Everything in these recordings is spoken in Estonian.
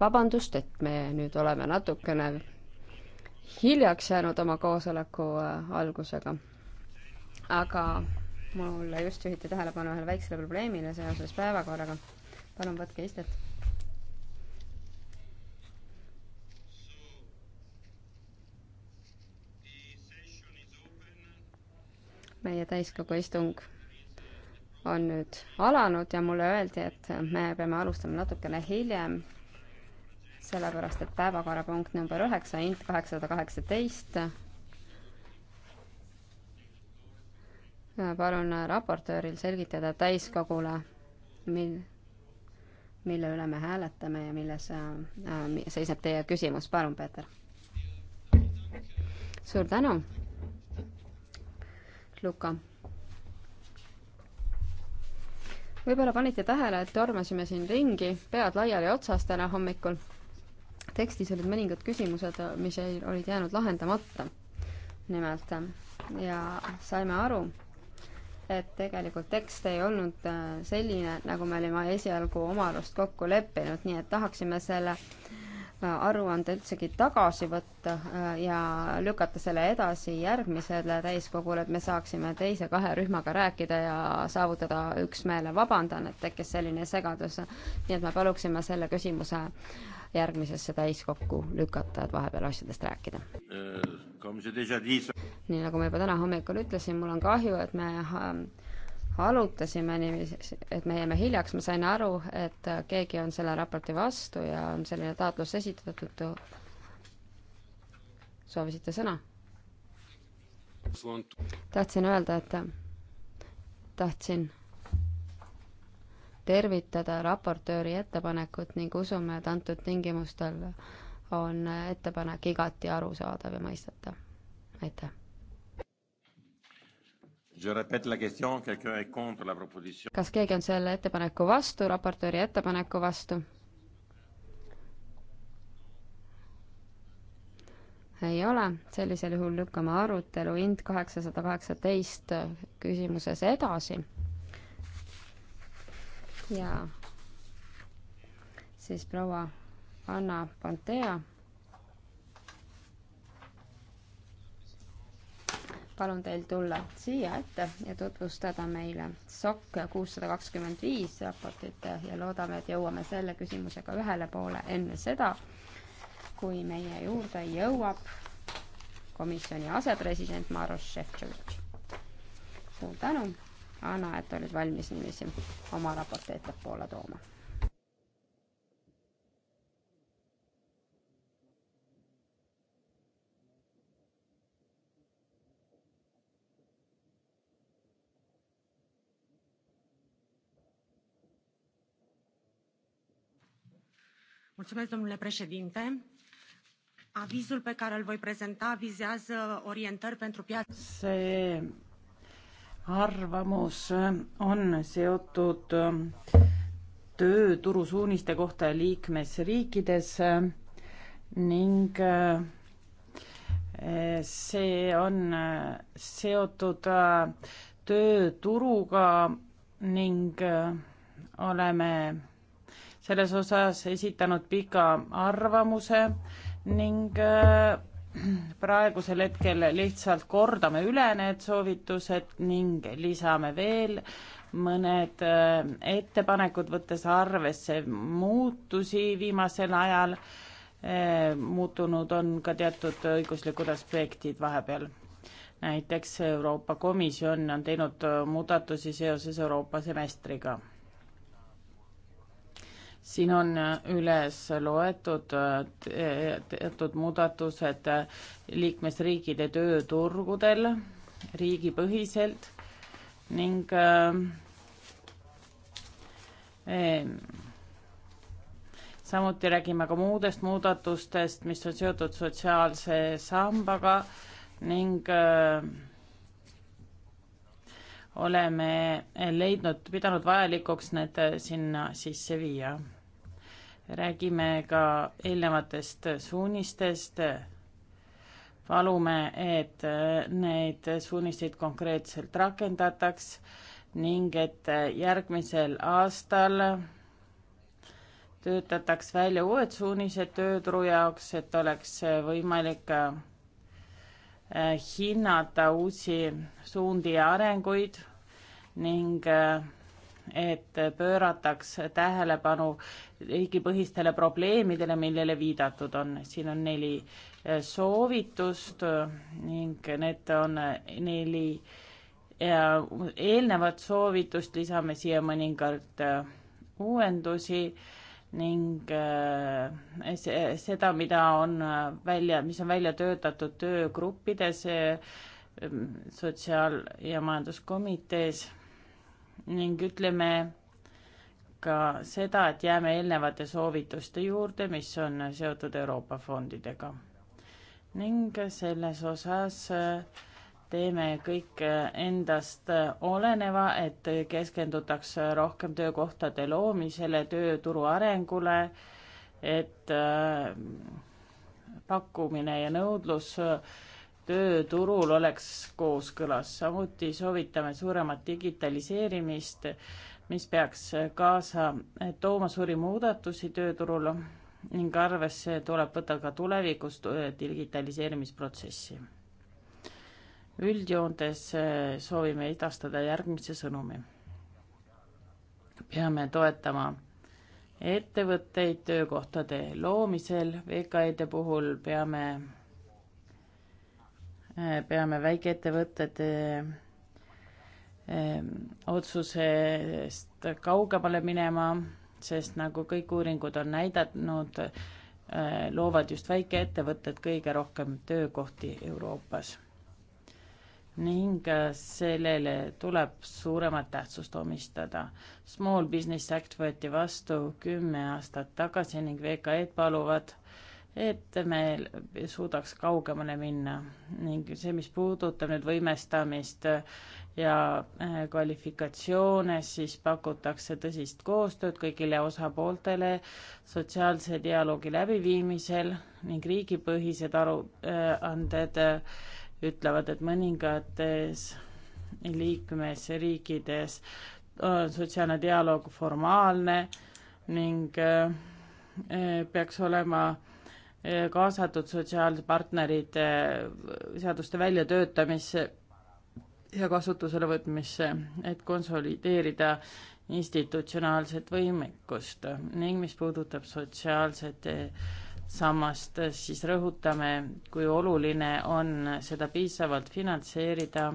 vabandust, et me nüüd oleme natukene hiljaks jäänud oma koosoleku äh, algusega. aga mulle just juhiti tähelepanu ühele väiksele probleemile seoses päevakorraga. palun võtke istet. meie täiskogu istung on nüüd alanud ja mulle öeldi, et me peame alustama natukene hiljem sellepärast et päevakorrapunkt number üheksa, int kaheksasada kaheksateist. palun raportööril selgitada täiskogule, mil, mille üle me hääletame ja milles äh, seisneb teie küsimus, palun, Peeter. suur tänu, Luka võib-olla panite tähele, et tormasime siin ringi, pead laiali otsastena hommikul tekstis olid mõningad küsimused, mis jäi, olid jäänud lahendamata nimelt ja saime aru, et tegelikult tekst ei olnud äh, selline, nagu me olime esialgu oma arust kokku leppinud, nii et tahaksime selle äh, aruande üldsegi tagasi võtta äh, ja lükata selle edasi järgmisele täiskogule, et me saaksime teise kahe rühmaga rääkida ja saavutada üksmeele. vabandan, et tekkis selline segadus. nii et me paluksime selle küsimuse järgmisesse täiskokku lükata, et vahepeal asjadest rääkida. Eh, nii nagu ma juba täna hommikul ütlesin, mul on kahju, et me arutasime niiviisi, et me jäime hiljaks, ma sain aru, et keegi on selle raporti vastu ja on selline taotlus esitatud. soovisite sõna? tahtsin öelda, et tahtsin tervitada raportööri ettepanekut ning usume, et antud tingimustel on ettepanek igati arusaadav ja mõistetav. aitäh. kas keegi on selle ettepaneku vastu, raportööri ettepaneku vastu? ei ole, sellisel juhul lükkame arutelu int kaheksasada kaheksateist küsimuses edasi ja siis proua Anna Pantea. palun teil tulla siia ette ja tutvustada meile SOK kuussada kakskümmend viis raportit ja loodame, et jõuame selle küsimusega ühele poole enne seda, kui meie juurde jõuab komisjoni asepresident Maros Šefčovitš. suur tänu Anna, et olid valmis niiviisi oma raporti ettepoole tooma. Mulțumesc, domnule președinte. Avizul pe care îl voi prezenta vizează orientări pentru piață. See arvamus on seotud äh, tööturusuuniste kohta liikmesriikides äh, ning äh, see on seotud tööturuga ning oleme selles osas esitanud pika arvamuse ning praegusel hetkel lihtsalt kordame üle need soovitused ning lisame veel mõned äh, ettepanekud, võttes arvesse muutusi viimasel ajal. Äh, muutunud on ka teatud õiguslikud aspektid vahepeal. näiteks Euroopa Komisjon on teinud muudatusi seoses Euroopa semestriga siin on äh, üles loetud äh, teatud muudatused äh, liikmesriikide tööturgudel riigipõhiselt ning äh, samuti räägime ka muudest muudatustest, mis on seotud sotsiaalse sambaga ning äh, oleme leidnud, pidanud vajalikuks need sinna sisse viia. räägime ka eelnevatest suunistest, palume, et neid suuniseid konkreetselt rakendataks ning et järgmisel aastal töötataks välja uued suunised tööturu jaoks, et oleks võimalik äh, hinnata uusi suundi ja arenguid ning äh, et pöörataks tähelepanu riigipõhistele probleemidele, millele viidatud on. siin on neli äh, soovitust äh, ning need on neli eelnevat soovitust, lisame siia mõningad uuendusi ning see, seda, mida on välja, mis on välja töötatud töögruppides, sotsiaal- ja majanduskomitees ning ütleme ka seda, et jääme eelnevate soovituste juurde, mis on seotud Euroopa fondidega. ning selles osas äh, teeme kõik äh, endast äh, oleneva, et keskendutaks rohkem töökohtade loomisele, tööturu arengule, et pakkumine ja nõudlus äh, tööturul oleks kooskõlas. samuti soovitame suuremat digitaliseerimist, mis peaks kaasa tooma suuri muudatusi tööturul ning arvesse tuleb võtta ka tulevikus äh, digitaliseerimisprotsessi. üldjoontes äh, soovime edastada järgmise sõnumi. peame toetama ettevõtteid töökohtade loomisel, VKE-de puhul peame Eh, peame väikeettevõtete eh, eh, otsusest kaugemale minema, sest nagu kõik uuringud on näidanud, loovad just väikeettevõtted kõige rohkem töökohti Euroopas. ning sellele tuleb suuremat tähtsust omistada. Small Business Act võeti vastu kümme aastat tagasi ning VKE-d paluvad äh, et me suudaks kaugemale minna ning see, mis puudutab nüüd võimestamist ja äh, kvalifikatsioone, siis pakutakse tõsist koostööd kõigile osapooltele sotsiaalse dialoogi läbiviimisel ning riigipõhised aruanded äh, äh, ütlevad, et mõningates liikmesriikides on sotsiaalne dialoog formaalne ning peaks olema äh, kaasatud sotsiaalpartnerid seaduste väljatöötamisse ja kasutusele võtmisse, et konsolideerida institutsionaalset võimekust ning mis puudutab sotsiaalset sammast, siis rõhutame, kui oluline on seda piisavalt finantseerida,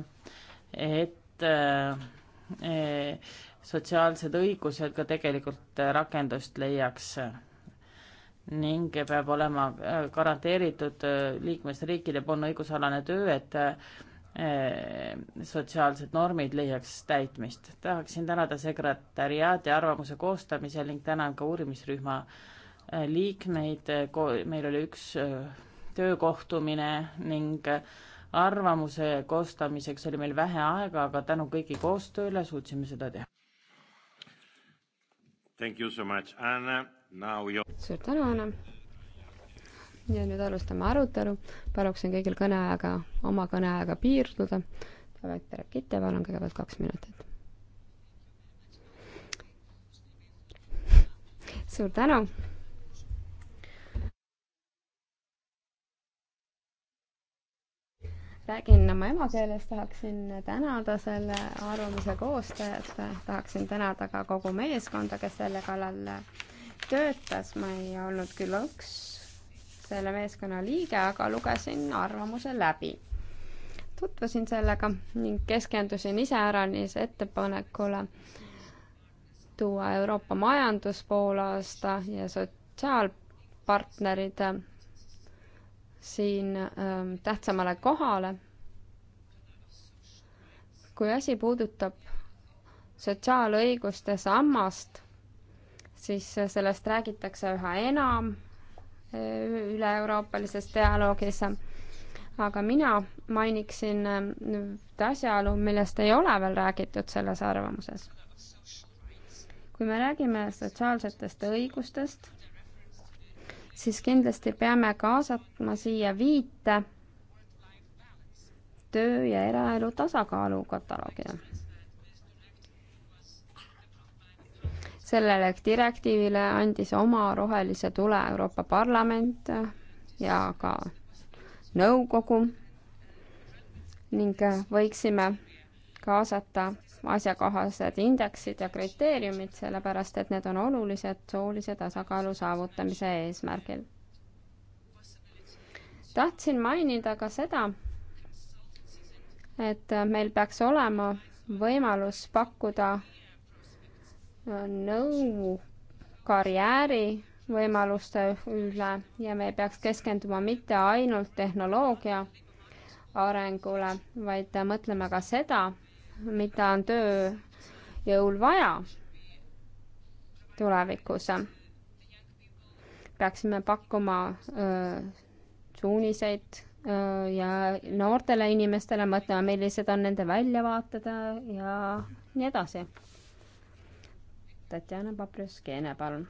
et eh, sotsiaalsed õigused ka tegelikult rakendust leiaks ning peab olema äh, garanteeritud äh, liikmesriikide poolne õigusalane töö, et äh, sotsiaalsed normid leiaks täitmist. tahaksin tänada sekretäriaadi arvamuse koostamisel ning tänan ka uurimisrühma liikmeid, meil oli üks töökohtumine ning arvamuse koostamiseks oli meil vähe aega, aga tänu kõigi koostööle suutsime seda teha. Thank you so much, Anna suur tänu, Anna! ja nüüd alustame arutelu. paluksin kõigil kõneajaga, oma kõneajaga piirduda. Davait Rakite, palun kõigepealt kaks minutit. suur tänu! räägin oma emakeeles, tahaksin tänada selle arvamuse koostajat, tahaksin tänada ka kogu meeskonda, kes selle kallal töötas, ma ei olnud küll üks selle meeskonna liige, aga lugesin arvamuse läbi. tutvusin sellega ning keskendusin iseäranis ettepanekule tuua Euroopa majandus poolaasta ja sotsiaalpartnerid äh, siin ähm, tähtsamale kohale. kui asi puudutab sotsiaalõiguste sammast, siis sellest räägitakse üha enam eh, üle-euroopalises dialoogis. aga mina mainiksin nüüd eh, asjaolu, millest ei ole veel räägitud selles arvamuses. kui me räägime sotsiaalsetest õigustest, siis kindlasti peame kaasatma siia viite töö ja eraelu tasakaalu kataloogile sellele direktiivile andis oma rohelise tule Euroopa Parlament ja ka nõukogu ning võiksime kaasata asjakohased indeksid ja kriteeriumid, sellepärast et need on olulised soolise tasakaalu saavutamise eesmärgil. tahtsin mainida ka seda, et meil peaks olema võimalus pakkuda nõu karjääri võimaluste üle ja me ei peaks keskenduma mitte ainult tehnoloogia arengule, vaid mõtlema ka seda, mida on tööjõul vaja tulevikus. peaksime pakkuma öö, suuniseid öö, ja noortele inimestele mõtlema, millised on nende väljavaated ja nii edasi Tatjana Paprioskene, palun.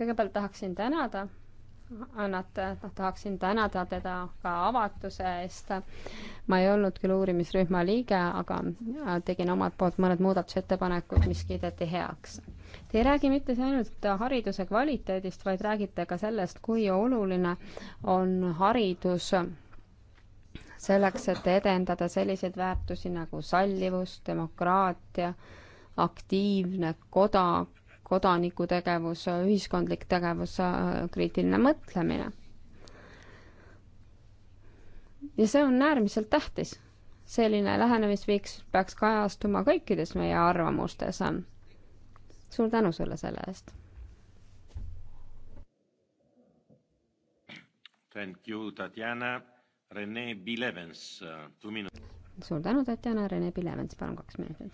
kõigepealt tahaksin tänada Annat, noh, tahaksin tänada teda ka avatuse eest. ma ei olnud küll uurimisrühma liige, aga tegin omalt poolt mõned muudatusettepanekud, mis kiideti heaks. Te ei räägi mitte ainult hariduse kvaliteedist, vaid räägite ka sellest, kui oluline on haridus selleks, et edendada selliseid väärtusi nagu sallivus, demokraatia, aktiivne koda, kodanikutegevus, ühiskondlik tegevus, kriitiline mõtlemine. ja see on äärmiselt tähtis. selline lähenemisviiks peaks kajastuma kõikides meie arvamustes. suur tänu sulle selle eest. Thank you, Tatjana Rene Bilevens, äh, two minutes. suur tänu, Tatjana, Rene Bilevens, palun kaks minutit.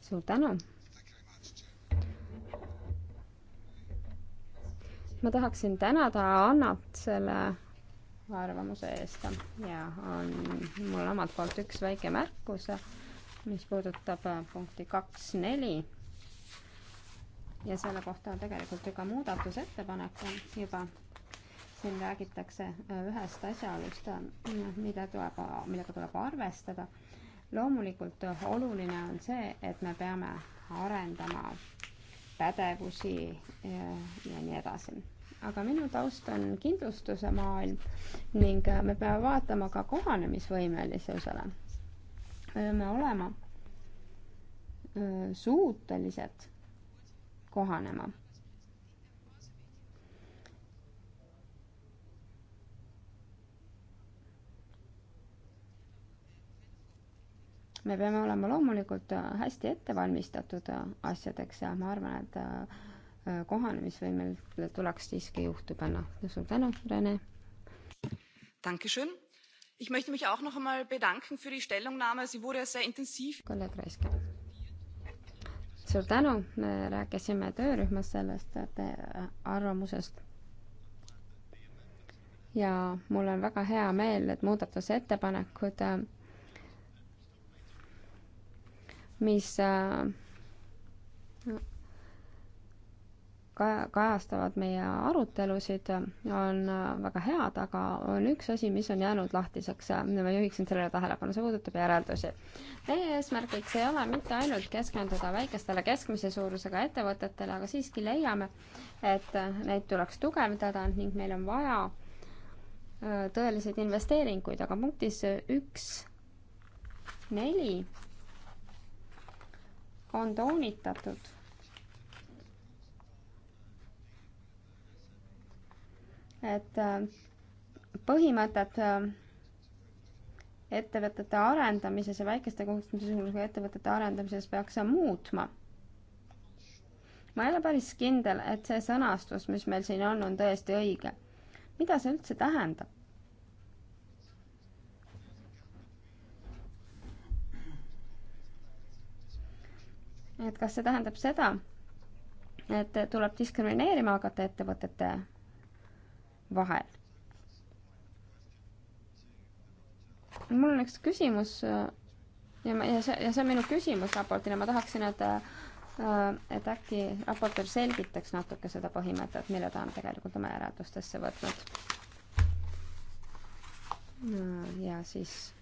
suur tänu. ma tahaksin tänada Annat selle arvamuse eest ja on mul omalt poolt üks väike märkus, mis puudutab punkti kaks neli ja selle kohta on tegelikult ju ka muudatusettepanek juba siin räägitakse äh, ühest asjaolust, äh, mida tuleb, millega tuleb arvestada. loomulikult äh, oluline on see, et me peame arendama pädevusi ja, ja nii edasi. aga minu taust on kindlustuse maailm ning me peame vaatama ka kohanemisvõimelisusele. me peame olema suutelised kohanema me peame olema loomulikult äh, hästi ettevalmistatud äh, asjadeks ja ma arvan, et äh, kohanemisvõimele tuleks siiski juhtu panna. suur tänu, Rene! Ich möchte mich auch noch einmal bedanken für die Stellungnahme. Sie wurde sehr intensiv. Kolleeg Raiske. suur tänu, me rääkisime töörühmas sellest arvamusest ja mul on väga hea meel, et muudatusettepanekud mis äh, kajastavad meie arutelusid, on äh, väga head, aga on üks asi, mis on jäänud lahtiseks ja äh, ma juhiksin sellele tähelepanu, see puudutab järeldusi. meie eesmärgiks ei ole mitte ainult keskenduda väikestele keskmise suurusega ettevõtetele, aga siiski leiame, et neid tuleks tugevdada ning meil on vaja tõeliseid investeeringuid, aga punktis üks neli on toonitatud, et äh, põhimõtted äh, ettevõtete arendamises ja väikeste kohustusega ettevõtete arendamises peaks muutma. ma ei ole päris kindel, et see sõnastus, mis meil siin on, on tõesti õige. mida see üldse tähendab? et kas see tähendab seda, et tuleb diskrimineerima hakata ettevõtete vahel? mul on üks küsimus ja ma, ja see, ja see on minu küsimus raportile, ma tahaksin, et et äkki raportöör selgitaks natuke seda põhimõtet, mille ta on tegelikult oma järeldustesse võtnud. ja siis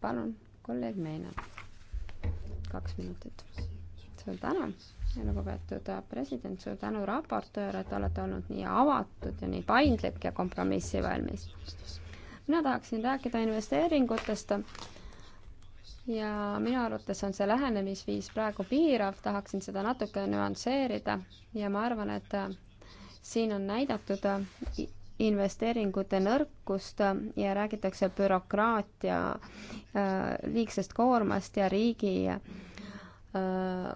palun, kolleeg Meina, kaks minutit suur tänu, lugupeetud president, suur tänu, raportöör, et olete olnud nii avatud ja nii paindlik ja kompromissivalmis. mina tahaksin rääkida investeeringutest ja minu arvates on see lähenemisviis praegu piirav, tahaksin seda natuke nüansseerida ja ma arvan, et siin on näidatud investeeringute nõrkust ja räägitakse bürokraatia äh, liigsest koormast ja riigi Äh,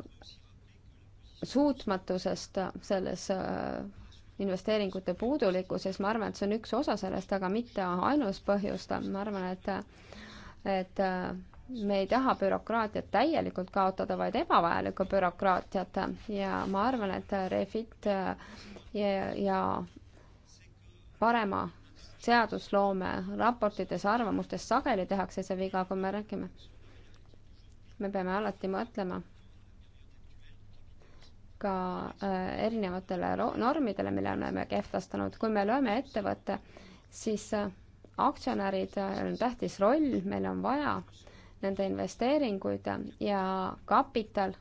suutmatusest selles äh, investeeringute puudulikkuses, ma arvan, et see on üks osa sellest, aga mitte ainus põhjus, ma arvan, et et äh, me ei taha bürokraatiat täielikult kaotada, vaid ebavajalikku bürokraatiat ja ma arvan, et Refit ja, ja parema seadusloome raportites, arvamustes sageli tehakse see viga, kui me räägime me peame alati mõtlema ka äh, erinevatele normidele, mille oleme kehtestanud. kui me loeme ettevõtte, siis äh, aktsionäridel äh, on tähtis roll, meil on vaja nende investeeringuid ja kapital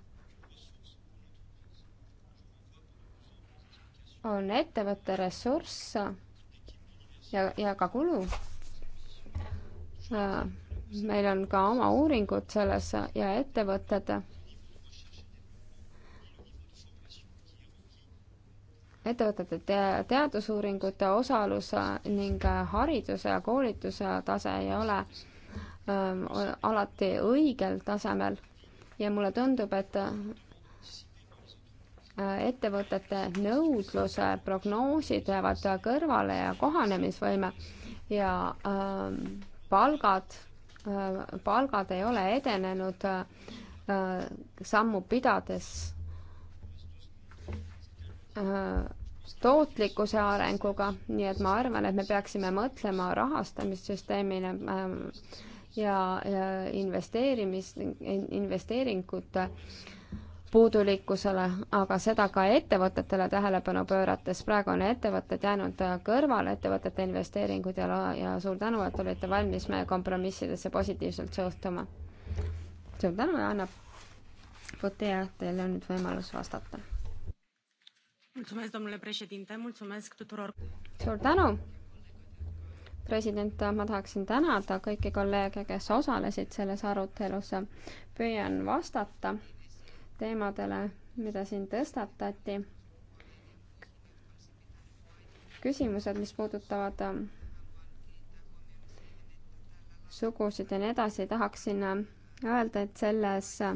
on ettevõtte ressurss ja, ja ka kulu meil on ka oma uuringud selles ja ettevõtted ettevõtete te teadusuuringute osalus ning hariduse ja koolituse tase ei ole ähm, alati õigel tasemel ja mulle tundub, et äh, ettevõtete nõudluse prognoosid jäävad kõrvale ja kohanemisvõime ja ähm, palgad Äh, palgad ei ole edenenud äh, sammu pidades äh, tootlikkuse arenguga, nii et ma arvan, et me peaksime mõtlema rahastamissüsteemile ähm, ja, ja investeerimis, investeeringute äh, puudulikkusele, aga seda ka ettevõtetele tähelepanu pöörates. praegu on ettevõtted jäänud kõrvale, ettevõtete investeeringud ja, ja suur tänu, et olite valmis meie kompromissidesse positiivselt suhtuma. suur tänu ja Anna Putea, teil on nüüd võimalus vastata. suur tänu president, ma tahaksin tänada kõiki kolleege, kes osalesid selles arutelus. püüan vastata teemadele, mida siin tõstatati. küsimused, mis puudutavad ähm, sugusid ja nii edasi, tahaksin ähm, öelda, et selles, äh,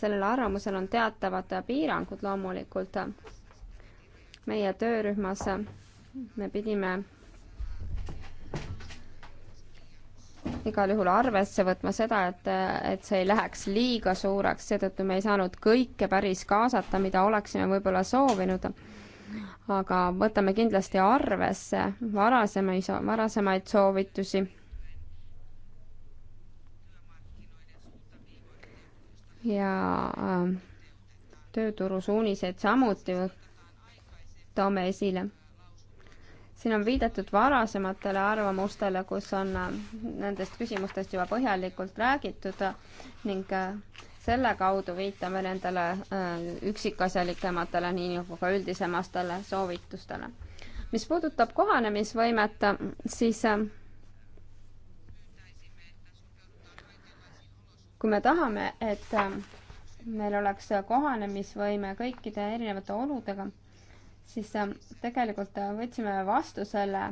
sellel arvamusel on teatavad äh, piirangud loomulikult. meie töörühmas äh, me pidime igal juhul arvesse võtma seda, et, et see ei läheks liiga suureks, seetõttu me ei saanud kõike päris kaasata, mida oleksime võib-olla soovinud. aga võtame kindlasti arvesse varasemaid, varasemaid soovitusi. ja ähm, tööturu suuniseid samuti toome esile siin on viidatud varasematele arvamustele, kus on äh, nendest küsimustest juba põhjalikult räägitud ning äh, selle kaudu viitame nendele äh, üksikasjalikematele, nii nagu ka üldisemastele soovitustele. mis puudutab kohanemisvõimet, siis kui me tahame, et meil oleks kohanemisvõime kõikide erinevate oludega siis äh, tegelikult äh, võtsime vastu selle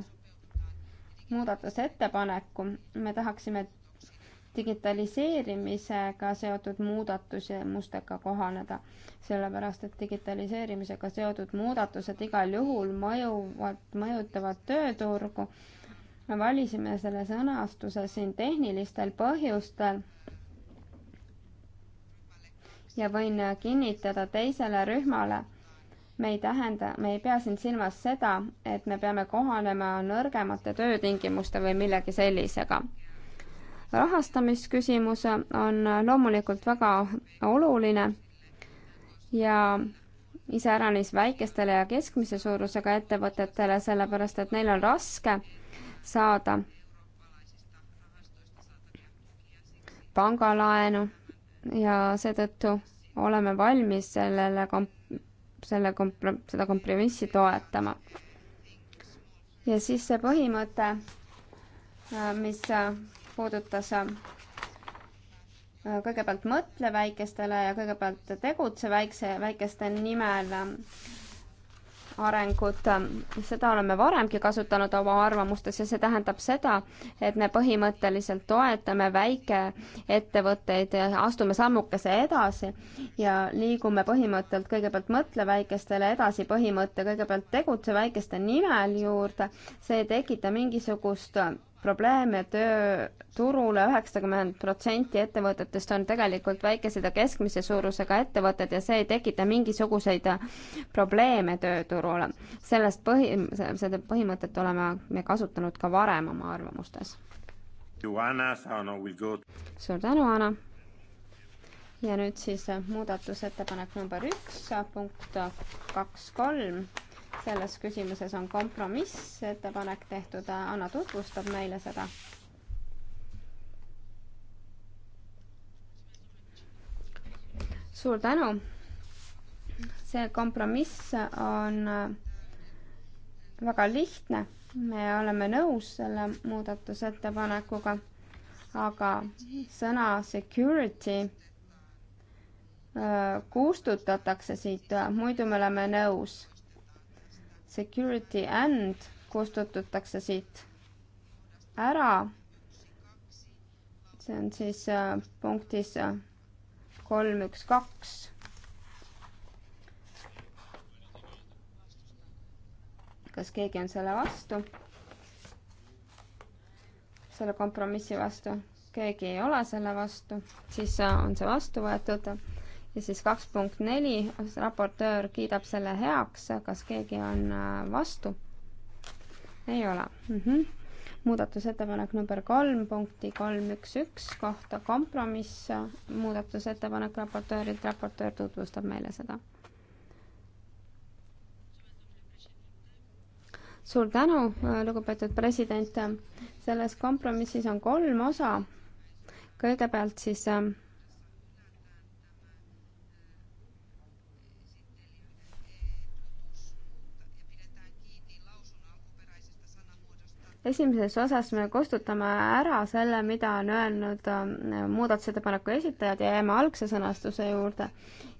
muudatusettepaneku. me tahaksime digitaliseerimisega seotud muudatustega kohaneda, sellepärast et digitaliseerimisega seotud muudatused igal juhul mõjuvad, mõjutavad tööturgu. me valisime selle sõnastuse siin tehnilistel põhjustel. ja võin kinnitada teisele rühmale me ei tähenda, me ei pea siin silmas seda, et me peame kohanema nõrgemate töötingimuste või millegi sellisega. rahastamisküsimus on loomulikult väga oluline ja iseäranis väikestele ja keskmise suurusega ettevõtetele, sellepärast et neil on raske saada pangalaenu ja seetõttu oleme valmis sellele komp-, selle komprom-, seda kompromissi toetama. ja siis see põhimõte, äh, mis äh, puudutas äh, kõigepealt mõtle väikestele ja kõigepealt tegutse väikse, väikeste nimel arengut, seda oleme varemgi kasutanud oma arvamustes ja see tähendab seda, et me põhimõtteliselt toetame väikeettevõtteid, astume sammukese edasi ja liigume põhimõttelt kõigepealt mõtle väikestele edasi põhimõtte, kõigepealt tegutse väikeste nimel juurde, see ei tekita mingisugust probleeme tööturule, üheksakümmend protsenti ettevõtetest on tegelikult väikese ja keskmise suurusega ettevõtted ja see ei tekita mingisuguseid probleeme tööturule. sellest põhi, seda põhimõtet oleme me kasutanud ka varem oma arvamustes. suur tänu, Anna! ja nüüd siis muudatusettepanek number üks, punkt kaks, kolm selles küsimuses on kompromissettepanek tehtud, Anna tutvustab meile seda. suur tänu. see kompromiss on väga lihtne, me oleme nõus selle muudatusettepanekuga, aga sõna security äh, kustutatakse siit, muidu me oleme nõus security and kustutatakse siit ära. see on siis äh, punktis äh, kolm, üks, kaks. kas keegi on selle vastu? selle kompromissi vastu? keegi ei ole selle vastu, siis äh, on see vastu võetud ja siis kaks punkt neli, raportöör kiidab selle heaks, kas keegi on äh, vastu? ei ole mm. -hmm. muudatusettepanek number kolm punkti kolm üks üks kohta kompromiss, muudatusettepanek raportöörilt, raportöör tutvustab meile seda. suur tänu, äh, lugupeetud president. selles kompromissis on kolm osa. kõigepealt siis äh, esimeses osas me kustutame ära selle, mida on öelnud äh, muudatusettepaneku esitajad ja jääme algse sõnastuse juurde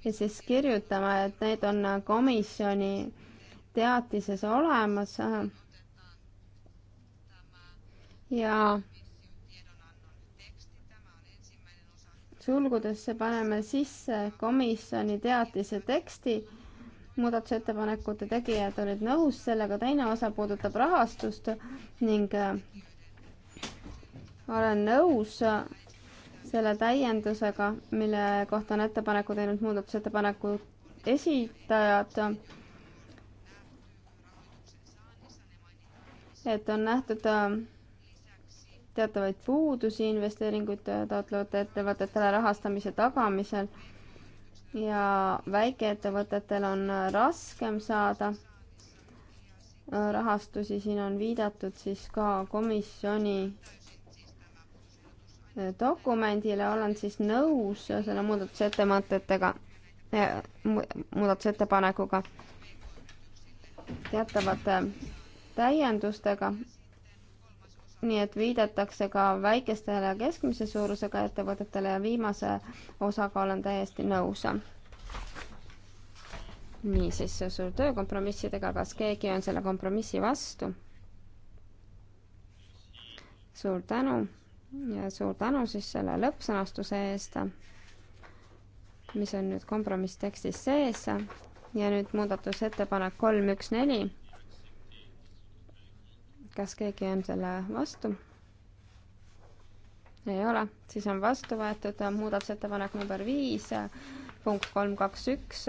ja siis kirjutame, et need on komisjoni teatises olemas. ja sulgudesse paneme sisse komisjoni teatise teksti muudatusettepanekute tegijad olid nõus sellega, teine osa puudutab rahastust ning äh, olen nõus äh, selle täiendusega, mille kohta on ettepaneku teinud muudatusettepaneku esitajad. et on nähtud äh, teatavaid puudusi investeeringuid taotlevate ettevõtetele rahastamise tagamisel ja väikeettevõtetel on raskem saada rahastusi, siin on viidatud siis ka komisjoni dokumendile, olen siis nõus selle muudatusettepanekutega, eh, muudatusettepanekuga teatavate täiendustega nii et viidatakse ka väikestele ja keskmise suurusega ettevõtetele ja viimase osaga olen täiesti nõus. niisiis, suur töö kompromissidega, kas keegi on selle kompromissi vastu? suur tänu ja suur tänu siis selle lõppsõnastuse eest, mis on nüüd kompromisstekstis sees ja nüüd muudatusettepanek kolm, üks, neli kas keegi on selle vastu? ei ole, siis on vastu võetud muudatusettepanek number viis, punkt kolm, kaks, üks.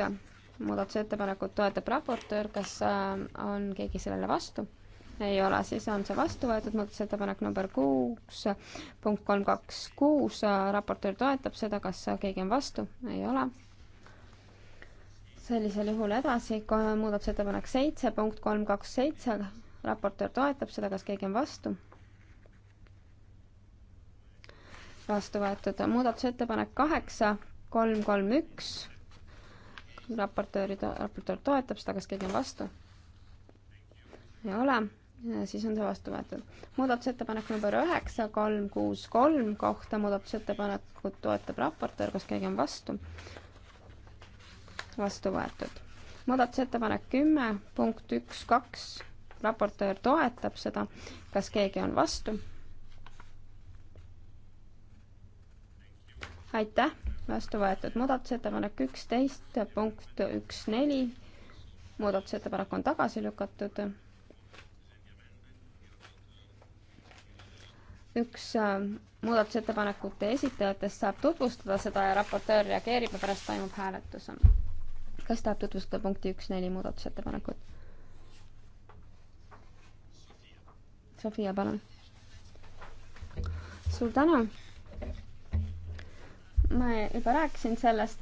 muudatusettepanekut toetab raportöör, kas äh, on keegi sellele vastu? ei ole, siis on see vastu võetud, muudatusettepanek number kuus, punkt kolm, kaks, kuus, raportöör toetab seda, kas keegi on vastu? ei ole. sellisel juhul edasi, muudatusettepanek seitse, punkt kolm, kaks, seitse raportöör toetab seda, kas keegi on vastu? vastu võetud muudatusettepanek kaheksa, kolm, kolm, üks. raportööri, raportöör toetab seda, kas keegi on vastu? ei ole, siis on see vastu võetud. muudatusettepanek number üheksa, kolm, kuus, kolm kohta muudatusettepanekut toetab raportöör, kas keegi on vastu? vastu võetud. muudatusettepanek kümme, punkt üks, kaks raportöör toetab seda, kas keegi on vastu? aitäh, vastu võetud muudatusettepanek üksteist punkt üks neli, muudatusettepanek on tagasi lükatud. üks äh, muudatusettepanekute esitajatest saab tutvustada seda ja raportöör reageerib ja pärast toimub hääletus. kes tahab tutvustada punkti üks neli muudatusettepanekut? Sofia, palun. suur tänu. ma juba rääkisin sellest.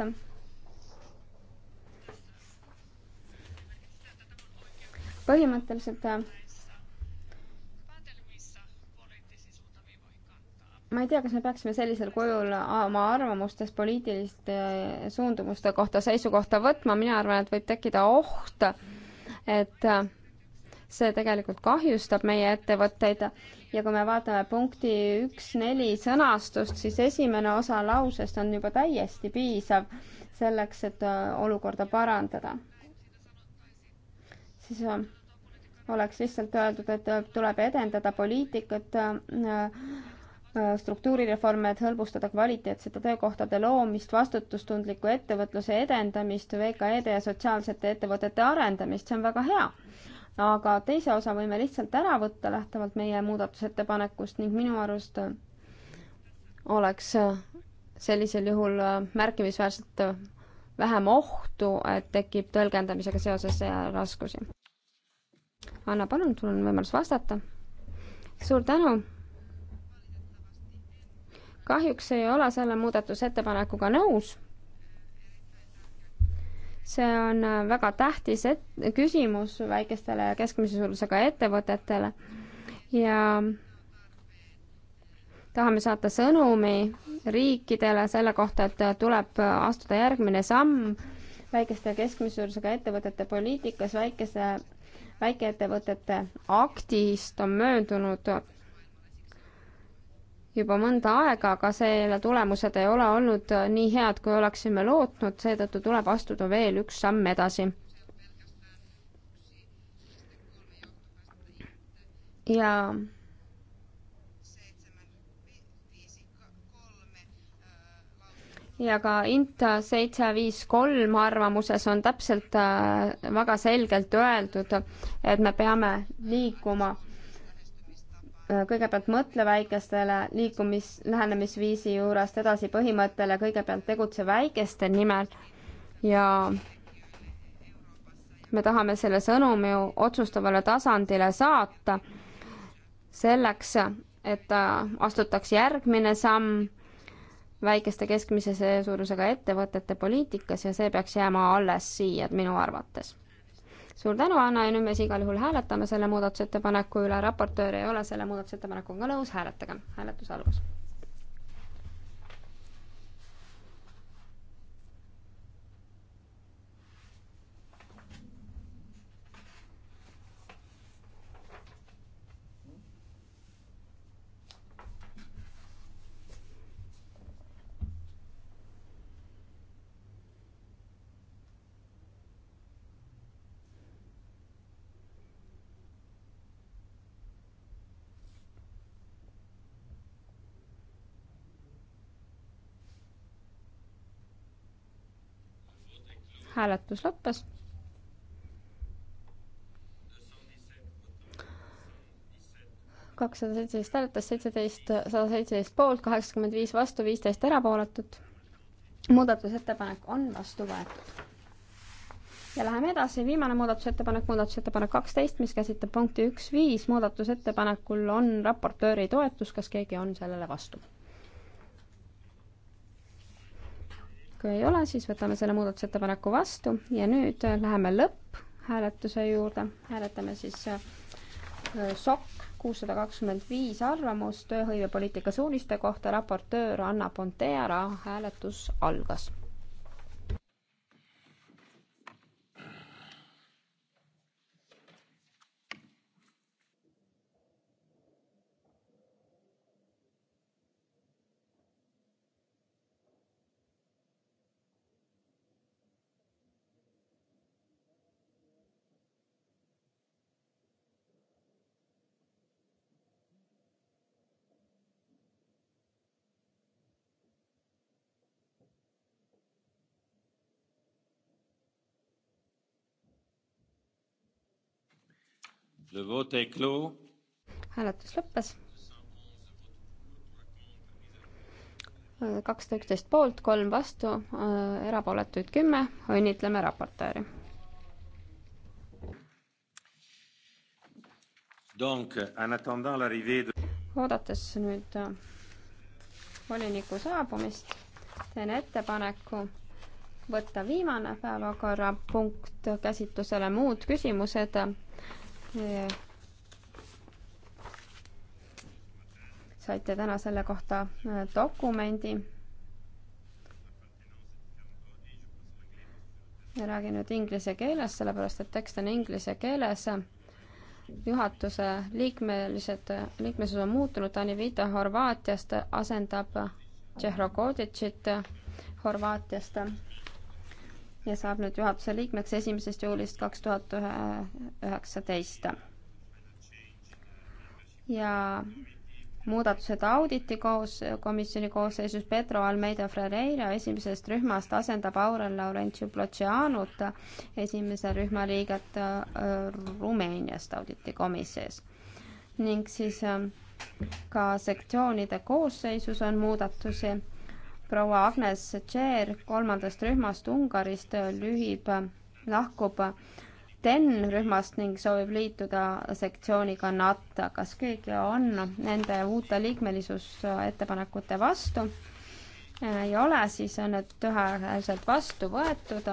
põhimõtteliselt ma ei tea, kas me peaksime sellisel kujul oma arvamustes poliitiliste suundumuste kohta seisukohta võtma, mina arvan, et võib tekkida oht, et see tegelikult kahjustab meie ettevõtteid ja kui me vaatame punkti üks neli sõnastust, siis esimene osa lausest on juba täiesti piisav selleks, et äh, olukorda parandada. siis äh, oleks lihtsalt öeldud, et äh, tuleb edendada poliitikat, struktuurireforme, et hõlbustada kvaliteetsete töökohtade loomist, vastutustundliku ettevõtluse edendamist, VKE-de ja sotsiaalsete ettevõtete arendamist, see on väga hea aga teise osa võime lihtsalt ära võtta lähtuvalt meie muudatusettepanekust ning minu arust oleks sellisel juhul märkimisväärselt vähem ohtu, et tekib tõlgendamisega seoses raskusi. Anna, palun, sul on võimalus vastata. suur tänu. kahjuks ei ole selle muudatusettepanekuga nõus see on äh, väga tähtis et-, küsimus väikestele ja keskmise suurusega ettevõtetele ja tahame saata sõnumi riikidele selle kohta, et äh, tuleb äh, astuda järgmine samm väikeste ja keskmise suurusega ettevõtete poliitikas, väikese, väikeettevõtete aktist on möödunud juba mõnda aega, aga selle tulemused ei ole olnud äh, nii head, kui oleksime lootnud, seetõttu tuleb astuda veel üks samm edasi. ja ja ka INTA seitse viis kolm arvamuses on täpselt äh, väga selgelt öeldud, et me peame liikuma Äh, kõigepealt mõtle väikestele liikumis, lähenemisviisi juurest edasi põhimõttele, kõigepealt tegutse väikeste nimel ja me tahame selle sõnumi ju otsustavale tasandile saata selleks, et äh, astutaks järgmine samm väikeste keskmise suurusega ettevõtete poliitikas ja see peaks jääma alles siia minu arvates suur tänu, Anna, ja nüüd me siis igal juhul hääletame selle muudatusettepaneku üle, raportöör ei ole selle muudatusettepanekuga nõus, hääletage, hääletus algas hääletus lõppes. kakssada seitseteist hääletas, seitseteist, sada seitseteist poolt, kaheksakümmend viis vastu, viisteist erapooletut. muudatusettepanek on vastu võetud. ja läheme edasi, viimane muudatusettepanek, muudatusettepanek kaksteist, mis käsitleb punkti üks viis, muudatusettepanekul on raportööri toetus, kas keegi on sellele vastu? kui ei ole, siis võtame selle muudatusettepaneku vastu ja nüüd läheme lõpphääletuse juurde, hääletame siis äh, SOK kuussada kakskümmend viis arvamust tööhõivepoliitika suuniste kohta, raportöör Anna Pontera, hääletus algas hääletus lõppes. kakssada üksteist poolt, kolm vastu, erapooletuid kümme, õnnitleme raportööri. oodates nüüd äh, voliniku saabumist, teen ettepaneku võtta viimane päevakorrapunkt käsitlusele muud küsimused saite täna selle kohta äh, dokumendi. ja räägin nüüd inglise keeles, sellepärast et tekst on inglise keeles. juhatuse liikmelised, liikmesus on muutunud, Dani Vito Horvaatiast asendab Tšehho Koditšit Horvaatiast ja saab nüüd juhatuse liikmeks esimesest juulist kaks tuhat üheksateist. ja muudatused auditi koos, komisjoni koosseisus Pedro Almeida Ferreira esimesest rühmast asendab Aurel Laurentiu Plotšianut, esimese rühma liiget äh, Rumeeniast auditikomisjonis. ning siis äh, ka sektsioonide koosseisus on muudatusi proua Agnes Tšer kolmandast rühmast Ungarist lühib, lahkub TEN-rühmast ning soovib liituda sektsiooniga NATO. kas keegi on nende uute liikmelisusettepanekute vastu? ei ole, siis on need ühehäälselt vastu võetud.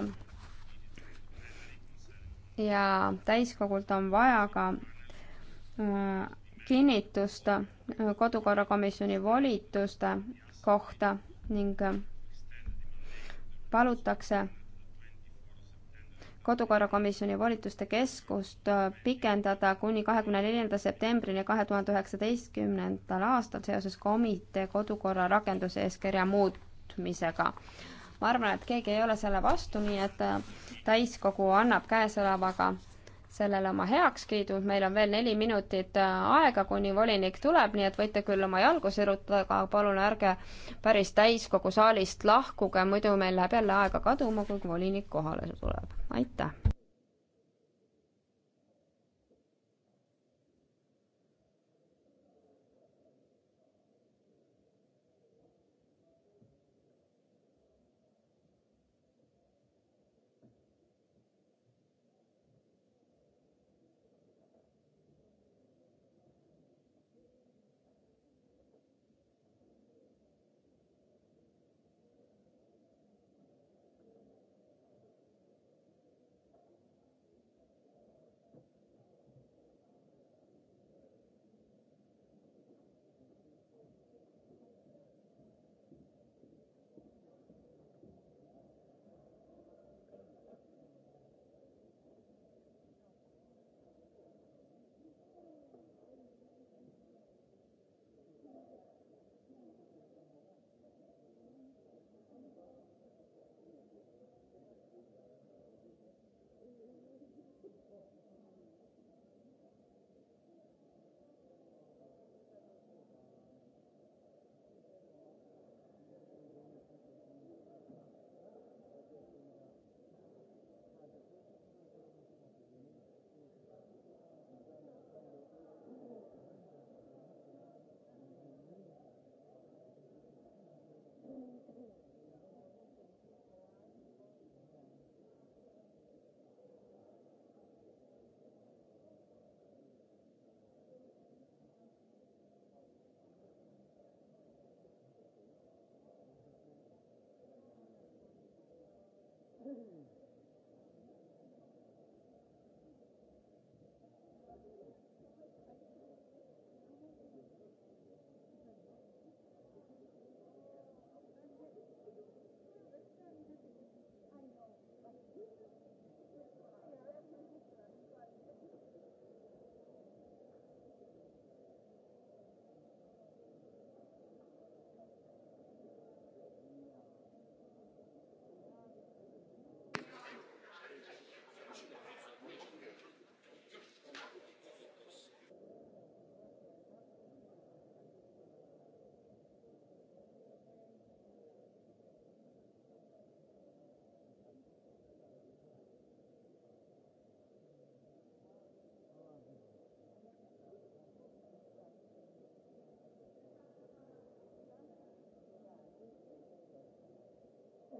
ja täiskogult on vaja ka äh, kinnitust kodukorrakomisjoni volituste kohta ning äh, palutakse kodukorrakomisjoni volituste keskust äh, pikendada kuni kahekümne neljanda septembrini kahe tuhande üheksateistkümnendal aastal seoses komitee kodukorra rakenduseeskirja muutmisega. ma arvan, et keegi ei ole selle vastu, nii et äh, täiskogu annab käesolevaga sellele oma heakskiidu, meil on veel neli minutit äh, aega, kuni volinik tuleb, nii et võite küll oma jalgu sirutada, aga palun ärge päris täiskogu saalist lahkuge, muidu meil läheb jälle aega kaduma, kui volinik kohale tuleb. aitäh!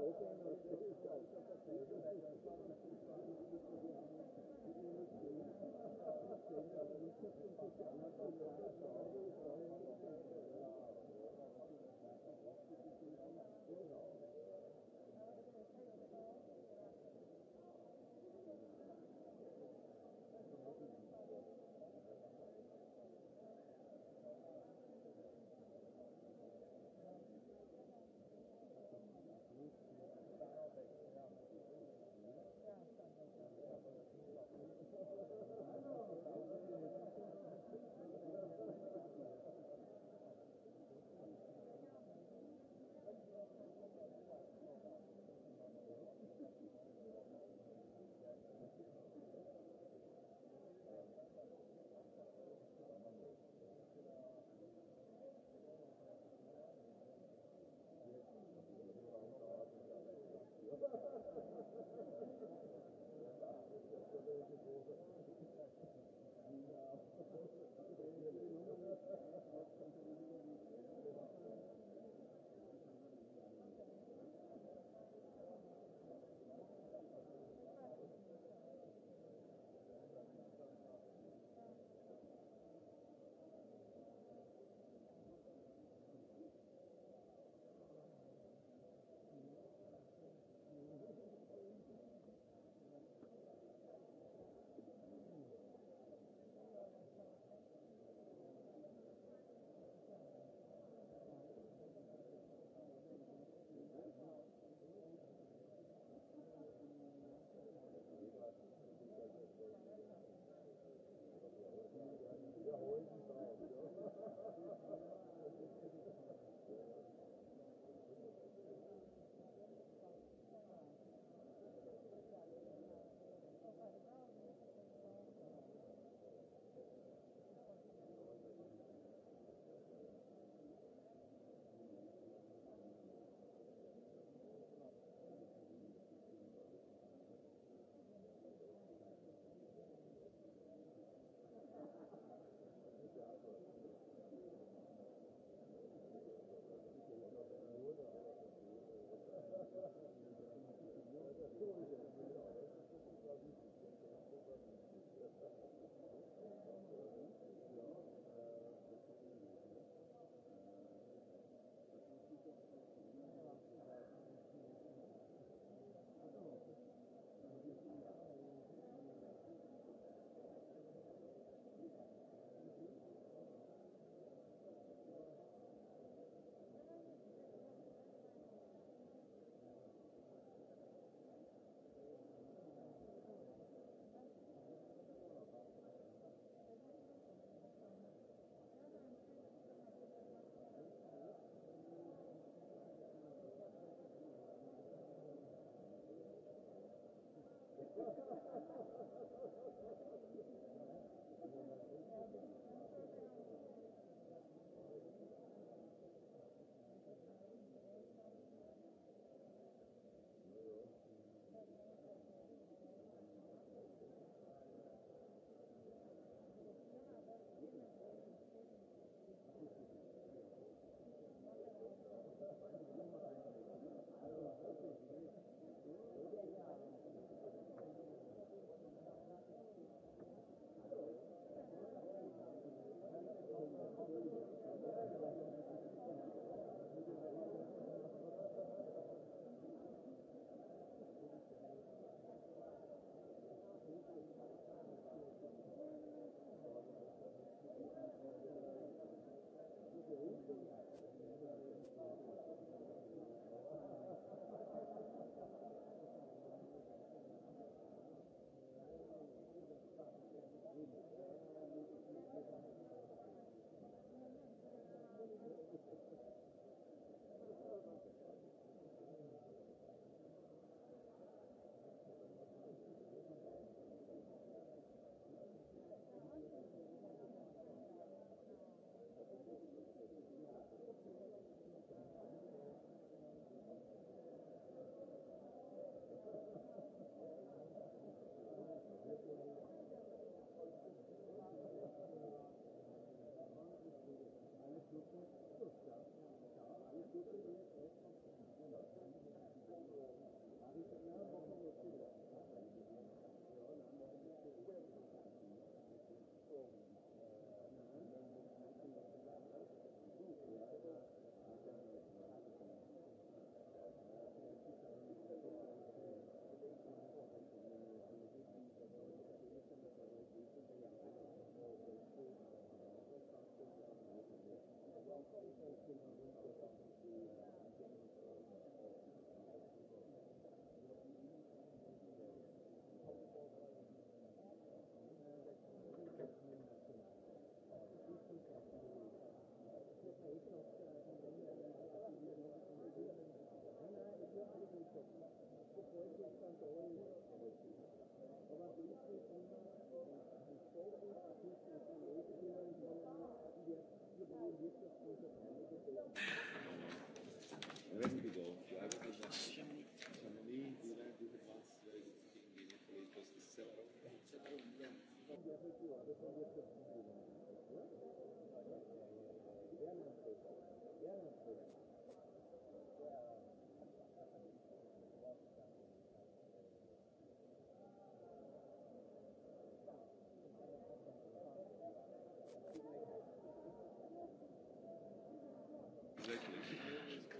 Thank you.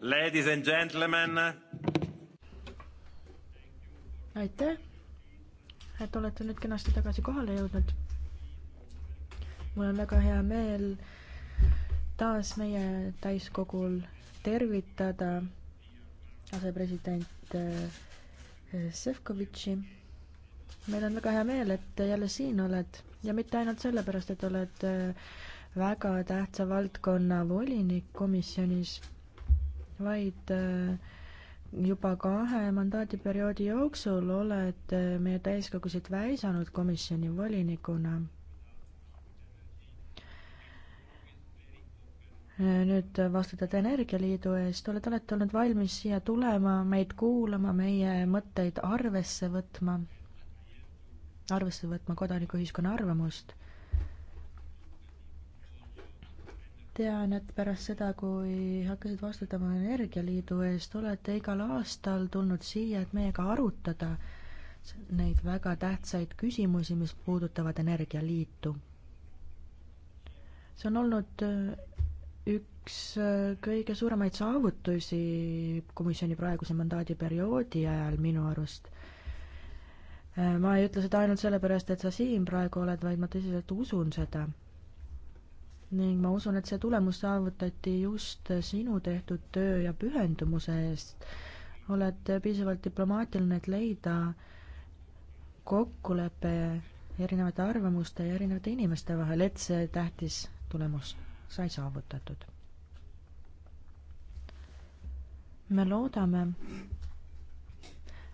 Ladies and gentlemen. aitäh et olete nüüd kenasti tagasi kohale jõudnud. mul on väga hea meel taas meie täiskogul tervitada asepresident äh, Sefkovitši. meil on väga hea meel, et jälle siin oled ja mitte ainult sellepärast, et oled äh, väga tähtsa valdkonna volinik komisjonis, vaid äh, juba kahe mandaadiperioodi jooksul olete äh, meie täiskogusid väisanud komisjoni volinikuna. Äh, nüüd vastutate Energialiidu eest, olete alati olnud valmis siia tulema, meid kuulama, meie mõtteid arvesse võtma, arvesse võtma kodanikuühiskonna arvamust tean, et pärast seda, kui hakkasid vastutama Energialiidu eest, olete igal aastal tulnud siia, et meiega arutada neid väga tähtsaid küsimusi, mis puudutavad Energialiitu. see on olnud äh, üks äh, kõige suuremaid saavutusi komisjoni praeguse mandaadi perioodi ajal minu arust. Äh, ma ei ütle seda ainult sellepärast, et sa siin praegu oled, vaid ma tõsiselt usun seda ning ma usun, et see tulemus saavutati just sinu tehtud töö ja pühendumuse eest. oled piisavalt diplomaatiline, et leida kokkulepe erinevate arvamuste ja erinevate inimeste vahel, et see tähtis tulemus sai saavutatud. me loodame,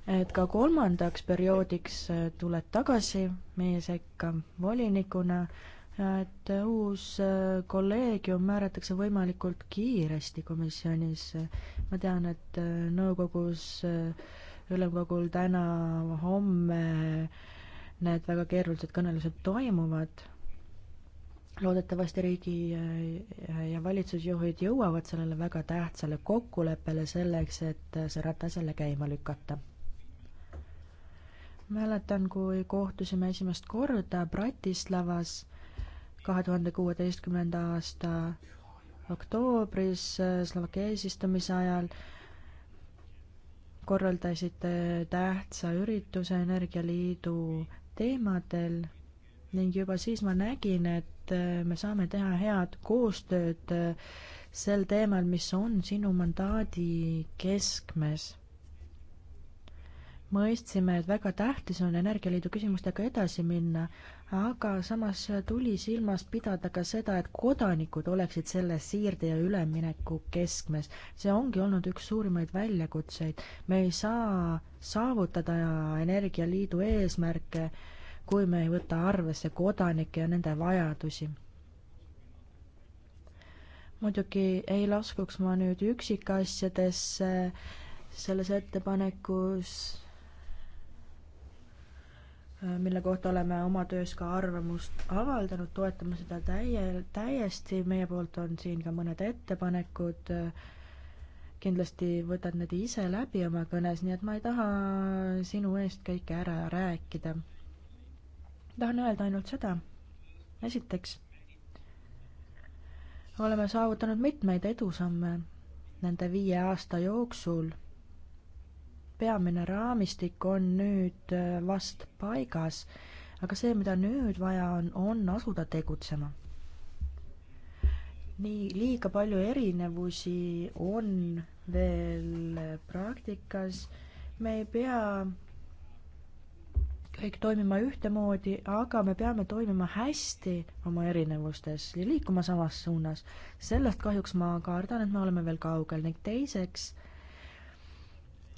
et ka kolmandaks perioodiks tuled tagasi meie sekka volinikuna et uus äh, kolleegium määratakse võimalikult kiiresti komisjonis. ma tean, et äh, nõukogus, äh, ülemkogul täna, homme need väga keerulised kõnelused toimuvad. loodetavasti riigi ja valitsusjuhid jõuavad sellele väga tähtsale kokkuleppele selleks, et see ratas jälle käima lükata mäletan, kui kohtusime esimest korda Bratislavas kahe tuhande kuueteistkümnenda aasta oktoobris Slovakkia eesistumise ajal korraldasite tähtsa ürituse Energialiidu teemadel ning juba siis ma nägin, et me saame teha head koostööd sel teemal, mis on sinu mandaadi keskmes mõistsime, et väga tähtis on Energialiidu küsimustega edasi minna, aga samas tuli silmas pidada ka seda, et kodanikud oleksid selle siirde ja ülemineku keskmes. see ongi olnud üks suurimaid väljakutseid. me ei saa saavutada Energialiidu eesmärke, kui me ei võta arvesse kodanikke ja nende vajadusi muidugi ei laskuks ma nüüd üksikasjadesse selles ettepanekus Äh, mille kohta oleme oma töös ka arvamust avaldanud, toetame seda täie, täiesti, meie poolt on siin ka mõned ettepanekud, äh, kindlasti võtad need ise läbi oma kõnes, nii et ma ei taha sinu eest kõike ära rääkida. tahan öelda ainult seda, esiteks, oleme saavutanud mitmeid edusamme nende viie aasta jooksul peamine raamistik on nüüd äh, vast paigas, aga see, mida nüüd vaja on, on asuda tegutsema. nii, liiga palju erinevusi on veel praktikas, me ei pea kõik toimima ühtemoodi, aga me peame toimima hästi oma erinevustes ja liikuma samas suunas. sellest kahjuks ma kardan, et me oleme veel kaugel ning teiseks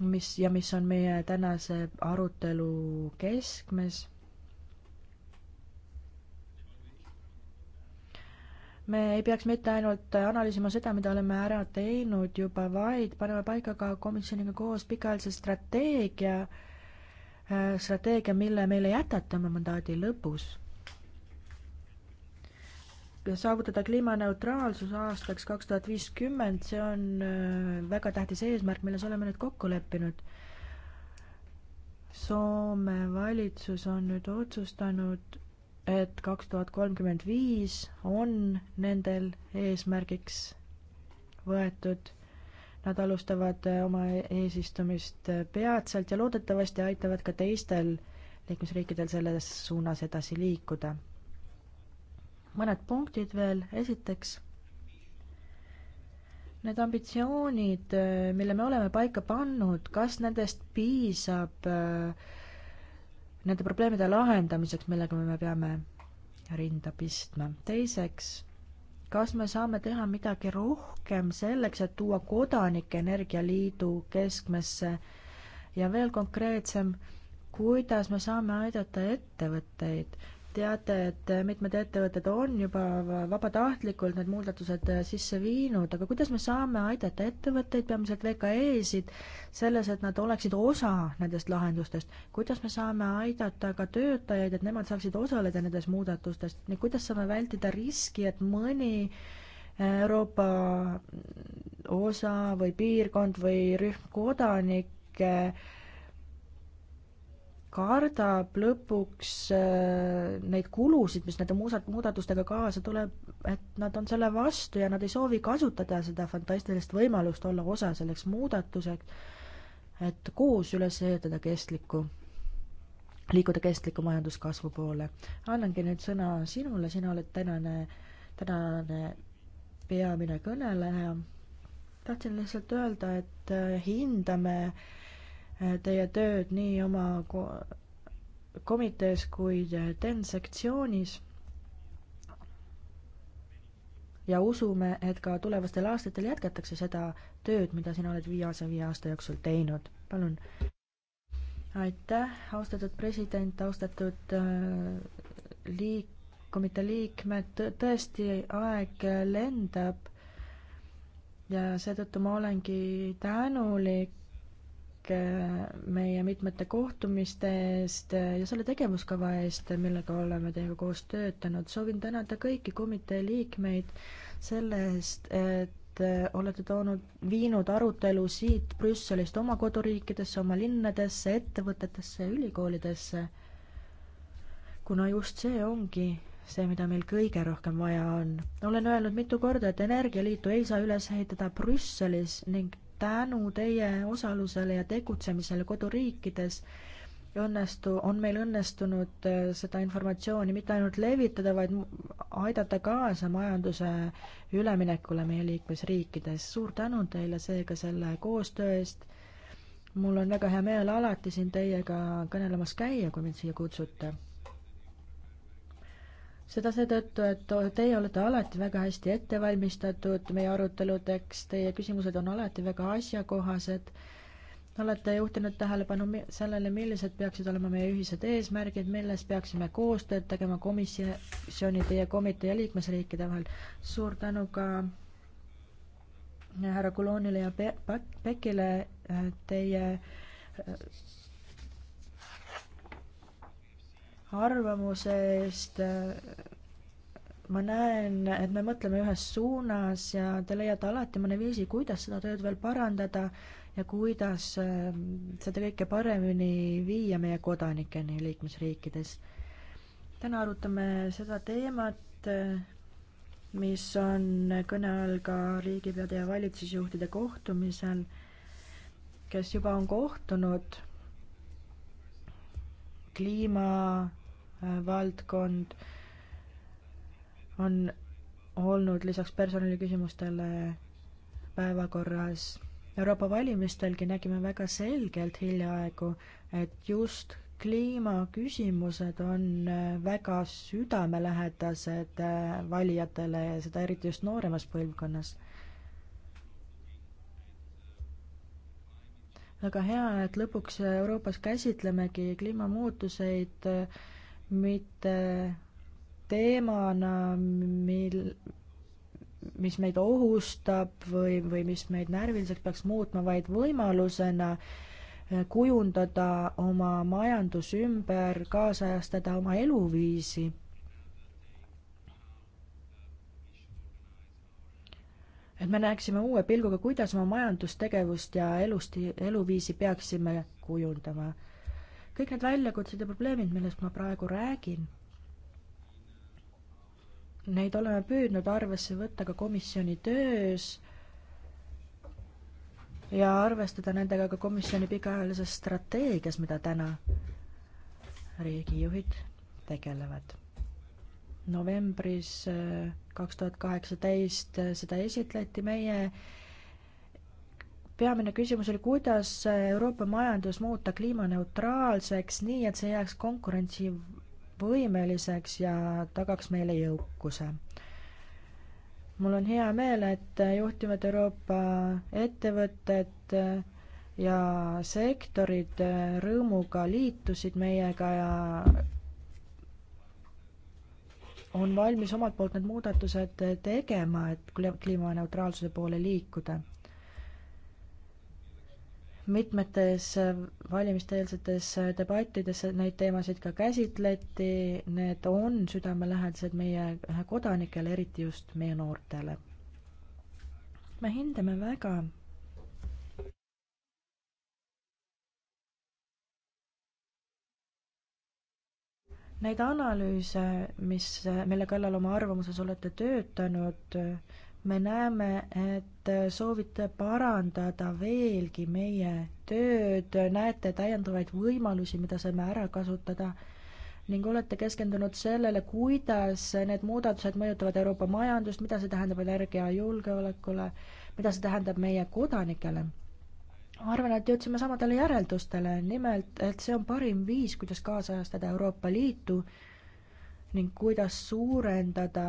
mis ja mis on meie tänase arutelu keskmes. me ei peaks mitte ainult analüüsima seda, mida oleme ära teinud juba, vaid paneme paika ka komisjoniga koos pikaajalise strateegia, strateegia, mille meile jätate oma mandaadi lõpus saavutada kliimaneutraalsus aastaks kaks tuhat viiskümmend, see on äh, väga tähtis eesmärk, milles oleme nüüd kokku leppinud. Soome valitsus on nüüd otsustanud, et kaks tuhat kolmkümmend viis on nendel eesmärgiks võetud. Nad alustavad äh, oma eesistumist äh, peatselt ja loodetavasti aitavad ka teistel liikmesriikidel selles suunas edasi liikuda mõned punktid veel, esiteks need ambitsioonid, äh, mille me oleme paika pannud, kas nendest piisab äh, nende probleemide lahendamiseks, millega me peame rinda pistma? teiseks, kas me saame teha midagi rohkem selleks, et tuua kodanike energialiidu keskmesse ja veel konkreetsem, kuidas me saame aidata ettevõtteid, teate, et mitmed ettevõtted on juba vabatahtlikult need muudatused äh, sisse viinud, aga kuidas me saame aidata ettevõtteid, peamiselt VKE-sid, selles, et nad oleksid osa nendest lahendustest? kuidas me saame aidata ka töötajaid, et nemad saaksid osaleda nendes muudatustest ning kuidas saame vältida riski, et mõni äh, Euroopa mm, osa või piirkond või rühm kodanikke kardab lõpuks äh, neid kulusid, mis nende muusad, muudatustega kaasa tuleb, et nad on selle vastu ja nad ei soovi kasutada seda fantastilist võimalust olla osa selleks muudatuseks, et koos üles ehitada kestlikku, liikuda kestliku majanduskasvu poole. annangi nüüd sõna sinule, sina oled tänane, tänane peamine kõneleja. tahtsin lihtsalt öelda, et äh, hindame äh, Äh, teie tööd nii oma komitees kui TEN sektsioonis ja usume, et ka tulevastel aastatel jätkatakse seda tööd, mida sina oled viimase viie aasta jooksul teinud. palun. aitäh, austatud president, austatud äh, liik-, komitee liikmed, tõesti, aeg lendab ja seetõttu ma olengi tänulik tänulik äh, meie mitmete kohtumiste eest ja selle tegevuskava eest, millega oleme teiega koos töötanud. soovin tänada kõiki komitee liikmeid selle eest, et äh, olete toonud, viinud arutelu siit Brüsselist oma koduriikidesse, oma linnadesse, ettevõtetesse, ülikoolidesse. kuna just see ongi see, mida meil kõige rohkem vaja on. olen öelnud mitu korda, et Energialiitu ei saa üles ehitada Brüsselis ning tänu teie osalusele ja tegutsemisele koduriikides õnnestu, on meil õnnestunud äh, seda informatsiooni mitte ainult levitada, vaid aidata kaasa majanduse üleminekule meie liikmesriikides. suur tänu teile seega selle koostöö eest. mul on väga hea meel alati siin teiega kõnelemas käia, kui mind siia kutsute seda seetõttu, et teie olete alati väga hästi ette valmistatud meie aruteludeks, teie küsimused on alati väga asjakohased. olete juhtinud tähelepanu sellele, millised peaksid olema meie ühised eesmärgid, milles peaksime koostööd tegema komisjoni, teie komitee ja liikmesriikide vahel. suur tänu ka äh, härra Kulonile ja Pekile äh, teie äh, arvamuse eest. ma näen, et me mõtleme ühes suunas ja te leiate alati mõne viisi, kuidas seda tööd veel parandada ja kuidas ähm, seda kõike paremini viia meie kodanikeni liikmesriikides. täna arutame seda teemat, mis on kõne all ka riigipeade ja valitsusjuhtide kohtumisel, kes juba on kohtunud kliimavaldkond äh, on olnud lisaks personaliküsimustele päevakorras. Euroopa valimistelgi nägime väga selgelt hiljaaegu, et just kliimaküsimused on äh, väga südamelähedased äh, valijatele ja seda eriti just nooremas põlvkonnas väga hea, et lõpuks Euroopas käsitlemegi kliimamuutuseid äh, mitte teemana, mil, mis meid ohustab või, või mis meid närviliseks peaks muutma, vaid võimalusena äh, kujundada oma majandus ümber, kaasajastada oma eluviisi et me näeksime uue pilguga, kuidas oma majandustegevust ja elusti, eluviisi peaksime kujundama. kõik need väljakutsed ja probleemid, millest ma praegu räägin, neid oleme püüdnud arvesse võtta ka komisjoni töös ja arvestada nendega ka komisjoni pikaajalises strateegias, mida täna riigijuhid tegelevad novembris eh, kaks tuhat kaheksateist eh, seda esitleti, meie peamine küsimus oli, kuidas eh, Euroopa majandus muuta kliimaneutraalseks, nii et see jääks konkurentsivõimeliseks ja tagaks meile jõukuse. mul on hea meel, et juhtivad Euroopa ettevõtted ja sektorid rõõmuga liitusid meiega ja on valmis omalt poolt need muudatused tegema, et kliimaneutraalsuse poole liikuda. mitmetes valimiste-eelsetes debattides neid teemasid ka käsitleti, need on südamelähedased meie kodanikele, eriti just meie noortele. me hindame väga Neid analüüse, mis, mille kallal oma arvamuses olete töötanud, me näeme, et soovite parandada veelgi meie tööd, näete täiendavaid võimalusi, mida saame ära kasutada ning olete keskendunud sellele, kuidas need muudatused mõjutavad Euroopa majandust, mida see tähendab energiajulgeolekule, mida see tähendab meie kodanikele arvan, et jõudsime samadele järeldustele, nimelt, et see on parim viis, kuidas kaasajastada Euroopa Liitu ning kuidas suurendada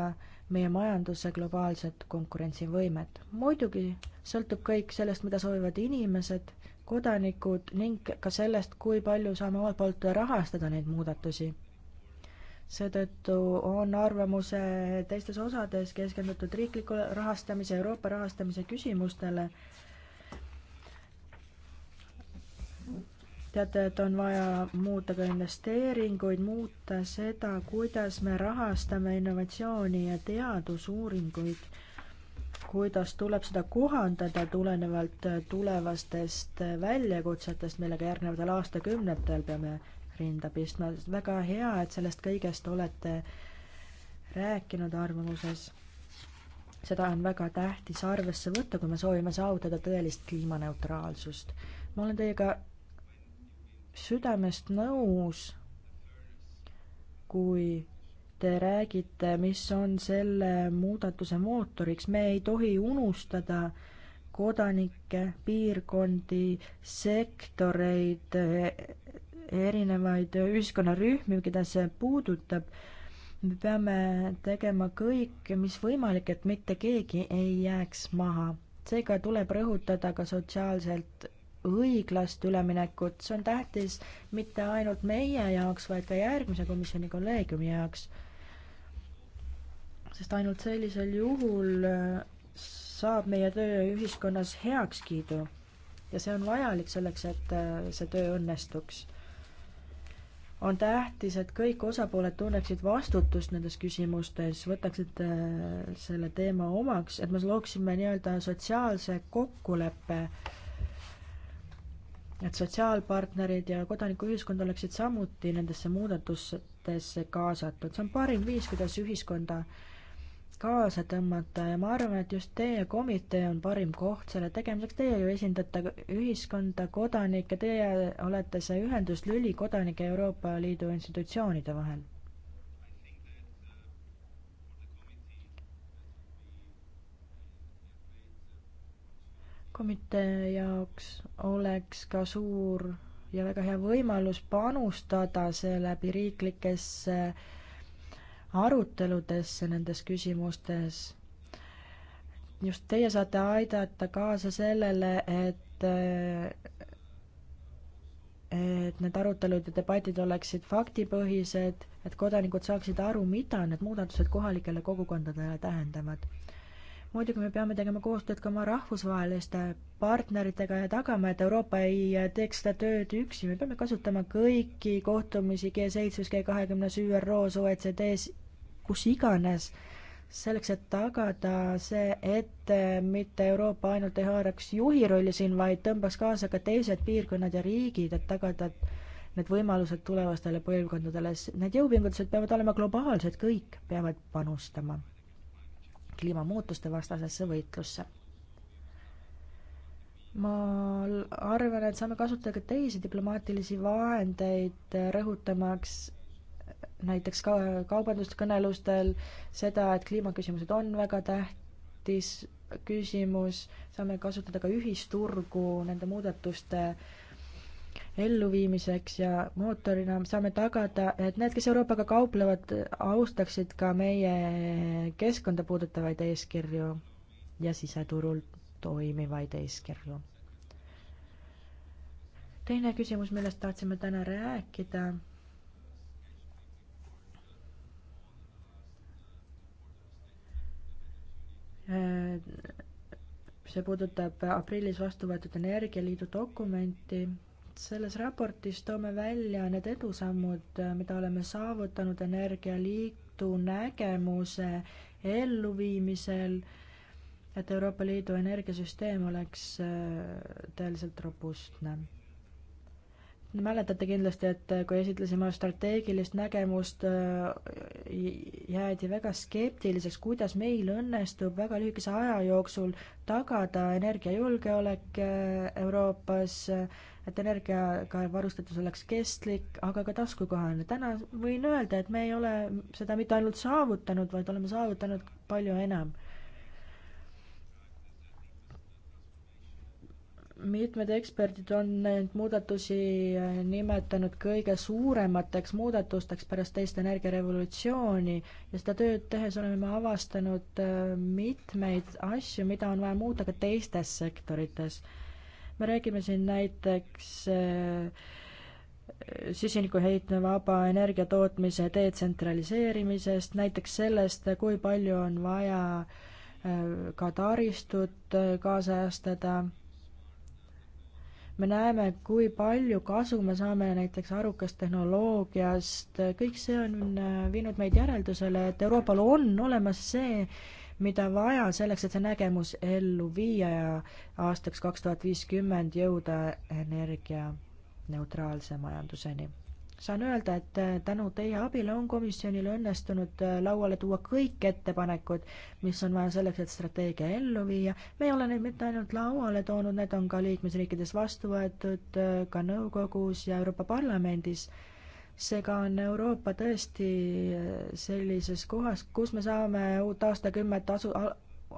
meie majanduse globaalset konkurentsivõimet. muidugi sõltub kõik sellest, mida soovivad inimesed, kodanikud ning ka sellest, kui palju saame omalt poolt rahastada neid muudatusi. seetõttu on arvamuse teistes osades keskendutud riikliku rahastamise, Euroopa rahastamise küsimustele teate, et on vaja muuta ka investeeringuid, muuta seda, kuidas me rahastame innovatsiooni ja teadusuuringuid, kuidas tuleb seda kohandada tulenevalt tulevastest väljakutsetest, millega järgnevatel aastakümnetel peame rinda pistma. väga hea, et sellest kõigest olete rääkinud arvamuses. seda on väga tähtis arvesse võtta, kui me soovime saavutada tõelist kliimaneutraalsust. ma olen teiega südamest nõus, kui te räägite, mis on selle muudatuse mootoriks, me ei tohi unustada kodanikke, piirkondi, sektoreid, erinevaid ühiskonnarühmi, keda see puudutab. me peame tegema kõik, mis võimalik, et mitte keegi ei jääks maha. seega tuleb rõhutada ka sotsiaalselt õiglast üleminekut, see on tähtis mitte ainult meie jaoks, vaid ka järgmise komisjoni kolleegiumi jaoks. sest ainult sellisel juhul äh, saab meie töö ühiskonnas heakskiidu ja see on vajalik selleks, et äh, see töö õnnestuks. on tähtis, et kõik osapooled tunneksid vastutust nendes küsimustes, võtaksid äh, selle teema omaks, et me looksime nii-öelda sotsiaalse kokkuleppe äh, et sotsiaalpartnerid ja kodanikuühiskond oleksid samuti nendesse muudatustesse kaasatud. see on parim viis, kuidas ühiskonda kaasa tõmmata ja ma arvan, et just teie komitee on parim koht selle tegemiseks, teie ju esindate ühiskonda, kodanikke, teie olete see ühenduslüli kodanike Euroopa Liidu institutsioonide vahel komitee jaoks oleks ka suur ja väga hea võimalus panustada seeläbi riiklikesse aruteludesse nendes küsimustes. just teie saate aidata kaasa sellele, et et need arutelud ja debatid oleksid faktipõhised, et kodanikud saaksid aru, mida need muudatused kohalikele kogukondadele tähendavad muidugi me peame tegema koostööd ka oma rahvusvaheliste partneritega ja tagama, et Euroopa ei teeks seda tööd üksi, me peame kasutama kõiki kohtumisi G7-s, G20-s, ÜRO-s, OECD-s, kus iganes, selleks, et tagada see, et mitte Euroopa ainult ei haaraks juhi rolli siin, vaid tõmbaks kaasa ka teised piirkonnad ja riigid, et tagada need võimalused tulevastele põlvkondadele, need jõupingutused peavad olema globaalsed, kõik peavad panustama kliimamuutuste vastasesse võitlusse. ma arvan, et saame kasutada ka teisi diplomaatilisi vahendeid, rõhutamaks näiteks ka kaubanduskõnelustel seda, et kliimaküsimused on väga tähtis küsimus, saame kasutada ka ühisturgu nende muudatuste äh, elluviimiseks ja mootorina saame tagada, et need, kes Euroopaga kauplevad, austaksid ka meie keskkonda puudutavaid eeskirju ja siseturul toimivaid eeskirju. teine küsimus, millest tahtsime täna rääkida, äh, see puudutab aprillis vastu võetud Energialiidu dokumenti selles raportis toome välja need edusammud, äh, mida oleme saavutanud Energialiidu nägemuse elluviimisel, et Euroopa Liidu energiasüsteem oleks äh, tõeliselt robustne mäletate kindlasti, et kui esitlesime strateegilist nägemust, äh, jäädi väga skeptiliseks, kuidas meil õnnestub väga lühikese aja jooksul tagada energiajulgeolek äh, Euroopas, äh, et energiaga varustatus oleks kestlik, aga ka taskukohane. täna võin öelda, et me ei ole seda mitte ainult saavutanud, vaid oleme saavutanud palju enam mitmed eksperdid on neid muudatusi äh, nimetanud kõige suuremateks muudatusteks pärast teist energiarevolutsiooni ja seda tööd tehes oleme me avastanud äh, mitmeid asju, mida on vaja muuta ka teistes sektorites. me räägime siin näiteks äh, süsinikuheitmevaba energia tootmise detsentraliseerimisest, näiteks sellest, kui palju on vaja ka taristut kaasajastada me näeme, kui palju kasu me saame näiteks arukast tehnoloogiast, kõik see on äh, viinud meid järeldusele, et Euroopal on olemas see, mida vaja selleks, et see nägemus ellu viia ja aastaks kaks tuhat viiskümmend jõuda energianeutraalse majanduseni saan öelda, et äh, tänu teie abile on komisjonil õnnestunud äh, lauale tuua kõik ettepanekud, mis on vaja selleks, et strateegia ellu viia. me ei ole neid mitte ainult lauale toonud, need on ka liikmesriikides vastu võetud, äh, ka nõukogus ja Euroopa Parlamendis. seega on Euroopa tõesti sellises kohas, kus me saame uut aastakümmet asu,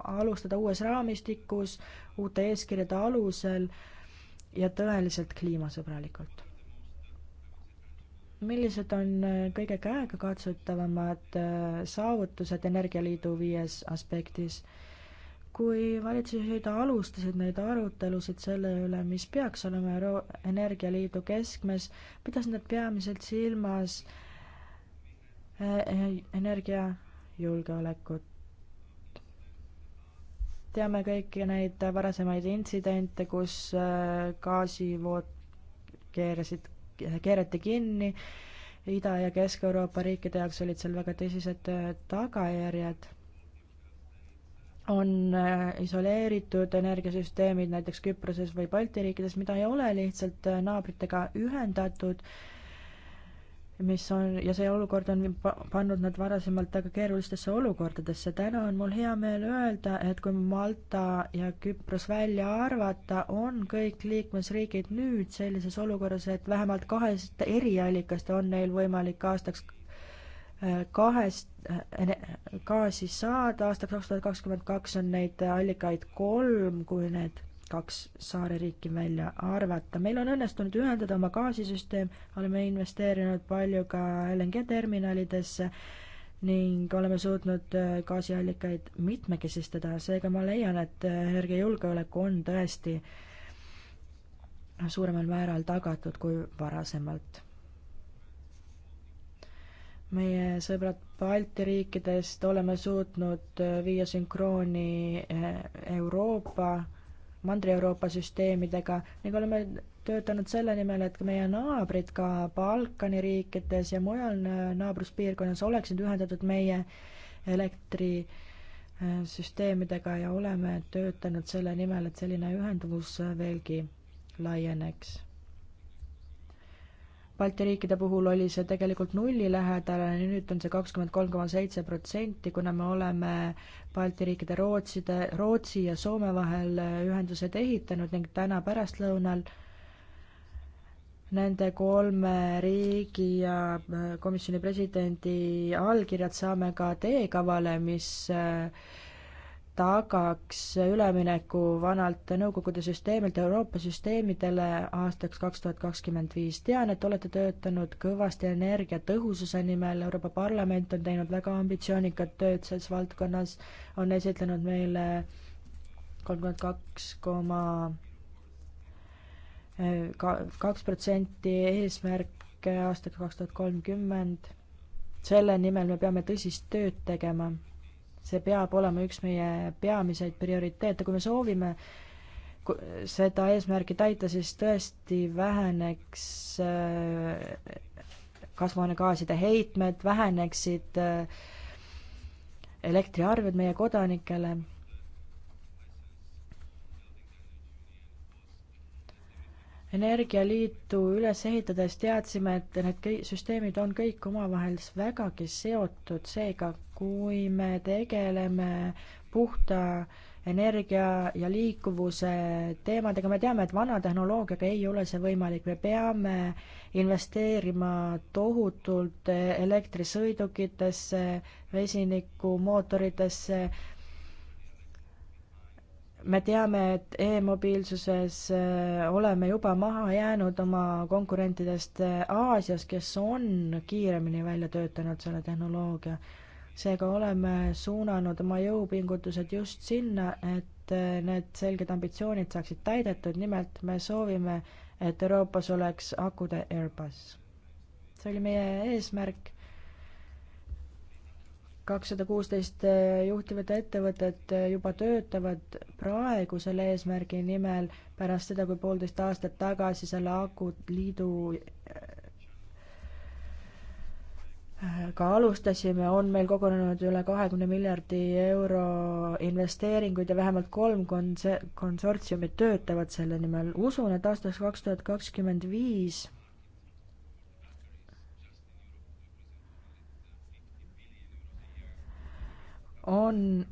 alustada uues raamistikus, uute eeskirjade alusel ja tõeliselt kliimasõbralikult millised on äh, kõige käegakatsutavamad äh, saavutused Energialiidu viies aspektis? kui valitsusjuhid alustasid neid arutelusid selle üle, mis peaks olema Euro-, Energialiidu keskmes, pidas nad peamiselt silmas äh, energiajulgeolekut. teame kõiki neid varasemaid intsidente, kus gaasivood keerasid keerati kinni, Ida- ja Kesk-Euroopa riikide jaoks olid seal väga tõsised äh, tagajärjed on äh, isoleeritud energiasüsteemid näiteks Küproses või Balti riikides, mida ei ole lihtsalt äh, naabritega ühendatud mis on, ja see olukord on pannud nad varasemalt väga keerulistesse olukordadesse. täna on mul hea meel öelda, et kui Malta ja Küpros välja arvata, on kõik liikmesriigid nüüd sellises olukorras, et vähemalt kahest eriallikast on neil võimalik aastaks äh, kahest, äh, gaasi saada, aastaks kaks tuhat kakskümmend kaks on neid allikaid kolm, kui need kaks saareriiki välja arvata. meil on õnnestunud ühendada oma gaasisüsteem, oleme investeerinud palju ka LNG terminalidesse ning oleme suutnud äh, gaasiallikaid mitmekesistada, seega ma leian, et äh, energiajulgeolek on tõesti suuremal määral tagatud kui varasemalt meie sõbrad Balti riikidest oleme suutnud äh, viia sünkrooni Euroopa Mandri-Euroopa süsteemidega ning oleme töötanud selle nimel, et meie naabrid ka Balkani riikides ja mujal naabruspiirkonnas oleksid ühendatud meie elektrisüsteemidega äh, ja oleme töötanud selle nimel, et selline ühenduvus veelgi laieneks Balti riikide puhul oli see tegelikult nullilähedane, nüüd on see kakskümmend kolm koma seitse protsenti, kuna me oleme Balti riikide, Rootside, Rootsi ja Soome vahel ühendused ehitanud ning täna pärastlõunal nende kolme riigi ja äh, komisjoni presidendi allkirjad saame ka teekavale, mis äh, tagaks ülemineku vanalt Nõukogude süsteemilt Euroopa süsteemidele aastaks kaks tuhat kakskümmend viis. tean, et olete töötanud kõvasti energiatõhususe nimel, Euroopa Parlament on teinud väga ambitsioonikat tööd selles valdkonnas, on esitlenud meile kolmkümmend kaks koma eh, kaks protsenti eesmärke aastaks kaks tuhat kolmkümmend. selle nimel me peame tõsist tööd tegema see peab olema üks meie peamiseid prioriteete, kui me soovime seda eesmärki täita, siis tõesti väheneks äh, kasvuhoonegaaside heitmed, väheneksid äh, elektriarved meie kodanikele energialiitu üles ehitades teadsime, et need süsteemid on kõik omavahel vägagi seotud, seega kui me tegeleme puhta energia ja liikuvuse teemadega, me teame, et vana tehnoloogiaga ei ole see võimalik, me peame investeerima tohutult e-, elektrisõidukitesse, vesinikumootoritesse, me teame, et e-mobiilsuses äh, oleme juba maha jäänud oma konkurentidest äh, Aasias, kes on kiiremini välja töötanud selle tehnoloogia. seega oleme suunanud oma jõupingutused just sinna, et äh, need selged ambitsioonid saaksid täidetud, nimelt me soovime, et Euroopas oleks akude Airbus. see oli meie eesmärk kakssada kuusteist juhtivat ettevõtet juba töötavad praegu selle eesmärgi nimel pärast seda, kui poolteist aastat tagasi selle akuliidu äh, ka alustasime, on meil kogunenud üle kahekümne miljardi euro investeeringuid ja vähemalt kolm konse-, konsortsiumi töötavad selle nimel. usun, et aastaks kaks tuhat kakskümmend viis on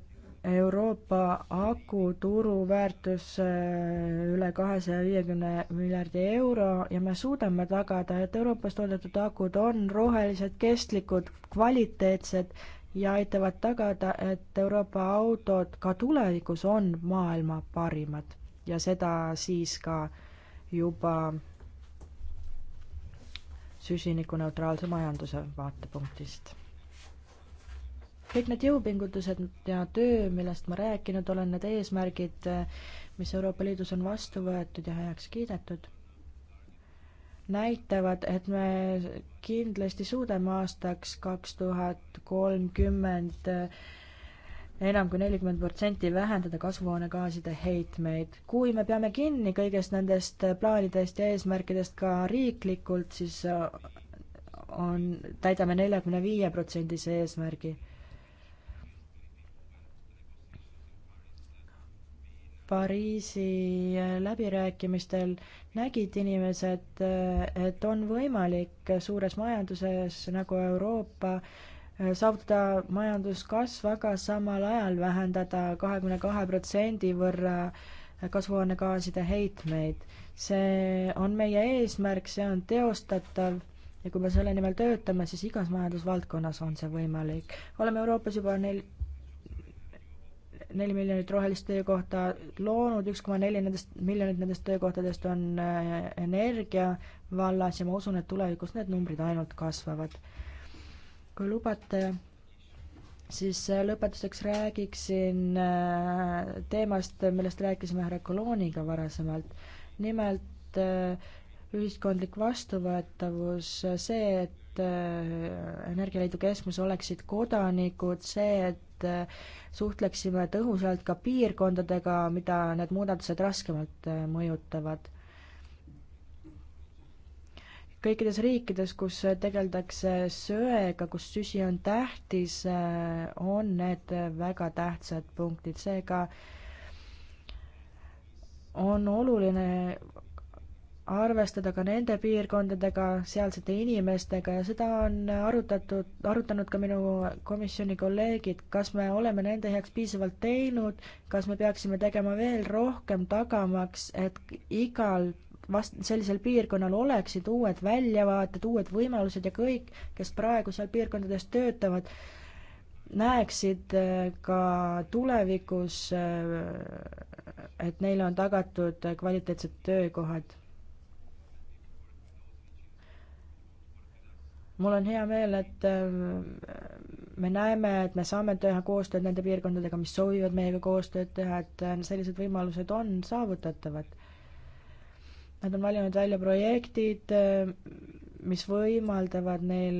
Euroopa akuturu väärtus üle kahesaja viiekümne miljardi euro ja me suudame tagada, et Euroopas toodetud akud on rohelised, kestlikud, kvaliteetsed ja aitavad tagada, et Euroopa autod ka tulevikus on maailma parimad ja seda siis ka juba süsinikuneutraalse majanduse vaatepunktist kõik need jõupingutused ja töö, millest ma rääkinud olen, need eesmärgid, mis Euroopa Liidus on vastu võetud ja heaks kiidetud, näitavad, et me kindlasti suudame aastaks kaks tuhat kolmkümmend enam kui nelikümmend protsenti vähendada kasvuhoonegaaside heitmeid. kui me peame kinni kõigest nendest plaanidest ja eesmärkidest ka riiklikult, siis on, täidame neljakümne viie protsendise eesmärgi Pariisi äh, läbirääkimistel nägid inimesed, äh, et on võimalik suures majanduses nagu Euroopa äh, saavutada majanduskasv, aga samal ajal vähendada kahekümne kahe protsendi võrra kasvuhoonegaaside heitmeid. see on meie eesmärk, see on teostatav ja kui me selle nimel töötame, siis igas majandusvaldkonnas on see võimalik. oleme Euroopas juba nel-, neli miljonit rohelist töökohta loonud, üks koma neli nendest, miljonit nendest töökohtadest on äh, energia vallas ja ma usun, et tulevikus need numbrid ainult kasvavad. kui lubate, siis äh, lõpetuseks räägiksin äh, teemast, millest rääkisime härra Kolooniga varasemalt. nimelt ühiskondlik vastuvõetavus, see, et Energialiidu keskmes oleksid kodanikud, see, et et äh, suhtleksime tõhusalt ka piirkondadega, mida need muudatused raskemalt äh, mõjutavad. kõikides riikides, kus tegeldakse söega, kus süsi on tähtis, äh, on need väga tähtsad punktid, seega on oluline arvestada ka nende piirkondadega, sealsete inimestega ja seda on arutatud, arutanud ka minu komisjoni kolleegid, kas me oleme nende heaks piisavalt teinud, kas me peaksime tegema veel rohkem, tagamaks, et igal vast-, sellisel piirkonnal oleksid uued väljavaated, uued võimalused ja kõik, kes praegu seal piirkondades töötavad, näeksid äh, ka tulevikus, äh, et neile on tagatud kvaliteetsed töökohad mul on hea meel, et äh, me näeme, et me saame teha koostööd nende piirkondadega, mis soovivad meiega koostööd teha, et äh, sellised võimalused on saavutatavad. Nad on valinud välja projektid, äh, mis võimaldavad neil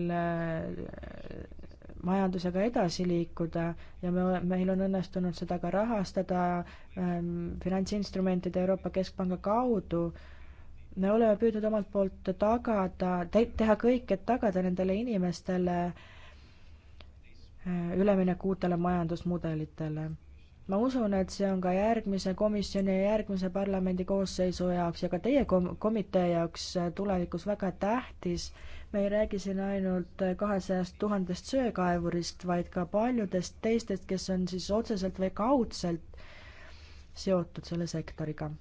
majandusega edasi liikuda ja me, meil on õnnestunud seda ka rahastada ähm, finantsinstrumentide Euroopa Keskpanga kaudu äh,, me oleme püüdnud omalt poolt tagada te,, teha kõik, et tagada nendele inimestele äh, üleminek uutele majandusmudelitele. ma usun, et see on ka järgmise komisjoni ja järgmise parlamendi koosseisu jaoks ja ka teie kom-, komitee jaoks äh, tulevikus väga tähtis. me ei räägi siin ainult äh, kahesajast tuhandest söekaevurist, vaid ka paljudest teistest, kes on siis otseselt või kaudselt seotud selle sektoriga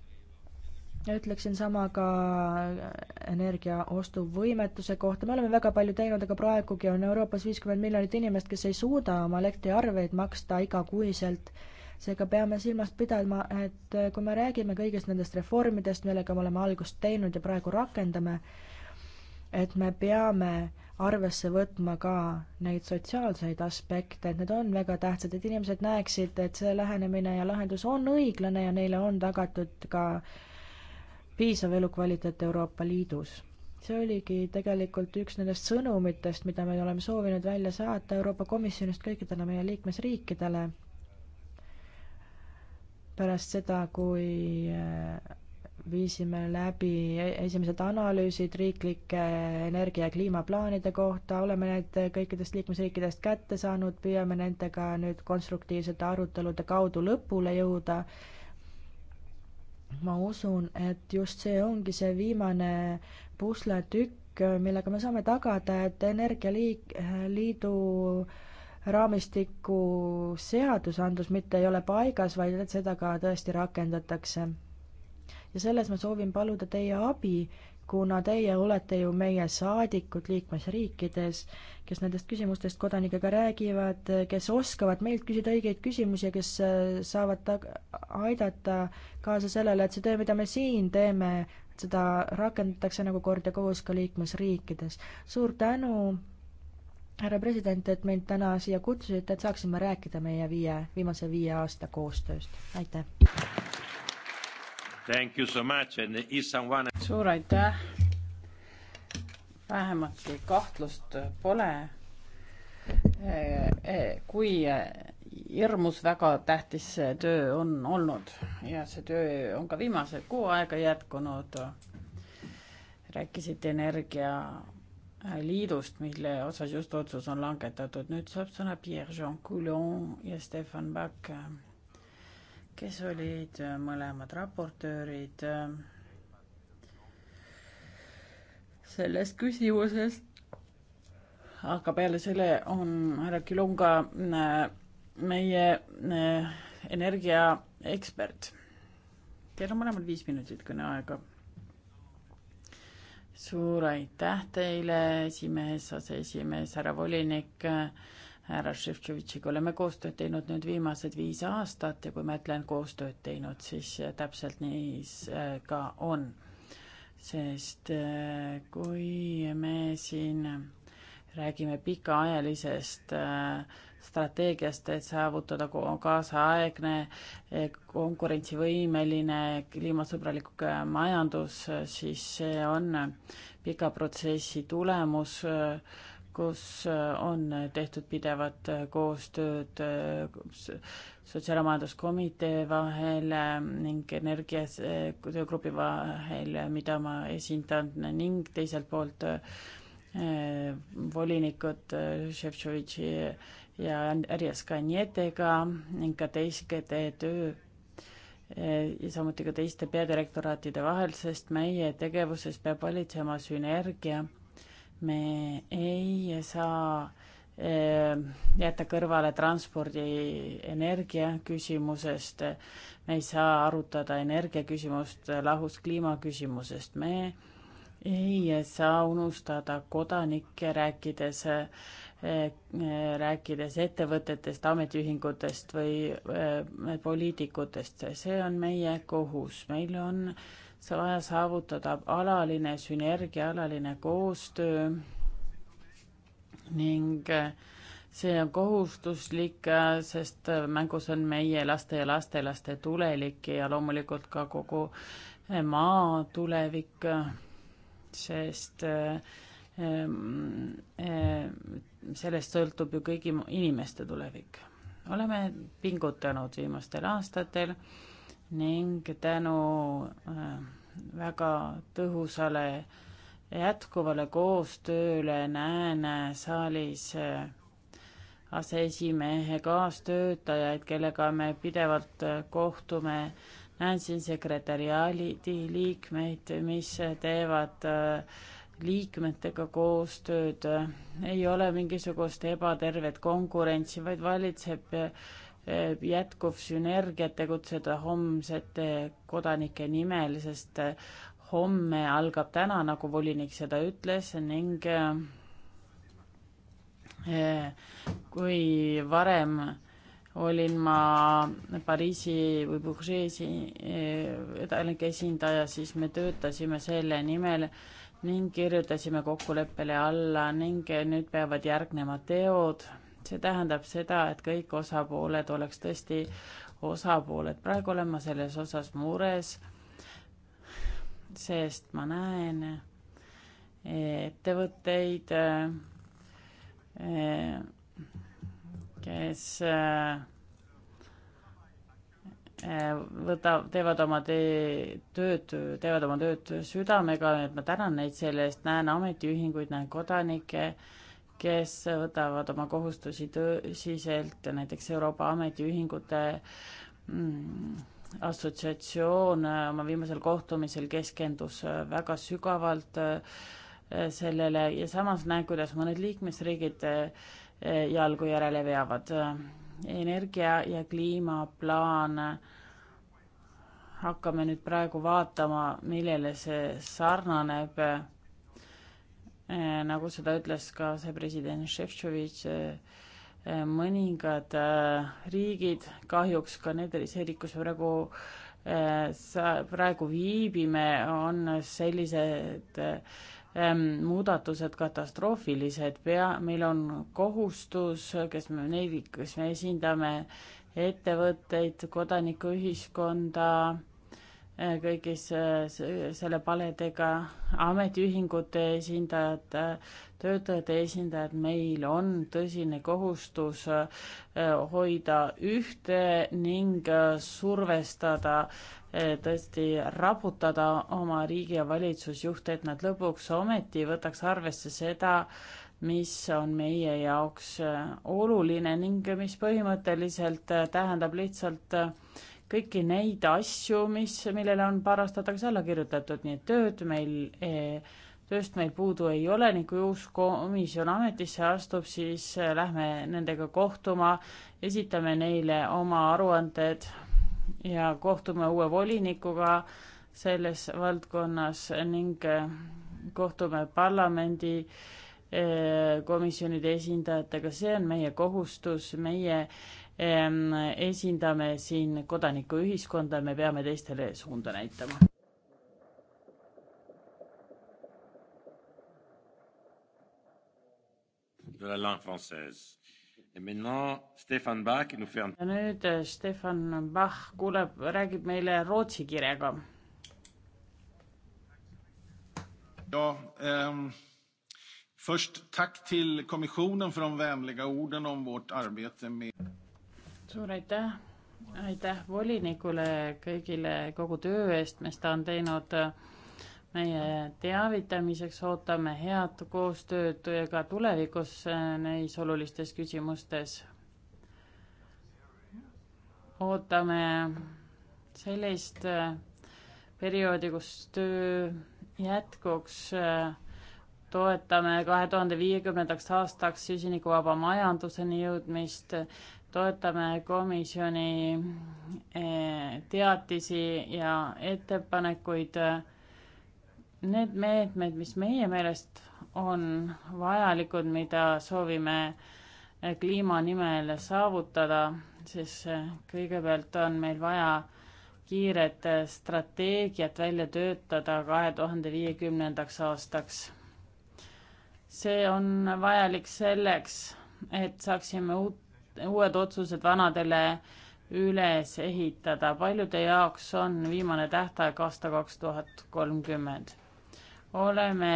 ütleksin sama ka energia ostuvõimetuse kohta, me oleme väga palju teinud, aga praegugi on Euroopas viiskümmend miljonit inimest, kes ei suuda oma elektriarveid maksta igakuiselt. seega peame silmas pidama, et kui me räägime kõigist nendest reformidest, millega me oleme algust teinud ja praegu rakendame, et me peame arvesse võtma ka neid sotsiaalseid aspekte, et need on väga tähtsad, et inimesed näeksid, et see lähenemine ja lahendus on õiglane ja neile on tagatud ka äh, piisav elukvaliteet Euroopa Liidus. see oligi tegelikult üks nendest sõnumitest, mida me oleme soovinud välja saata Euroopa Komisjonist kõikidele meie liikmesriikidele pärast seda, kui äh, viisime läbi e-, esimesed analüüsid riiklike energia- ja kliimaplaanide kohta, oleme need kõikidest liikmesriikidest kätte saanud, püüame nendega nüüd konstruktiivsete arutelude kaudu lõpule jõuda ma usun, et just see ongi see viimane pusletükk, millega me saame tagada, et Energialiik, liidu raamistiku seadusandlus mitte ei ole paigas, vaid et seda ka tõesti rakendatakse. ja selles ma soovin paluda teie abi, kuna teie olete ju meie saadikud liikmesriikides, kes nendest küsimustest kodanikega räägivad, kes oskavad meilt küsida õigeid küsimusi ja kes äh, saavad tag-, aidata kaasa sellele, et see töö, mida me siin teeme, et seda rakendatakse nagu kord ja kohus ka liikmesriikides. suur tänu, härra president, et mind täna siia kutsusite, et saaksime rääkida meie viie, viimase viie aasta koostööst, aitäh! Someone... suur aitäh. vähematki kahtlust pole. E, e, kui hirmus väga tähtis see töö on olnud ja see töö on ka viimased kuu aega jätkunud. rääkisite energialiidust, mille osas just otsus on langetatud, nüüd saab sõna Pierre Jean Coulon ja Stefan Bach kes olid äh, mõlemad raportöörid äh, sellest küsimusest. aga peale selle on härra Kilunga äh, meie energiaekspert. Teil on mõlemal viis minutit kõneaega. suur aitäh teile, esimees, aseesimees, härra volinik härra Šefčovitšiga oleme koostööd teinud nüüd viimased viis aastat ja kui ma ütlen koostööd teinud, siis äh, täpselt nii äh, ka on. sest äh, kui me siin räägime pikaajalisest strateegiast, et saavutada kaasaegne konkurentsivõimeline kliimasõbralik majandus, siis see on pika protsessi tulemus kus äh, on tehtud pidevat äh, koostööd äh, sotsiaal- ja majanduskomitee vahel ning energias töögrupi vahel, mida ma esindan ning teiselt poolt volinikud Šefčovitši ja Arias Kanietega ning ka teiste töö ja samuti ka teiste peadirektoraatide vahel, sest meie tegevuses peab valitsema sünergia me ei saa ehm, jätta kõrvale transpordi energia küsimusest, me ei saa arutada energia küsimust lahus kliimaküsimusest, me ei saa unustada kodanikke, rääkides, eh, rääkides ettevõtetest, ametiühingutest või eh, poliitikutest, see on meie kohus, meil on äh, seal vaja saavutada alaline sünergia, alaline koostöö ning eh, see on kohustuslik, eh, sest eh, mängus on meie laste ja lastelaste tulevik ja loomulikult ka kogu maa tulevik, sest sellest sõltub ju kõigi inimeste tulevik. oleme pingutanud viimastel aastatel ning tänu äh, väga tõhusale jätkuvale koostööle näen äh, saalis äh, aseesimehe kaastöötajaid, kellega me pidevalt kohtume. näen siin sekretäriaadi liikmeid, mis teevad liikmetega koostööd. ei ole mingisugust ebatervet konkurentsi, vaid valitseb Eh, jätkuv sünergia, et tegutseda homsete kodanike nimel, sest eh, homme algab täna, nagu volinik seda ütles ning eh, kui varem olin ma Pariisi või Bourgeoisi elanike esindaja, siis me töötasime selle nimel ning kirjutasime kokkuleppele alla ning nüüd peavad järgnema teod see tähendab seda, et kõik osapooled oleks tõesti osapooled. praegu olen ma selles osas mures, sest ma näen eh, ettevõtteid, eh, kes eh, võta-, teevad oma tee, tööd, teevad oma tööd südamega, et ma tänan neid selle eest, näen ametiühinguid, näen kodanikke, kes võtavad oma kohustusi tõsiselt, näiteks Euroopa Ametiühingute mm, assotsiatsioon äh, oma viimasel kohtumisel keskendus äh, väga sügavalt äh, sellele ja samas näen, kuidas mõned liikmesriigid jalgu järele veavad. energia- ja kliimaplaan, hakkame nüüd praegu vaatama, millele see sarnaneb Eh, nagu seda ütles ka see president Šefčovitš, eh, eh, mõningad riigid, kahjuks ka need, see riik, kus praegu sa, praegu viibime, on sellised muudatused katastroofilised, pea, meil on kohustus, kes me, neid, kes me esindame ettevõtteid, kodanikuühiskonda, Äh, kõigis äh, selle paledega ametiühingute esindajad, äh, töötajate esindajad, meil on tõsine kohustus hoida ühte ning survestada, tõesti raputada oma riigi ja valitsusjuhte, et nad lõpuks ometi võtaks arvesse seda, mis on meie jaoks oluline ning mis põhimõtteliselt tähendab lihtsalt äh, kõiki neid asju, mis, millele on paar aastat tagasi alla kirjutatud, nii et tööd meil eh,, tööst meil puudu ei ole ning kui uus komisjon ametisse astub, siis äh, lähme nendega kohtuma, esitame neile oma aruanded ja kohtume uue volinikuga selles valdkonnas ning äh, kohtume parlamendi eh, komisjonide esindajatega, see on meie kohustus, meie eh, esindame siin kodanikuühiskonda, me peame teistele suunda näitama. de la langue française. Et maintenant, Stefan Bach qui nous fait un... ja nüüd eh, Stefan Bach kuuleb, räägib meile rootsi kirega. ja ähm,, först tack till kommissionen för de vänliga orden om vårt arbete med suur aitäh, aitäh volinikule kõigile kogu töö eest, mis ta on teinud meie teavitamiseks, ootame head koostööd ka tulevikus neis olulistes küsimustes. ootame sellist perioodi, kus töö jätkuks toetame kahe tuhande viiekümnendaks aastaks süsinikuvaba majanduseni jõudmist toetame komisjoni eh, teatisi ja ettepanekuid. Need meetmed, mis meie meelest on vajalikud, mida soovime eh, kliima nimel saavutada, siis eh, kõigepealt on meil vaja kiiret strateegiat välja töötada kahe tuhande viiekümnendaks aastaks. see on vajalik selleks, et saaksime uut uued otsused vanadele üles ehitada. paljude jaoks on viimane tähtaeg aasta kaks tuhat kolmkümmend. oleme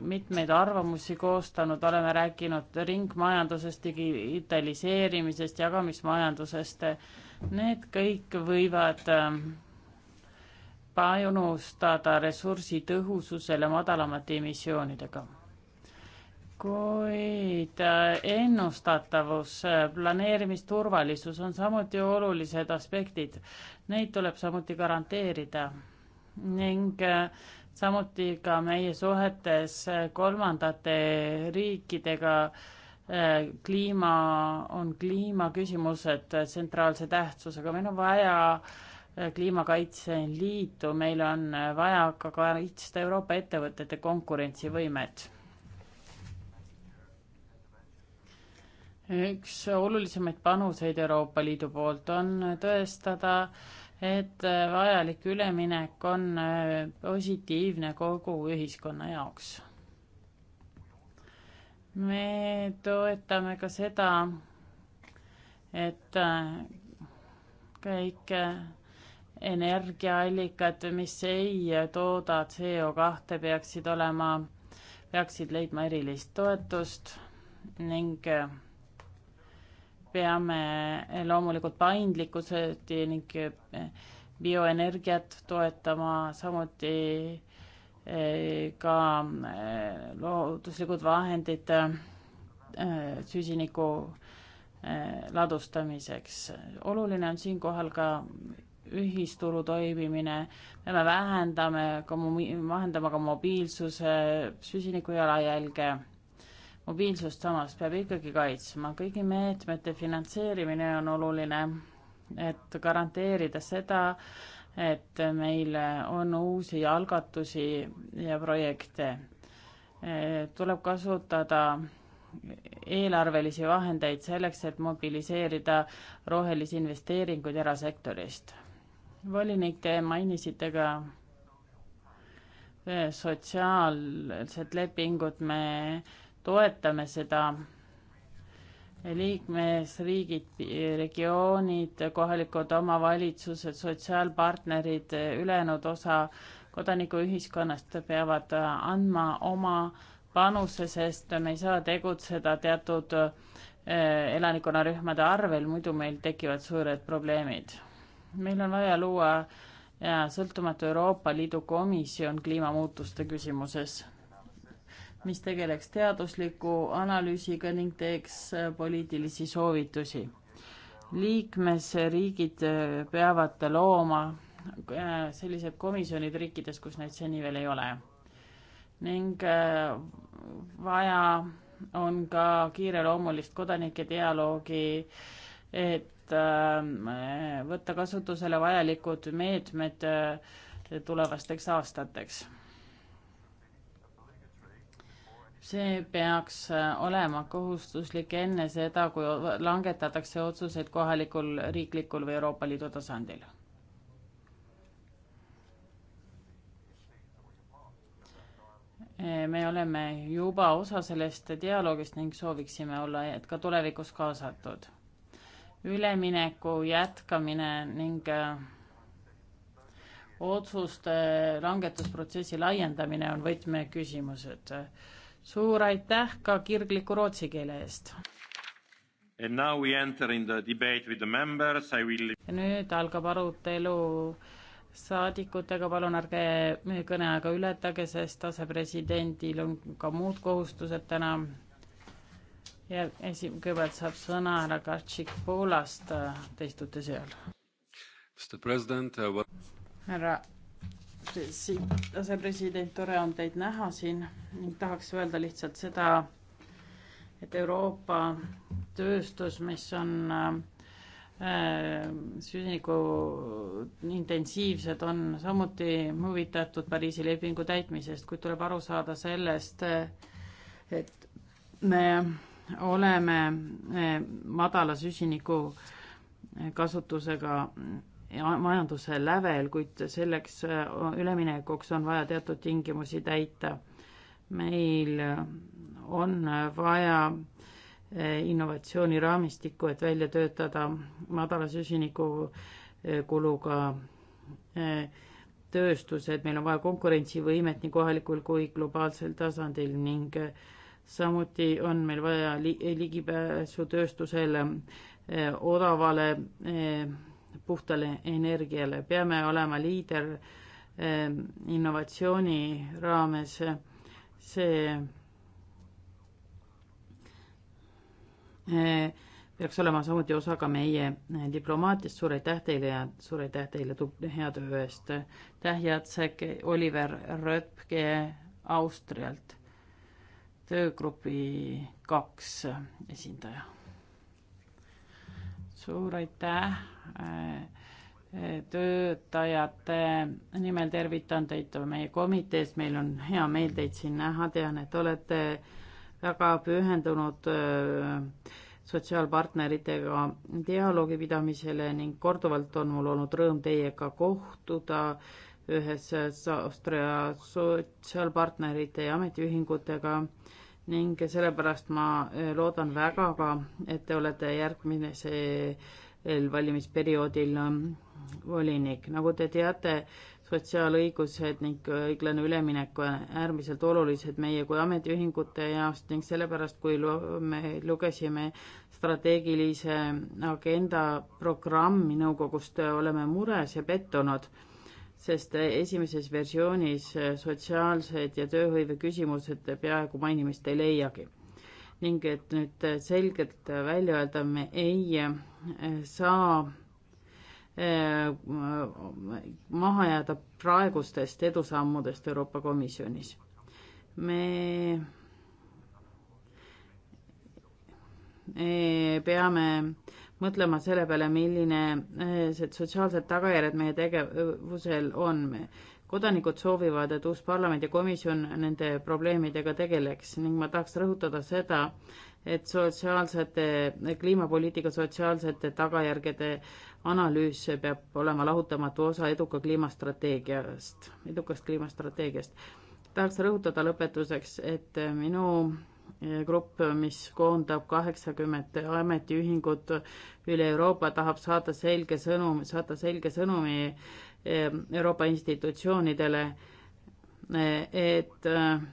mitmeid arvamusi koostanud, oleme rääkinud ringmajandusest, digitaliseerimisest, jagamismajandusest. Need kõik võivad ähm, panustada ressursi tõhususele madalamate emissioonidega kuid äh, ennustatavus, äh, planeerimisturvalisus on samuti olulised aspektid. Neid tuleb samuti garanteerida ning äh, samuti ka meie suhetes kolmandate riikidega kliima, on kliimaküsimused tsentraalse tähtsusega, meil on vaja kliimakaitseliitu, meil on vaja ka kaitsta Euroopa ettevõtete konkurentsivõimet üks olulisemaid panuseid Euroopa Liidu poolt on tõestada, et vajalik üleminek on äh, positiivne kogu ühiskonna jaoks. me toetame ka seda, et äh, kõik äh, energiaallikad, mis ei tooda CO kahte, peaksid olema, peaksid leidma erilist toetust ning peame loomulikult paindlikkused ning bioenergiat toetama, samuti eh, ka eh, looduslikud vahendid eh, süsiniku ladustamiseks. oluline on siinkohal ka ühisturu toimimine, me vähendame ka, vähendame ka mobiilsuse süsiniku jalajälge mobiilsust samas peab ikkagi kaitsma, kõigi meetmete finantseerimine on oluline, et garanteerida seda, et meil on uusi algatusi ja projekte. tuleb kasutada eelarvelisi vahendeid selleks, et mobiliseerida rohelisi investeeringuid erasektorist. volinik, te mainisite ka eh, sotsiaalset lepingut, me toetame seda. liikmesriigid, regioonid, kohalikud omavalitsused, sotsiaalpartnerid, ülejäänud osa kodanikuühiskonnast peavad andma oma panuse, sest me ei saa tegutseda teatud eh, elanikkonnarühmade arvel, muidu meil tekivad suured probleemid. meil on vaja luua sõltumatu Euroopa Liidu komisjon kliimamuutuste küsimuses mis tegeleks teadusliku analüüsiga ning teeks äh, poliitilisi soovitusi. liikmesriigid äh, peavad looma äh, sellised komisjonid riikides, kus neid seni veel ei ole. ning vaja on ka kiireloomulist kodanike dialoogi, et võtta kasutusele vajalikud meetmed tulevasteks aastateks see peaks äh, olema kohustuslik enne seda, kui langetatakse otsuseid kohalikul, riiklikul või Euroopa Liidu tasandil. Äh, me oleme juba osa sellest dialoogist ning sooviksime olla ka tulevikus kaasatud. ülemineku jätkamine ning äh, otsuste langetusprotsessi laiendamine on võtmeküsimused suur aitäh ka kirgliku rootsi keele eest. Will... ja nüüd algab arutelu saadikutega, palun ärge kõneaega ületage, sest asepresidendil on ka muud kohustused täna. ja esi-, kõigepealt saab sõna härra Kartšik Poolast, te istute seal. Uh, härra asepresident, tore on teid näha siin ning tahaks öelda lihtsalt seda, et Euroopa tööstus, mis on äh, äh süsiniku intensiivsed, on samuti huvitatud Pariisi lepingu täitmisest, kuid tuleb aru saada sellest, et me oleme äh, madala süsiniku kasutusega majanduse lävel, kuid selleks äh, üleminekuks on vaja teatud tingimusi täita. meil äh, on äh, vaja innovatsiooniraamistikku, et välja töötada madala süsiniku kuluga tööstused, meil on vaja konkurentsivõimet nii kohalikul kui globaalsel tasandil ning samuti on meil vaja li ligipääsu tööstusele odavale puhtale energiale, peame olema liider ehm, innovatsiooni raames, see eh, peaks olema samuti osa ka meie eh, diplomaatiast, suur aitäh teile ja suur aitäh teile tubli hea töö eest. aitäh, Jacek Oliver Röpke Austrialt, töögrupi kaks esindaja suur aitäh eh, töötajate nimel tervitan teid meie komitees, meil on hea meel teid siin näha, tean, et olete väga pühendunud eh, sotsiaalpartneritega dialoogi pidamisele ning korduvalt on mul olnud rõõm teiega kohtuda ühes Austria sotsiaalpartnerite ja ametiühingutega ning sellepärast ma eh, loodan väga ka, et te olete järgmisel valimisperioodil ähm, volinik. nagu te teate, sotsiaalõigused ning õiglane üleminek on äärmiselt olulised meie kui ametiühingute jaoks ning sellepärast, kui me lugesime strateegilise agenda programmi nõukogust, oleme mures ja pettunud sest esimeses versioonis äh, sotsiaalsed ja tööhõive küsimused peaaegu mainimist ei leiagi. ning et nüüd äh, selgelt välja öelda, me ei äh, saa maha jääda praegustest edusammudest Euroopa Komisjonis. me peame mõtlema selle peale, milline eh, see sotsiaalsed tagajärjed meie tegevusel on. kodanikud soovivad, et uus parlamendikomisjon nende probleemidega tegeleks ning ma tahaks rõhutada seda, et sotsiaalsete, kliimapoliitika sotsiaalsete tagajärgede analüüs peab olema lahutamatu osa eduka kliimastrateegiast, edukast kliimastrateegiast. tahaks rõhutada lõpetuseks, et minu grupp, mis koondab kaheksakümmend ametiühingut üle Euroopa, tahab saada selge sõnum, saata selge sõnumi ehm, Euroopa institutsioonidele, eh, et eh,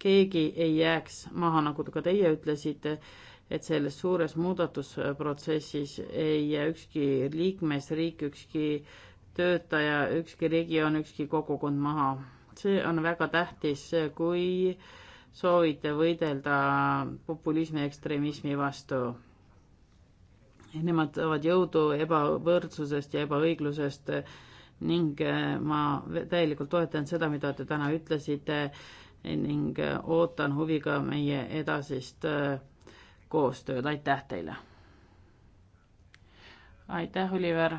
keegi ei jääks maha, nagu ka teie ütlesite, et selles suures muudatusprotsessis ei jää ükski liikmesriik, ükski töötaja, ükski regioon, ükski kogukond maha. see on väga tähtis, kui äh, soovite võidelda populismi ja ekstremismi vastu. Nemad saavad jõudu ebavõrdsusest ja ebaõiglusest ning äh, ma täielikult toetan seda, mida te täna ütlesite ning äh, ootan huviga meie edasist äh, koostööd, aitäh teile! aitäh, Oliver!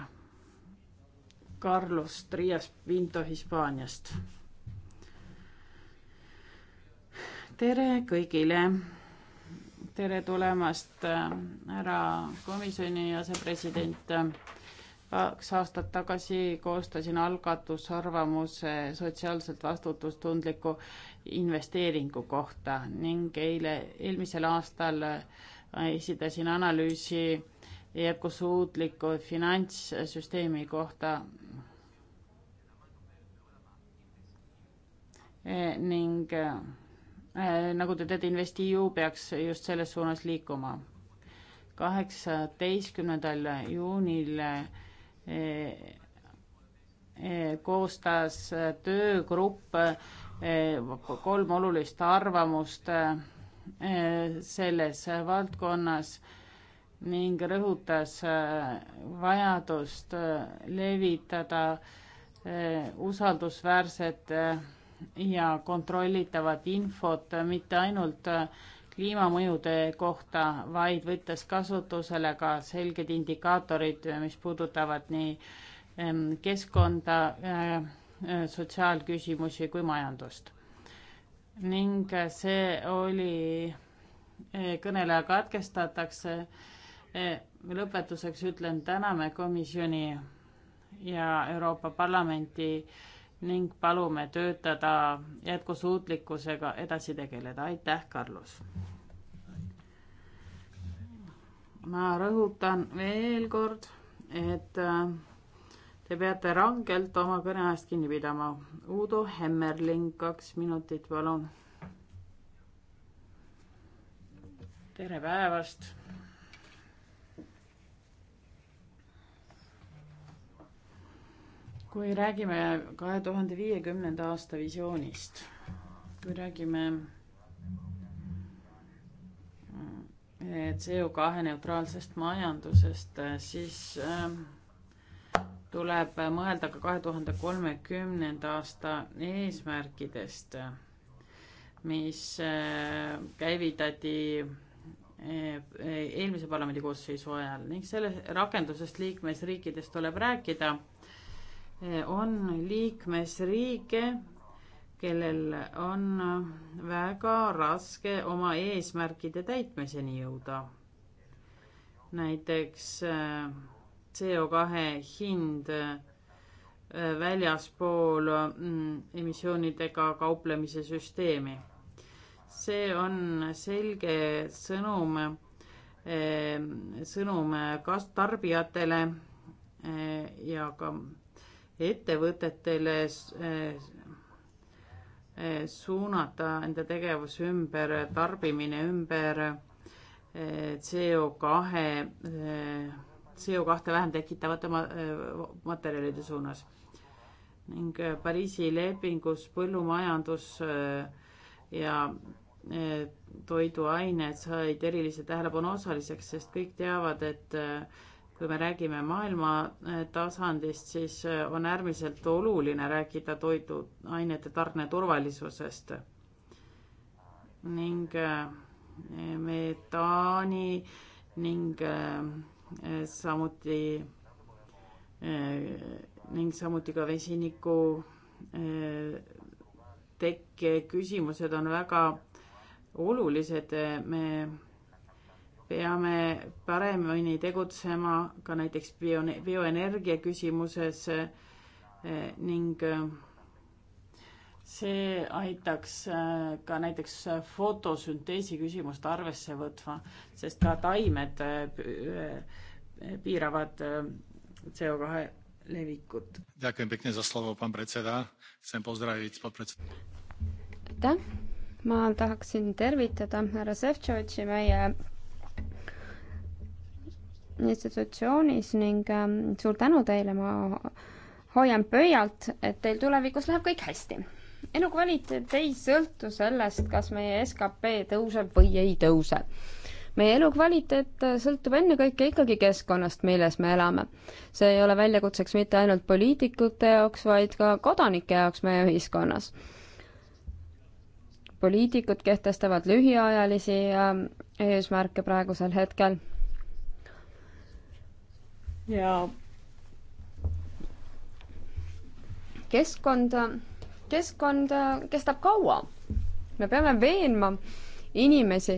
Carlos Trias Pinto Hispaaniast tere kõigile. tere tulemast, äh, härra komisjoni asepresident. kaks aastat tagasi koostasin algatusarvamuse sotsiaalselt vastutustundliku investeeringu kohta ning eile, eelmisel aastal äh, esitasin analüüsi jätkusuutliku finantssüsteemi kohta äh, ning Eh, nagu te teate, InvestEU peaks just selles suunas liikuma. kaheksateistkümnendal juunil eh, eh, koostas töögrupp kolm olulist arvamust selles valdkonnas ning rõhutas vajadust levitada usaldusväärset ja kontrollitavat infot mitte ainult äh, kliimamõjude kohta, vaid võttes kasutusele ka selged indikaatorid, mis puudutavad nii ähm, keskkonda, äh, äh, sotsiaalküsimusi kui majandust. ning see oli, kõneleja katkestatakse. lõpetuseks ütlen täname komisjoni ja Euroopa Parlamenti ning palume töötada jätkusuutlikkusega edasi tegeleda. aitäh, Carlos! ma rõhutan veel kord, et äh, te peate rangelt oma kõneajast kinni pidama. Udo Hemmerling, kaks minutit, palun. tere päevast kui räägime kahe tuhande viiekümnenda aasta visioonist, kui räägime CO2 neutraalsest majandusest, siis tuleb mõelda ka kahe tuhande kolmekümnenda aasta eesmärkidest, mis käivitati eelmise parlamendikoosseisu ajal ning selle rakendusest liikmesriikides tuleb rääkida on liikmesriike, kellel on väga raske oma eesmärkide täitmiseni jõuda. näiteks äh, CO kahe hind äh, väljaspool mm, emissioonidega kauplemise süsteemi. see on selge sõnum, äh, sõnum kas tarbijatele ja ka ettevõtetele eh, eh, suunata enda tegevus ümber, tarbimine ümber CO2, eh, CO2 vähem tekitavate materjalide suunas. ning Pariisi lepingus põllumajandus ja toiduained said erilise tähelepanu osaliseks, sest kõik teavad, et kui me räägime maailma eh, tasandist, siis eh, on äärmiselt oluline rääkida toiduainete tarne turvalisusest. ning eh, metaani ning samuti ning samuti ka vesiniku tekke küsimused on väga olulised, me peame paremini tegutsema ka näiteks bio, bioenergia küsimuses eh, ning eh, see aitaks eh, ka näiteks fotosünteesi küsimust arvesse võtma, sest ka taimed piiravad CO2 levikut. aitäh, ma tahaksin tervitada härra Šefčovitši, meie institutsioonis ning ähm, suur tänu teile, ma hoian pöialt, et teil tulevikus läheb kõik hästi. elukvaliteet ei sõltu sellest, kas meie skp tõuseb või ei tõuse. meie elukvaliteet äh, sõltub ennekõike ikkagi keskkonnast, milles me elame. see ei ole väljakutseks mitte ainult poliitikute jaoks, vaid ka kodanike jaoks meie ühiskonnas poliitikud kehtestavad lühiajalisi ähm, eesmärke praegusel hetkel ja keskkond, keskkond kestab kaua. me peame veenma inimesi,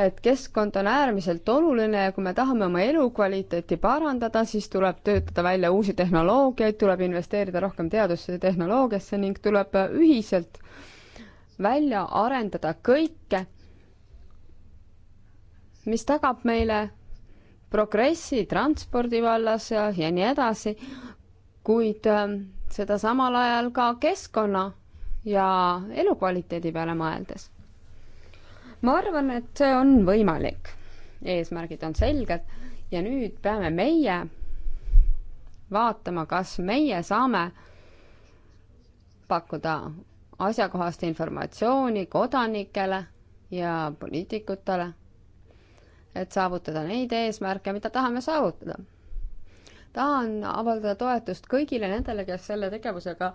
et keskkond on äärmiselt oluline ja kui me tahame oma elukvaliteeti parandada, siis tuleb töötada välja uusi tehnoloogiaid, tuleb investeerida rohkem teadusse ja tehnoloogiasse ning tuleb ühiselt välja arendada kõike, mis tagab meile progressi transpordi vallas ja, ja nii edasi, kuid ähm, seda samal ajal ka keskkonna ja elukvaliteedi peale mõeldes. ma arvan, et see on võimalik. eesmärgid on selged ja nüüd peame meie vaatama, kas meie saame pakkuda asjakohast informatsiooni kodanikele ja poliitikutele et saavutada neid eesmärke, mida tahame saavutada. tahan avaldada toetust kõigile nendele, kes selle tegevusega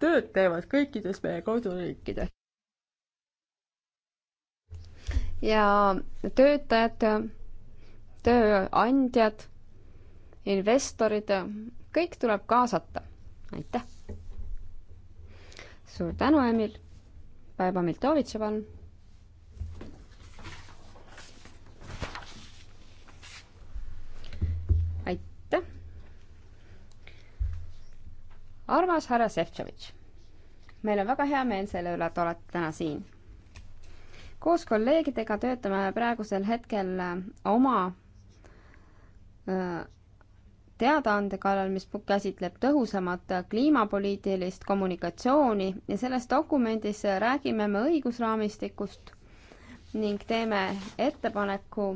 tööd teevad kõikides meie koduriikides. ja töötajad, tööandjad, investorid, kõik tuleb kaasata. aitäh! suur tänu, Emil! Päeva Miltovitš, palun! armas härra Šefčovitš, meil on väga hea meel selle üle, et olete täna siin. koos kolleegidega töötame praegusel hetkel äh, oma äh, teadaande kallal, mis käsitleb tõhusamat äh, kliimapoliitilist kommunikatsiooni ja selles dokumendis räägime me õigusraamistikust ning teeme ettepaneku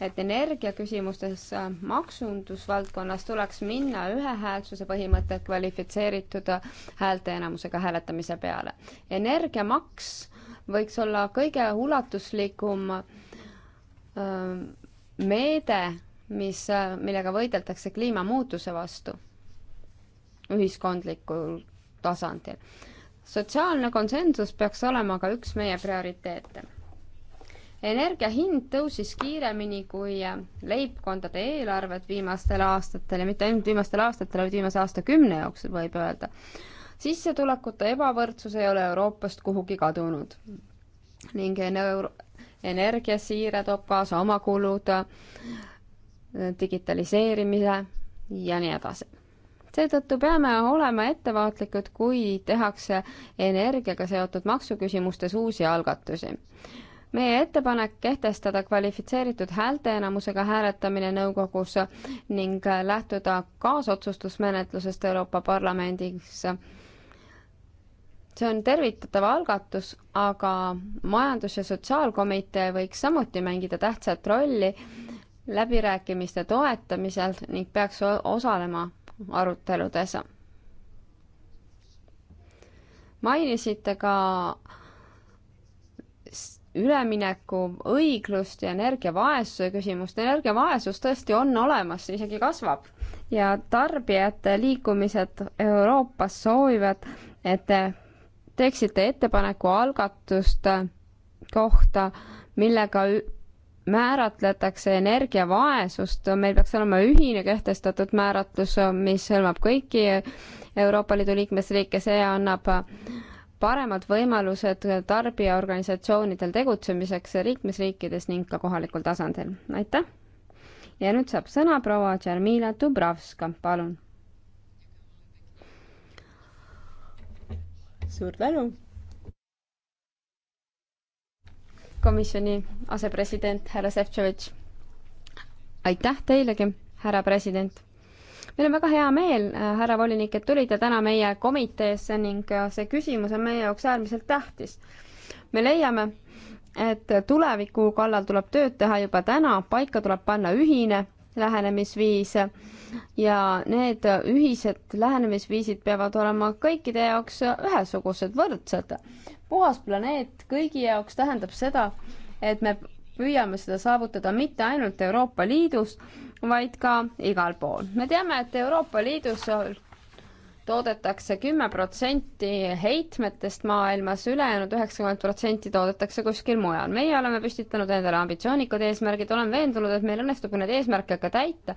et energiaküsimustes äh, maksundusvaldkonnas tuleks minna ühehäälsuse põhimõtte kvalifitseeritud häälteenamusega hääletamise peale. energiamaks võiks olla kõige ulatuslikum äh, meede, mis, äh, millega võideldakse kliimamuutuse vastu ühiskondlikul tasandil. sotsiaalne konsensus peaks olema ka üks meie prioriteete energia hind tõusis kiiremini kui äh, leibkondade eelarved viimastel aastatel ja mitte ainult viimastel aastatel, vaid viimase aastakümne jooksul, võib öelda. sissetulekute ebavõrdsus ei ole Euroopast kuhugi kadunud ning euro-, energiasiire toob kaasa oma kulud, äh, digitaliseerimise ja nii edasi. seetõttu peame olema ettevaatlikud, kui tehakse energiaga seotud maksuküsimustes uusi algatusi meie ettepanek kehtestada kvalifitseeritud häälteenamusega hääletamine nõukogus ning lähtuda kaasotsustusmenetlusest Euroopa Parlamendis. see on tervitatav algatus, aga Majandus- ja Sotsiaalkomitee võiks samuti mängida tähtsat rolli läbirääkimiste toetamisel ning peaks osalema aruteludes. mainisite ka ülemineku õiglust ja energiavaesuse küsimust. energiavaesus tõesti on olemas, isegi kasvab ja tarbijate liikumised Euroopas soovivad, et te teeksite ettepaneku algatuste kohta, millega määratletakse energiavaesust, meil peaks olema ühine kehtestatud määratlus, mis hõlmab kõiki Euroopa Liidu liikmesriike, see annab äh, paremad võimalused tarbijaorganisatsioonidel tegutsemiseks liikmesriikides ning ka kohalikul tasandil. aitäh! ja nüüd saab sõna proua Tšermila Dubravska, palun. suur tänu! komisjoni asepresident härra Šefčovitš, aitäh teilegi, härra president meil on väga hea meel, äh, härra volinik, et tulite täna meie komiteesse ning äh, see küsimus on meie jaoks äärmiselt tähtis. me leiame, et tuleviku kallal tuleb tööd teha juba täna, paika tuleb panna ühine lähenemisviis ja need ühised lähenemisviisid peavad olema kõikide jaoks ühesugused, võrdsed. puhas planeet kõigi jaoks tähendab seda, et me püüame seda saavutada mitte ainult Euroopa Liidus, vaid ka igal pool. me teame, et Euroopa Liidus toodetakse kümme protsenti heitmetest maailmas üle, ülejäänud üheksakümmend protsenti toodetakse kuskil mujal. meie oleme püstitanud endale ambitsioonikud eesmärgid, olen veendunud, et meil õnnestub need eesmärke ka täita,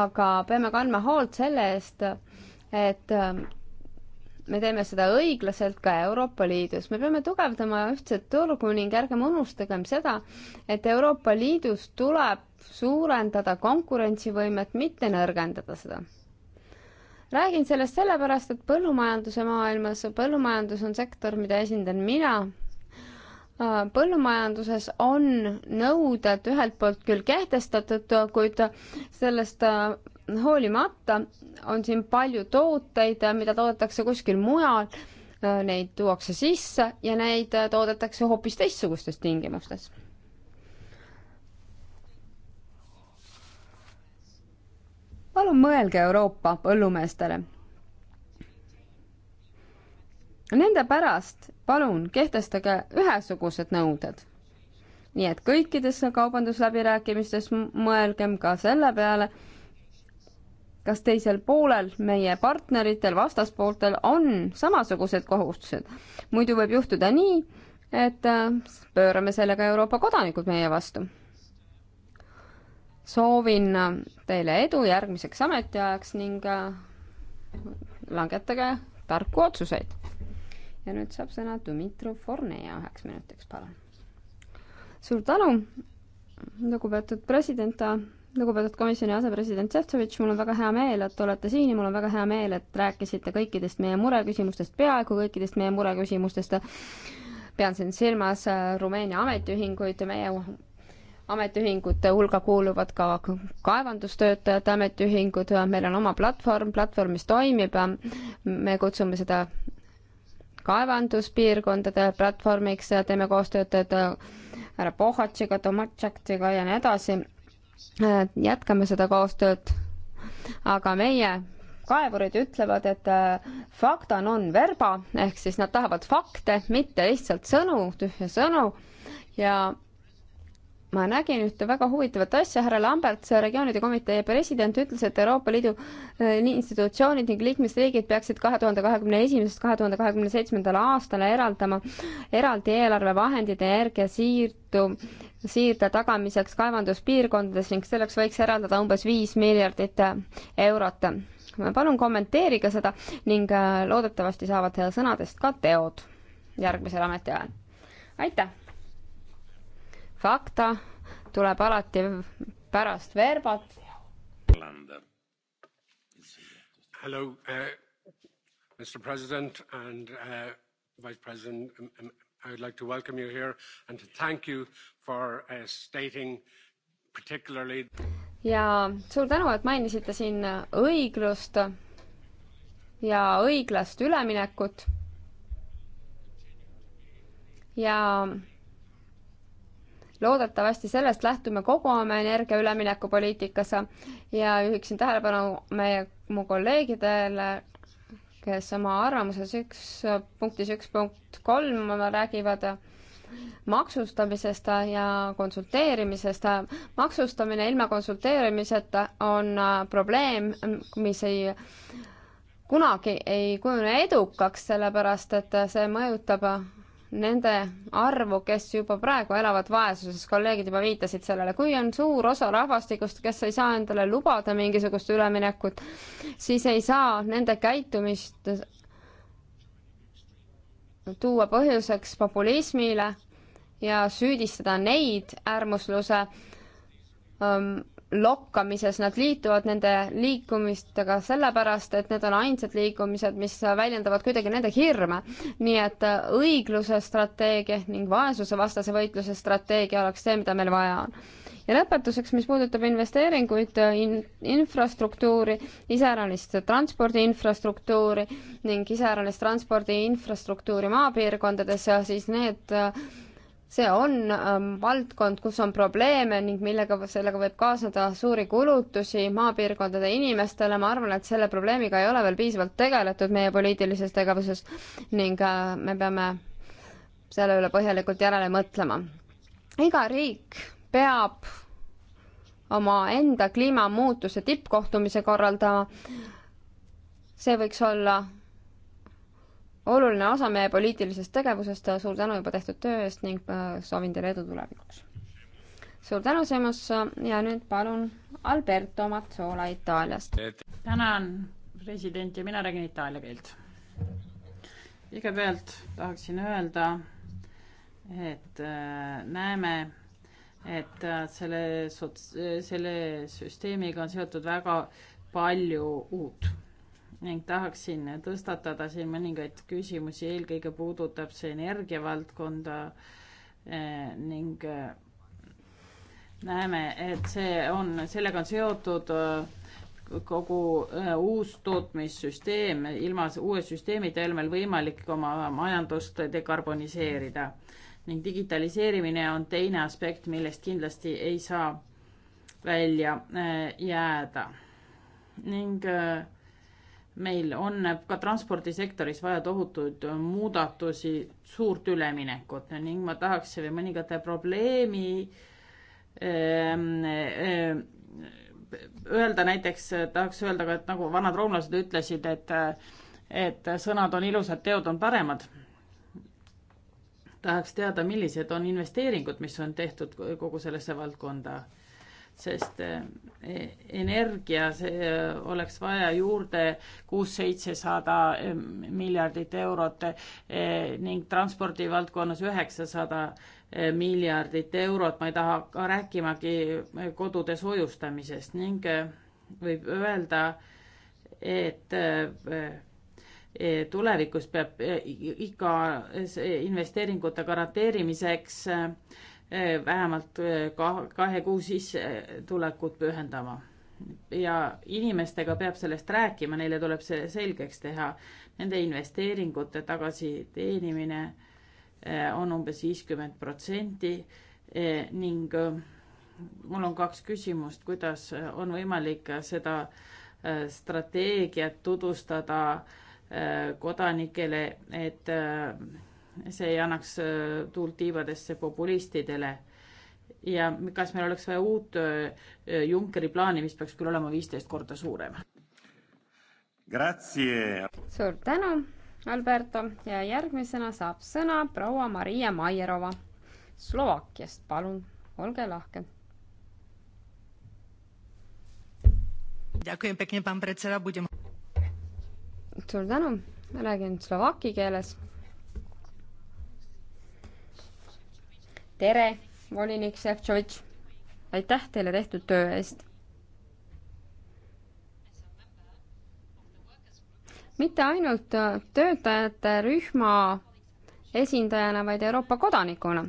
aga peame kandma hoolt selle eest, et me teeme seda õiglaselt ka Euroopa Liidus. me peame tugevdama ühtset turgu ning ärgem unustagem seda, et Euroopa Liidus tuleb suurendada konkurentsivõimet, mitte nõrgendada seda. räägin sellest sellepärast, et põllumajanduse maailmas, põllumajandus on sektor, mida esindan mina, äh, põllumajanduses on nõuded ühelt poolt küll kehtestatud, kuid sellest äh, hoolimata on siin palju tooteid, mida toodetakse kuskil mujal, neid tuuakse sisse ja neid toodetakse hoopis teistsugustes tingimustes. palun mõelge Euroopa põllumeestele. Nende pärast palun kehtestage ühesugused nõuded nii et kõikides kaubandusläbirääkimistes mõelgem ka selle peale, kas teisel poolel, meie partneritel, vastaspooltel on samasugused kohustused. muidu võib juhtuda nii, et äh, pöörame sellega Euroopa kodanikud meie vastu. soovin äh, teile edu järgmiseks ametiajaks ning äh, langetage tarku otsuseid. ja nüüd saab sõna Dmitri Fornea üheks minutiks, palun. suur tänu, lugupeetud president lugupeetud komisjoni asepresident Šefčovitš, mul on väga hea meel, et olete siin ja mul on väga hea meel, et rääkisite kõikidest meie mureküsimustest, peaaegu kõikidest meie mureküsimustest. pean siin silmas äh, Rumeenia ametiühinguid, meie ametiühingute hulga kuuluvad ka kaevandustöötajate ametiühingud, meil on oma platvorm, platvorm, mis toimib, me kutsume seda kaevanduspiirkondade platvormiks, teeme koostööd äh, härra Pohatšiga, Tomatšaktiga ja nii edasi Äh, jätkame seda koostööd, aga meie kaevurid ütlevad, et äh, fakta non verba ehk siis nad tahavad fakte, mitte lihtsalt sõnu, tühje sõnu ja ma nägin ühte väga huvitavat asja, härra Lambert, see regioonide komitee president ütles, et Euroopa Liidu äh, institutsioonid ning liikmesriigid peaksid kahe tuhande kahekümne esimesest kahe tuhande kahekümne seitsmendal aastal eraldama eraldi eelarvevahendid energiasiirdu siirde tagamiseks kaevanduspiirkondades ning selleks võiks eraldada umbes viis miljardit äh, eurot. palun kommenteerige seda ning äh, loodetavasti saavad sõnadest ka teod järgmisel ametiajal. aitäh! fakta tuleb alati pärast verbat. Hello uh,, Mr President and uh, Vice President um, um, I would like to welcome you here and to thank you for uh, stating particularly ja suur tänu, et mainisite siin uh, õiglust ja õiglast üleminekut. ja loodetavasti sellest lähtume kogu oma energia üleminekupoliitikas ja juhiksin tähelepanu meie mu kolleegidele, kes oma arvamuses üks, punktis üks punkt kolm räägivad maksustamisest ja konsulteerimisest. maksustamine ilma konsulteerimiseta on probleem, mis ei, kunagi ei kujune edukaks, sellepärast et see mõjutab nende arvu, kes juba praegu elavad vaesuses, kolleegid juba viitasid sellele, kui on suur osa rahvastikust, kes ei saa endale lubada mingisugust üleminekut, siis ei saa nende käitumist tuua põhjuseks populismile ja süüdistada neid äärmusluse um, lokkamises, nad liituvad nende liikumistega sellepärast, et need on ainsad liikumised, mis väljendavad kuidagi nende hirme. nii et äh, õigluse strateegia ning vaesusevastase võitluse strateegia oleks see, mida meil vaja on. ja lõpetuseks, mis puudutab investeeringuid äh, in, infrastruktuuri, iseäranist transpordi infrastruktuuri ning iseäranist transpordi infrastruktuuri maapiirkondades, siis need äh, see on ähm, valdkond, kus on probleeme ning millega, sellega võib kaasneda suuri kulutusi maapiirkondade inimestele, ma arvan, et selle probleemiga ei ole veel piisavalt tegeletud meie poliitilises tegevuses ning äh, me peame selle üle põhjalikult järele mõtlema. iga riik peab omaenda kliimamuutuse tippkohtumise korraldama, see võiks olla oluline osa meie poliitilisest tegevusest, suur tänu juba tehtud töö eest ning äh, soovin teile edu tulevikuks. suur tänu, Seamus, ja nüüd palun Alberto Mazzola Itaaliast. tänan, president, ja mina räägin itaalia keelt. kõigepealt tahaksin öelda, et äh, näeme, et äh, selle, selle süsteemiga on seotud väga palju uut ning tahaksin tõstatada siin mõningaid küsimusi, eelkõige puudutab see energiavaldkonda eh, ning eh, näeme, et see on, sellega on seotud eh, kogu uus tootmissüsteem, ilma uue süsteemita ei ole meil võimalik oma majandust dekarboniseerida. ning digitaliseerimine on teine aspekt, millest kindlasti ei saa välja jääda. ning äh, meil on ka transpordisektoris vaja tohutuid muudatusi, suurt üleminekut ning ma tahaks mõningate probleemi ehm, ehm, öelda näiteks, tahaks öelda ka, et nagu vanad roomlased ütlesid, et et sõnad on ilusad, teod on paremad. tahaks teada, millised on investeeringud, mis on tehtud kogu sellesse valdkonda sest eh, energia, see eh, oleks vaja juurde kuus-seitsesada eh, miljardit eurot ning transpordi valdkonnas üheksasada miljardit eurot, ma ei taha ka rääkimagi kodude soojustamisest ning võib öelda, et tulevikus peab iga investeeringute garanteerimiseks Eh, vähemalt eh, kahe kuu sissetulekut pühendama. ja inimestega peab sellest rääkima, neile tuleb see selgeks teha. Nende investeeringute tagasiteenimine eh, on umbes viiskümmend protsenti ning mul on kaks küsimust, kuidas on võimalik seda strateegiat tutvustada kodanikele, et see ei annaks äh, tuult tiivadesse populistidele. ja kas meil oleks vaja uut äh, äh, Junckeri plaani, mis peaks küll olema viisteist korda suurem? suur tänu, Alberto ja järgmisena saab sõna proua Maria Maierova Slovakkiast, palun, olge lahke. suur tänu, räägin slovaki keeles tere, volinik Šefčovitš. aitäh teile tehtud töö eest. mitte ainult äh, töötajate rühma esindajana, vaid Euroopa kodanikuna.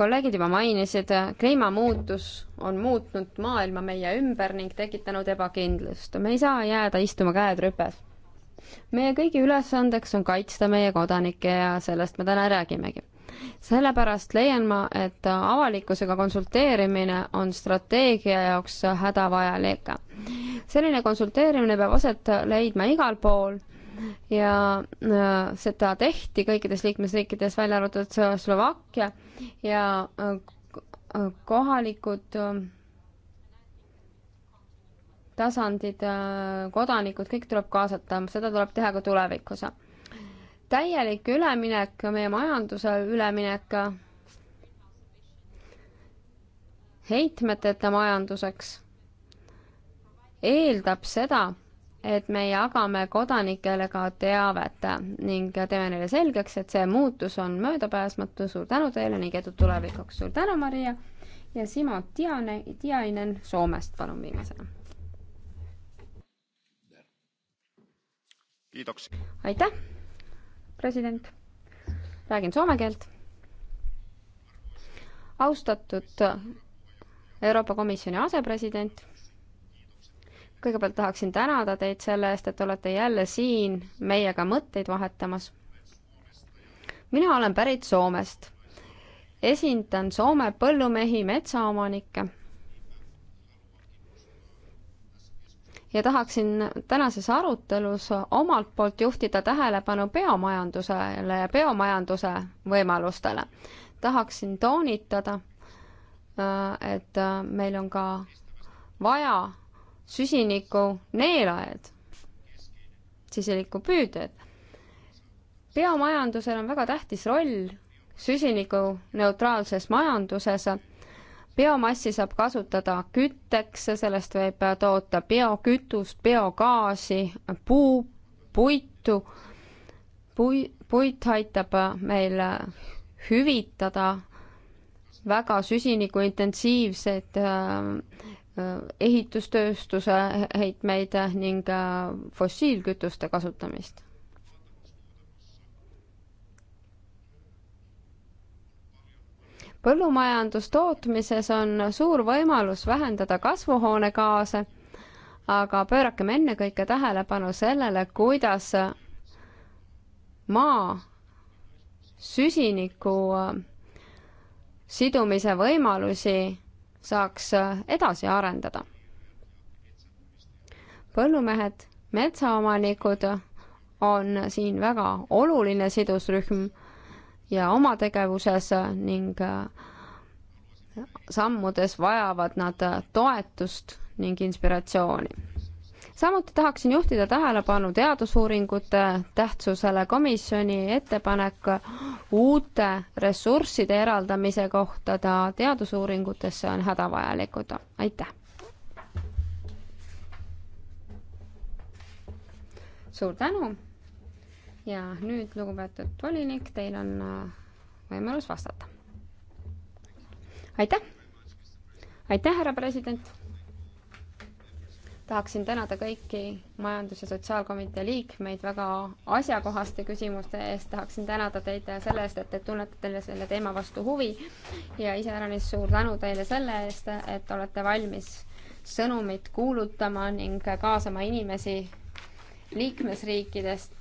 kolleegid juba mainisid, äh, kliimamuutus on muutnud maailma meie ümber ning tekitanud ebakindlust. me ei saa jääda istuma käed rüpes. meie kõigi ülesandeks on kaitsta meie kodanikke ja sellest me täna räägimegi sellepärast leian ma, et avalikkusega konsulteerimine on strateegia jaoks hädavajalik. selline konsulteerimine peab aset leidma igal pool ja äh, seda tehti kõikides liikmesriikides, välja arvatud Slovakkia ja äh, kohalikud äh, tasandid, kodanikud, kõik tuleb kaasata, seda tuleb teha ka tulevikus täielik üleminek, meie majanduse üleminek heitmeteta majanduseks eeldab seda, et me jagame kodanikele ka teavet ning teeme neile selgeks, et see muutus on möödapääsmatu. suur tänu teile ning edu tulevikuks. suur tänu, Maria ja Simo Tiane, Tiainen Soomest, palun viimasena. aitäh president. räägin soome keelt. austatud Euroopa Komisjoni asepresident. kõigepealt tahaksin tänada teid selle eest, et olete jälle siin meiega mõtteid vahetamas. mina olen pärit Soomest. esindan Soome põllumehi, metsaomanikke ja tahaksin tänases arutelus omalt poolt juhtida tähelepanu biomajandusele ja biomajanduse võimalustele. tahaksin toonitada, äh, et äh, meil on ka vaja süsiniku neelajaid, süsiniku püüdjaid. biomajandusel on väga tähtis roll süsinikuneutraalses majanduses biomassi saab kasutada kütteks, sellest võib toota biokütust, biogaasi, puu, puitu. pui-, puit aitab meil hüvitada väga süsinikuintensiivseid äh, ehitustööstuse heitmeid ning äh, fossiilkütuste kasutamist põllumajandustootmises on suur võimalus vähendada kasvuhoonegaase, aga pöörakem ennekõike tähelepanu sellele, kuidas maa süsiniku äh, sidumise võimalusi saaks äh, edasi arendada. põllumehed, metsaomanikud on siin väga oluline sidusrühm ja oma tegevuses ning äh, sammudes vajavad nad äh, toetust ning inspiratsiooni. samuti tahaksin juhtida tähelepanu teadusuuringute tähtsusele komisjoni ettepanek uute ressursside eraldamise kohta teadusuuringutesse on hädavajalikud. aitäh! suur tänu! ja nüüd, lugupeetud volinik, teil on äh, võimalus vastata. aitäh! aitäh, härra president! tahaksin tänada kõiki Majandus- ja Sotsiaalkomitee liikmeid väga asjakohaste küsimuste eest, tahaksin tänada teid selle eest, et te tunnete teile selle teema vastu huvi ja iseäranis suur tänu teile selle eest, et olete valmis sõnumit kuulutama ning kaasama inimesi liikmesriikidest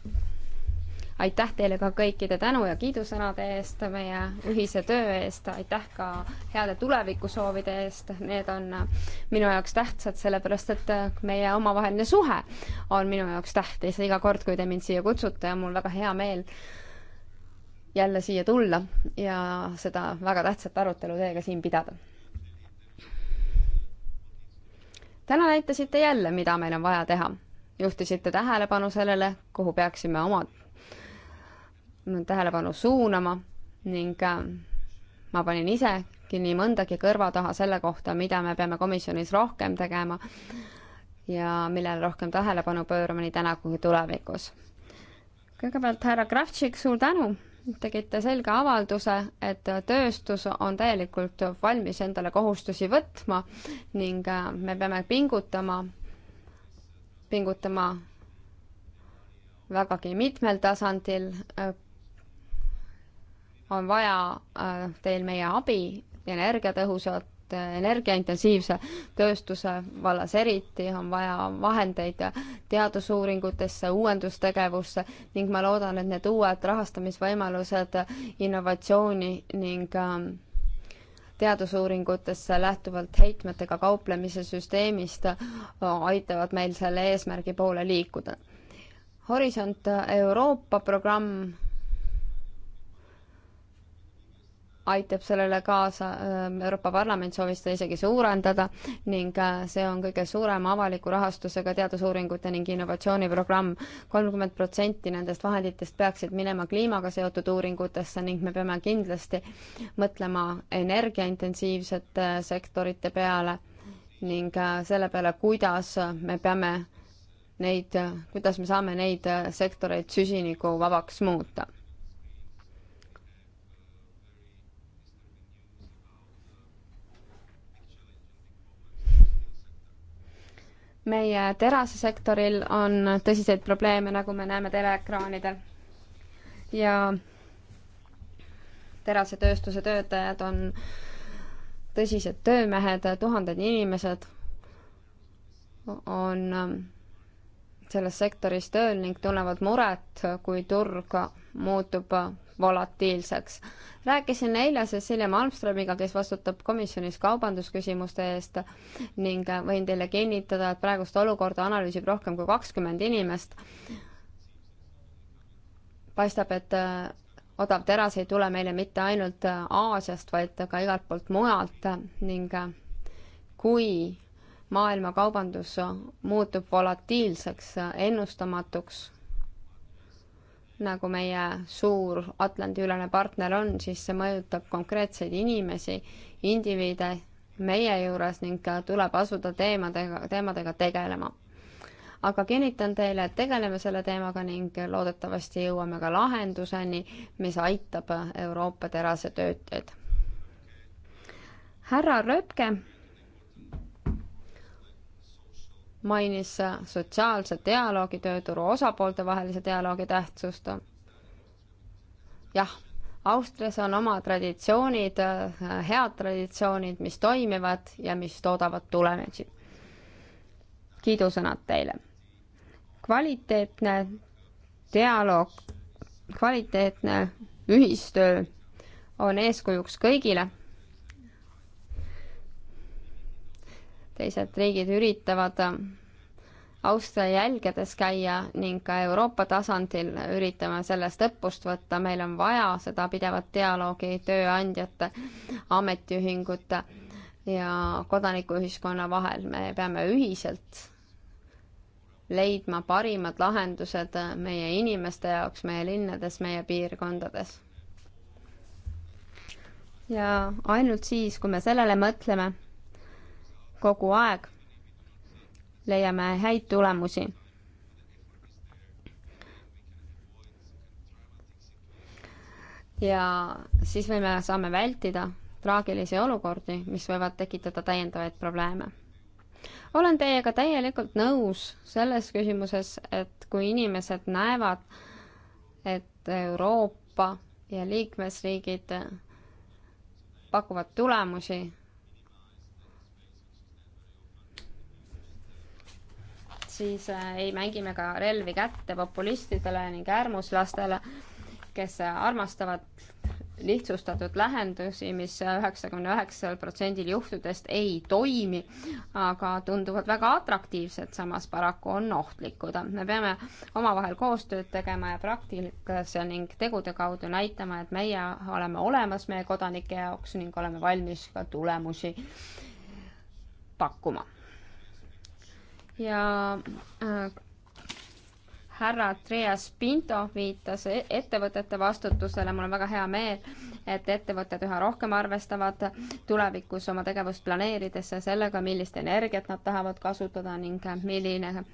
aitäh teile ka kõikide tänu ja kiidusõnade eest, meie ühise töö eest, aitäh ka heade tulevikusoovide eest, need on minu jaoks tähtsad, sellepärast et meie omavaheline suhe on minu jaoks tähtis iga kord, kui te mind siia kutsute, on mul väga hea meel jälle siia tulla ja seda väga tähtsat arutelu teiega siin pidada täna näitasite jälle, mida meil on vaja teha. juhtisite tähelepanu sellele, kuhu peaksime oma tähelepanu suunama ning äh, ma panin isegi nii mõndagi kõrva taha selle kohta, mida me peame komisjonis rohkem tegema ja millele rohkem tähelepanu pöörama nii täna kui tulevikus. kõigepealt härra Kravtšik, suur tänu! tegite selge avalduse, et tööstus on täielikult valmis endale kohustusi võtma ning äh, me peame pingutama, pingutama vägagi mitmel tasandil äh, on vaja äh, teil meie abi energiatõhusat energiaintensiivse tööstuse vallas eriti, on vaja vahendeid teadusuuringutesse, uuendustegevusse ning ma loodan, et need uued rahastamisvõimalused innovatsiooni ning ähm, teadusuuringutesse lähtuvalt heitmetega kauplemise süsteemist äh, aitavad meil selle eesmärgi poole liikuda. Horisont Euroopa programm aitab sellele kaasa, ähm, Euroopa Parlament soovis seda isegi suurendada ning äh, see on kõige suurem avaliku rahastusega teadusuuringute ning innovatsiooniprogramm. kolmkümmend protsenti nendest vahenditest peaksid minema kliimaga seotud uuringutesse ning me peame kindlasti mõtlema energiaintensiivsete äh, sektorite peale ning äh, selle peale, kuidas me peame neid, kuidas me saame neid sektoreid süsinikuvabaks muuta meie terasesektoril on tõsiseid probleeme, nagu me näeme teleekraanidel. ja terasetööstuse töötajad on tõsised töömehed, tuhanded inimesed on selles sektoris tööl ning tunnevad muret, kui turg muutub volatiilseks. rääkisin eile Cecilia Malmströmiga, kes vastutab komisjonis kaubandusküsimuste eest ning võin teile kinnitada, et praegust olukorda analüüsib rohkem kui kakskümmend inimest. paistab, et äh, odav teras ei tule meile mitte ainult äh, Aasiast, vaid ka igalt poolt mujalt ning äh, kui maailma kaubandus muutub volatiilseks, ennustamatuks nagu meie suur Atlandi-ülene partner on, siis see mõjutab konkreetseid inimesi, indiviide meie juures ning tuleb asuda teemadega, teemadega tegelema. aga kinnitan teile, et tegeleme selle teemaga ning loodetavasti jõuame ka lahenduseni, mis aitab Euroopa terasetöötajaid. härra Rööpke mainis sotsiaalse dialoogi, tööturu osapoolte vahelise dialoogi tähtsust. jah, Austrias on oma traditsioonid, head traditsioonid, mis toimivad ja mis toodavad tulemusi. kiidusõnad teile. kvaliteetne dialoog, kvaliteetne ühistöö on eeskujuks kõigile teised riigid üritavad Austria jälgedes käia ning ka Euroopa tasandil üritame sellest õppust võtta, meil on vaja seda pidevat dialoogi tööandjate, ametiühingute ja kodanikuühiskonna vahel, me peame ühiselt leidma parimad lahendused meie inimeste jaoks, meie linnades, meie piirkondades. ja ainult siis, kui me sellele mõtleme kogu aeg leiame häid tulemusi. ja siis võime, saame vältida traagilisi olukordi, mis võivad tekitada täiendavaid probleeme. olen teiega täielikult nõus selles küsimuses, et kui inimesed näevad, et Euroopa ja liikmesriigid pakuvad tulemusi, siis äh, ei mängi me ka relvi kätte populistidele ning äärmuslastele, kes äh, armastavad lihtsustatud lahendusi, mis äh, üheksakümne üheksal protsendil juhtudest ei toimi, aga tunduvad väga atraktiivsed, samas paraku on ohtlikud. me peame omavahel koostööd tegema ja praktikas ning tegude kaudu näitama, et meie oleme olemas meie kodanike jaoks ning oleme valmis ka tulemusi pakkuma ja äh, härra Andreas Pinto viitas e-, ettevõtete vastutusele, mul on väga hea meel, et ettevõtted üha rohkem arvestavad tulevikus oma tegevust planeerides sellega, millist energiat nad tahavad kasutada ning milline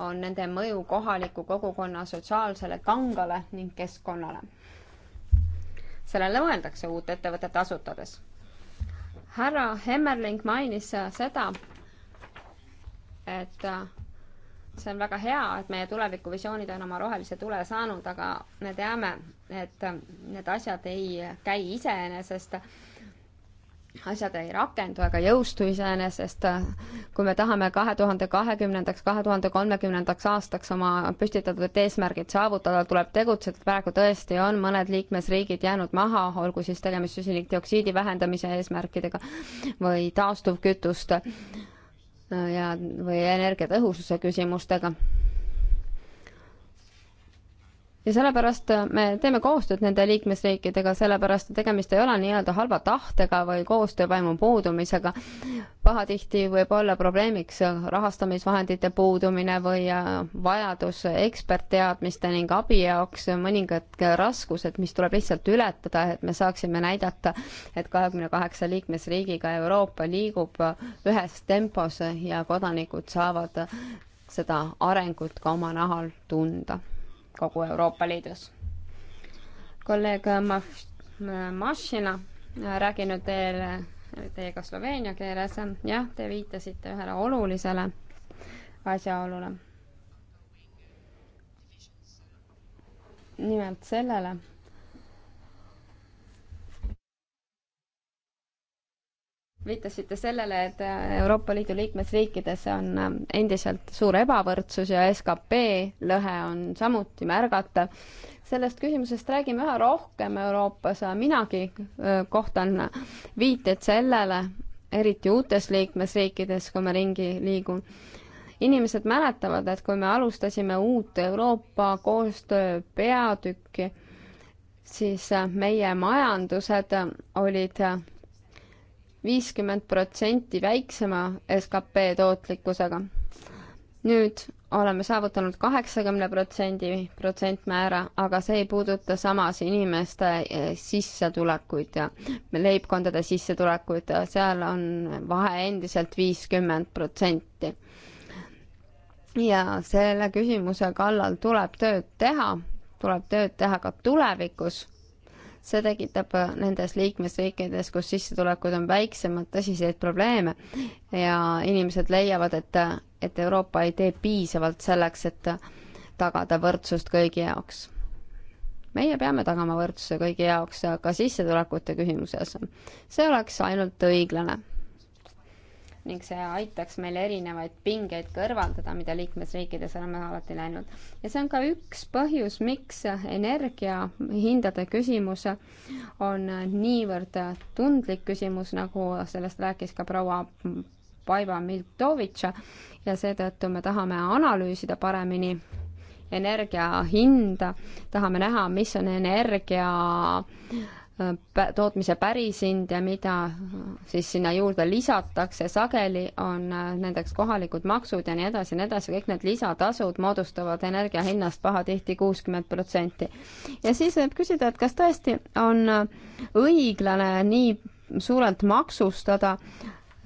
on nende mõju kohaliku kogukonna sotsiaalsele kangale ning keskkonnale. sellele mõeldakse uut ettevõtet asutades. härra Hemmerling mainis seda, et äh, see on väga hea, et meie tulevikuvisioonid on oma rohelise tule saanud, aga me teame, et äh, need asjad ei käi iseenesest, asjad ei rakendu ega jõustu iseenesest. Äh, kui me tahame kahe tuhande kahekümnendaks, kahe tuhande kolmekümnendaks aastaks oma püstitatud eesmärgid saavutada, tuleb tegutseda, praegu tõesti on mõned liikmesriigid jäänud maha, olgu siis tegemist süsinikdioksiidi vähendamise eesmärkidega või taastuvkütuste ja, või energiatõhususe küsimustega ja sellepärast äh, me teeme koostööd nende liikmesriikidega, sellepärast et tegemist ei ole nii-öelda halva tahtega või koostöövaimu puudumisega. pahatihti võib olla probleemiks äh, rahastamisvahendite puudumine või äh, vajadus ekspertteadmiste ning abi jaoks mõningad raskused, mis tuleb lihtsalt ületada, et me saaksime näidata, et kahekümne kaheksa liikmesriigiga Euroopa liigub ühes tempos ja kodanikud saavad seda arengut ka oma nahal tunda kogu Euroopa Liidus. kolleeg Maf-, Mašina, äh, räägin nüüd teile, teiega sloveenia keeles, jah, te viitasite ühele olulisele asjaolule. nimelt sellele viitasite sellele, et äh, Euroopa Liidu liikmesriikides on ähm, endiselt suur ebavõrdsus ja skp lõhe on samuti märgata. sellest küsimusest räägime üha rohkem Euroopas, minagi äh, kohtan viiteid sellele, eriti uutes liikmesriikides, kui ma ringi liigun. inimesed mäletavad, et kui me alustasime uut Euroopa koostöö peatükki, siis äh, meie majandused olid viiskümmend protsenti väiksema skp tootlikkusega. nüüd oleme saavutanud kaheksakümne protsendi protsentmäära, aga see ei puuduta samas inimeste eh, sissetulekuid ja leibkondade sissetulekuid, seal on vahe endiselt viiskümmend protsenti. ja selle küsimuse kallal tuleb tööd teha, tuleb tööd teha ka tulevikus see tekitab äh, nendes liikmesriikides, kus sissetulekud on väiksemad, tõsiseid probleeme ja inimesed leiavad, et, et Euroopa ei tee piisavalt selleks, et tagada võrdsust kõigi jaoks. meie peame tagama võrdsuse kõigi jaoks ka sissetulekute küsimuses. see oleks ainult õiglane ning see aitaks meil erinevaid pingeid kõrvaldada, mida liikmesriikides oleme alati näinud. ja see on ka üks põhjus, miks energiahindade küsimus on niivõrd tundlik küsimus, nagu sellest rääkis ka proua Paiva Miltovitša ja seetõttu me tahame analüüsida paremini energia hinda, tahame näha, mis on energia äh, tootmise pärishind ja mida siis sinna juurde lisatakse, sageli on äh, nendeks kohalikud maksud ja nii edasi ja nii edasi, kõik need lisatasud moodustavad energia hinnast pahatihti kuuskümmend protsenti. ja siis võib küsida, et kas tõesti on äh, õiglane nii suurelt maksustada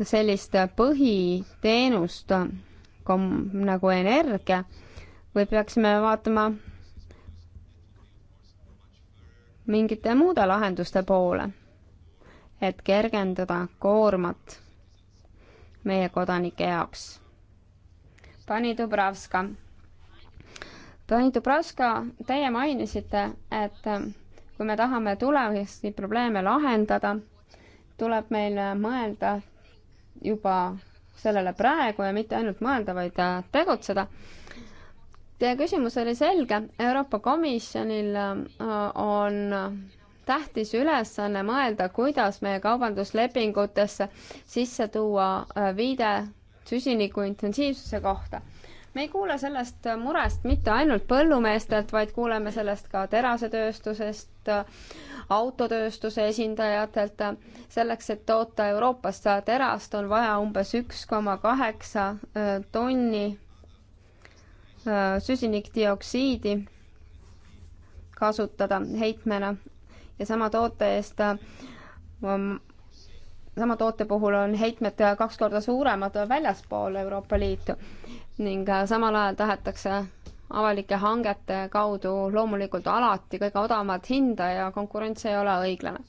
sellist äh, põhiteenust kom-, nagu energia või peaksime vaatama mingite muude lahenduste poole, et kergendada koormat meie kodanike jaoks. Pani Dubravska. Pani Dubravska, teie mainisite, et kui me tahame tulevasi probleeme lahendada, tuleb meil mõelda juba sellele praegu ja mitte ainult mõelda, vaid tegutseda Teie küsimus oli selge, Euroopa Komisjonil äh, on tähtis ülesanne mõelda, kuidas meie kaubanduslepingutesse sisse tuua äh, viide süsiniku intensiivsuse kohta. me ei kuule sellest murest mitte ainult põllumeestelt, vaid kuuleme sellest ka terasetööstusest, autotööstuse esindajatelt. selleks, et toota Euroopas terast, on vaja umbes üks koma kaheksa äh, tonni Äh, süsinikdioksiidi kasutada heitmena ja sama toote eest, äh, sama toote puhul on heitmed kaks korda suuremad väljaspool Euroopa Liitu ning äh, samal ajal tahetakse avalike hangete kaudu loomulikult alati kõige odavamat hinda ja konkurents ei ole õiglane.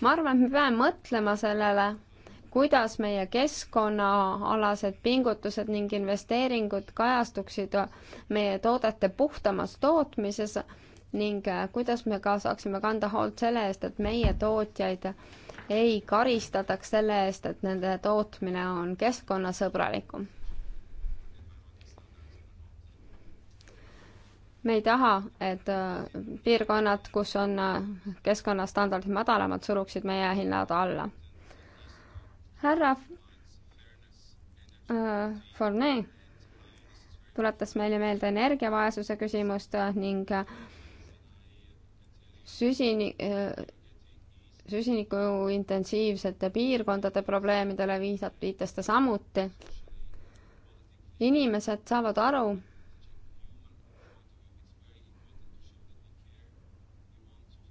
ma arvan, et me peame mõtlema sellele kuidas meie keskkonnaalased pingutused ning investeeringud kajastuksid meie toodete puhtamas tootmises ning äh, kuidas me ka saaksime kanda hoolt selle eest, et meie tootjaid ei karistataks selle eest, et nende tootmine on keskkonnasõbralikum. me ei taha, et äh, piirkonnad, kus on äh, keskkonnastandardid madalamad, suruksid meie hinnad alla härra äh, Forney tuletas meile meelde energiavaesuse küsimust äh, ning äh, süsini- äh,, süsinikuintensiivsete piirkondade probleemidele viisat-, viitas ta samuti. inimesed saavad aru,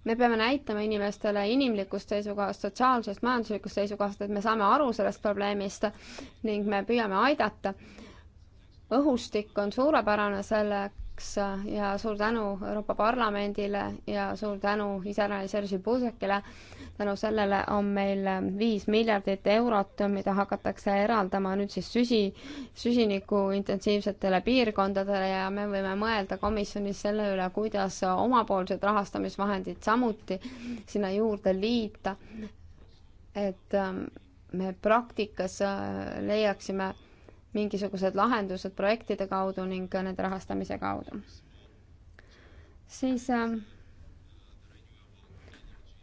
me peame näitama inimestele inimlikust seisukohast, sotsiaalsest, majanduslikust seisukohast, et me saame aru sellest probleemist ning me püüame aidata. õhustik on suurepärane selle toeks ja suur tänu Euroopa Parlamendile ja suur tänu iseäranis Sergei Buzekile. tänu sellele on meil viis miljardit eurot, mida hakatakse eraldama nüüd siis süsi, süsiniku intensiivsetele piirkondadele ja me võime mõelda komisjonis selle üle, kuidas omapoolsed rahastamisvahendid samuti sinna juurde liita. et ähm, me praktikas äh, leiaksime mingisugused lahendused projektide kaudu ning nende rahastamise kaudu. siis äh,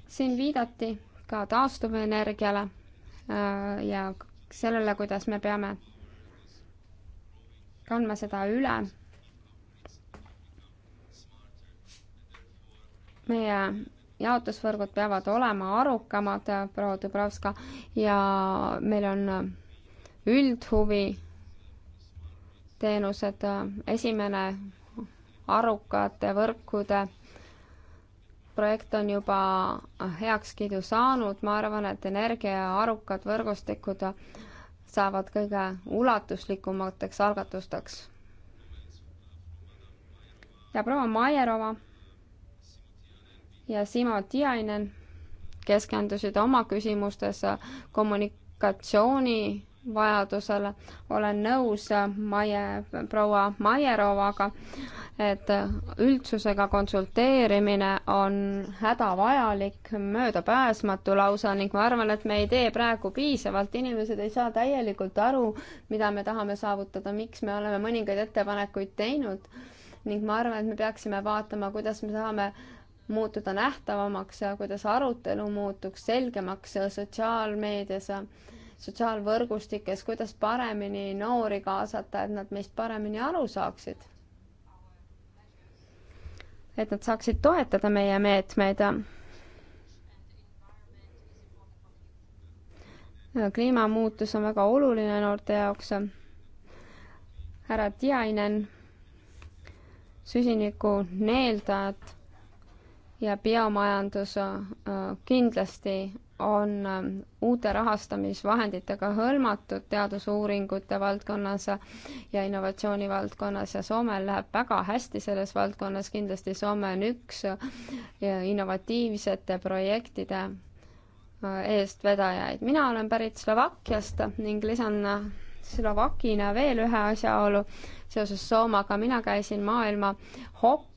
siin viidati ka taastuvenergiale äh, ja sellele, kuidas me peame kandma seda üle meie jaotusvõrgud peavad olema arukamad, äh, proua Dubrovska, ja meil on üldhuvi teenused, esimene arukate võrkude projekt on juba heakskiidu saanud, ma arvan, et energiaarukad võrgustikud saavad kõige ulatuslikumateks algatusteks. ja proua Maierova ja Simo Tiainen keskendusid oma küsimustes kommunikatsiooni vajadusel olen nõus Maie, proua Maierovaga, et üldsusega konsulteerimine on hädavajalik, möödapääsmatu lausa ning ma arvan, et me ei tee praegu piisavalt, inimesed ei saa täielikult aru, mida me tahame saavutada, miks me oleme mõningaid ettepanekuid teinud ning ma arvan, et me peaksime vaatama, kuidas me saame muutuda nähtavamaks ja kuidas arutelu muutuks selgemaks sotsiaalmeedias sotsiaalvõrgustikes, kuidas paremini noori kaasata, et nad meist paremini aru saaksid. et nad saaksid toetada meie meetmeid. kliimamuutus on väga oluline noorte jaoks. härra Tiainen, süsiniku neeldajad ja biomajandus äh, kindlasti on ähm, uute rahastamisvahenditega hõlmatud teadusuuringute valdkonnas ja innovatsiooni valdkonnas ja Soomel läheb väga hästi selles valdkonnas, kindlasti Soome on üks äh, innovatiivsete projektide äh, eestvedajaid. mina olen pärit Slovakkiast ning lisan äh, Slovakina veel ühe asjaolu seoses Soomaga, mina käisin maailma hop-,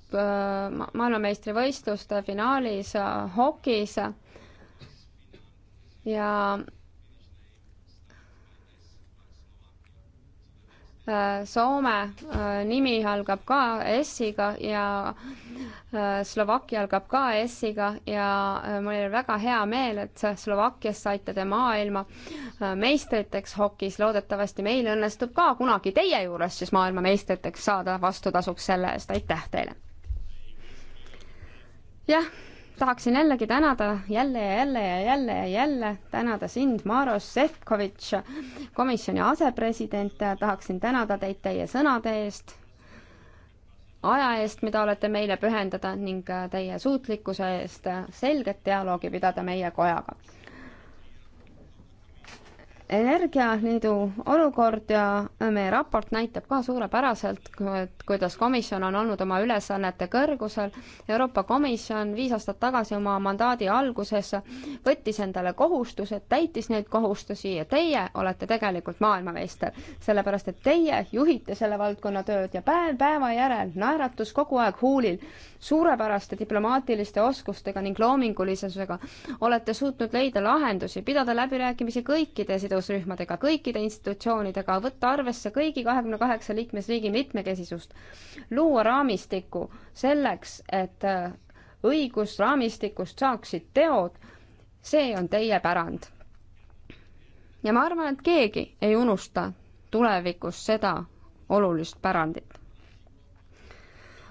maailmameistrivõistluste finaalis hokis ja äh, Soome äh, nimi algab ka S-iga ja äh, Slovakkia algab ka S-iga ja mul oli väga hea meel, et Slovakkias saite te maailma meistriteks hokis. loodetavasti meil õnnestub ka kunagi teie juures siis maailmameistriteks saada vastutasuks selle eest. aitäh teile! jah tahaksin jällegi tänada jälle ja jälle ja jälle ja jälle tänada sind, Maros Sefkovitš, komisjoni asepresident, tahaksin tänada teid teie sõnade eest, aja eest, mida olete meile pühendada ning äh, teie suutlikkuse eest selget dialoogi pidada meie kojaga energialiidu olukord ja meie raport näitab ka suurepäraselt, et kuidas komisjon on olnud oma ülesannete kõrgusel. Euroopa Komisjon viis aastat tagasi oma mandaadi alguses võttis endale kohustused, täitis neid kohustusi ja teie olete tegelikult maailmameister. sellepärast, et teie juhite selle valdkonna tööd ja päev päeva järel naeratus kogu aeg huulil suurepäraste diplomaatiliste oskustega ning loomingulisusega olete suutnud leida lahendusi, pidada läbirääkimisi kõikide kuritegevusrühmadega, kõikide institutsioonidega, võtta arvesse kõigi kahekümne kaheksa liikmesriigi mitmekesisust, luua raamistikku selleks, et äh, õigusraamistikust saaksid teod, see on teie pärand. ja ma arvan, et keegi ei unusta tulevikus seda olulist pärandit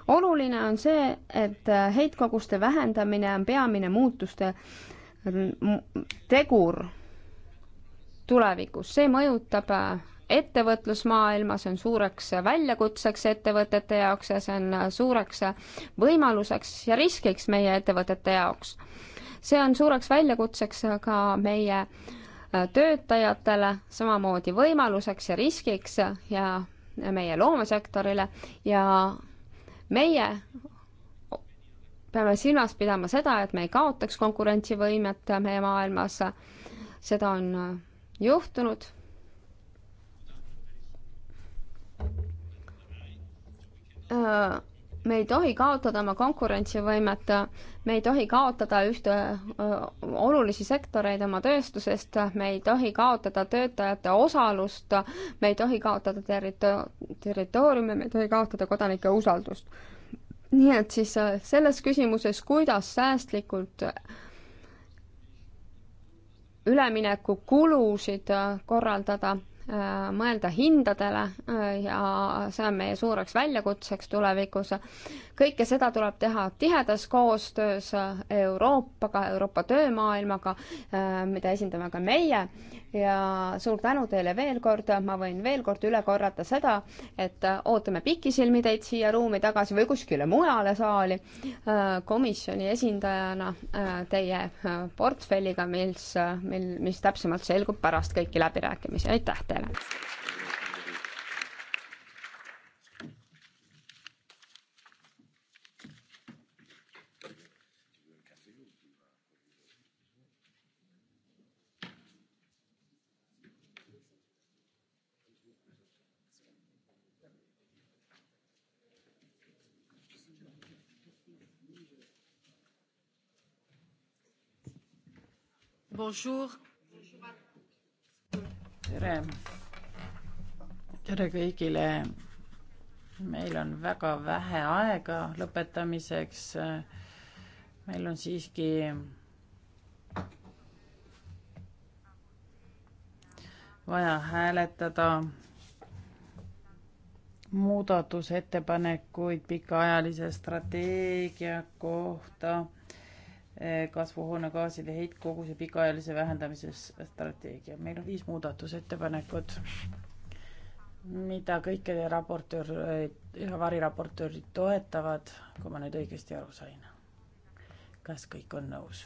oluline on see, et äh, heitkoguste vähendamine on peamine muutuste tegur tulevikus, see mõjutab äh, ettevõtlusmaailma, see on suureks äh, väljakutseks ettevõtete jaoks ja see on äh, suureks võimaluseks ja riskiks meie ettevõtete jaoks. see on suureks väljakutseks ka meie töötajatele, samamoodi võimaluseks ja riskiks ja meie loomesektorile ja meie peame silmas pidama seda, et me ei kaotaks konkurentsivõimet meie maailmas, seda on juhtunud. me ei tohi kaotada oma konkurentsivõimet, me ei tohi kaotada ühte olulisi sektoreid oma tööstusest, me ei tohi kaotada töötajate osalust, me ei tohi kaotada territo-, territooriume, me ei tohi kaotada kodanike usaldust nii et siis selles küsimuses, kuidas säästlikult üleminekukulusid äh, korraldada Äh, mõelda hindadele äh, ja see on meie suureks väljakutseks tulevikus. kõike seda tuleb teha tihedas koostöös äh, Euroopaga, Euroopa töömaailmaga, mida esindame ka meie ja suur tänu teile veel kord, ma võin veel kord üle korrata seda, et ootame pikisilmi teid siia ruumi tagasi või kuskile mujale saali komisjoni esindajana teie portfelliga, mis, mil, mis täpsemalt selgub pärast kõiki läbirääkimisi, aitäh teile! aastatel. bonjour tere, tere kõigile. meil on väga vähe aega lõpetamiseks. meil on siiski vaja hääletada muudatusettepanekuid pikaajalise strateegia kohta Eh, kasvuhoonegaaside heitkoguse pikaajalise vähendamise strateegia. meil on viis muudatusettepanekut, mida kõikide raportöör eh, ja variraportöörid toetavad, kui ma nüüd õigesti aru sain. kas kõik on nõus?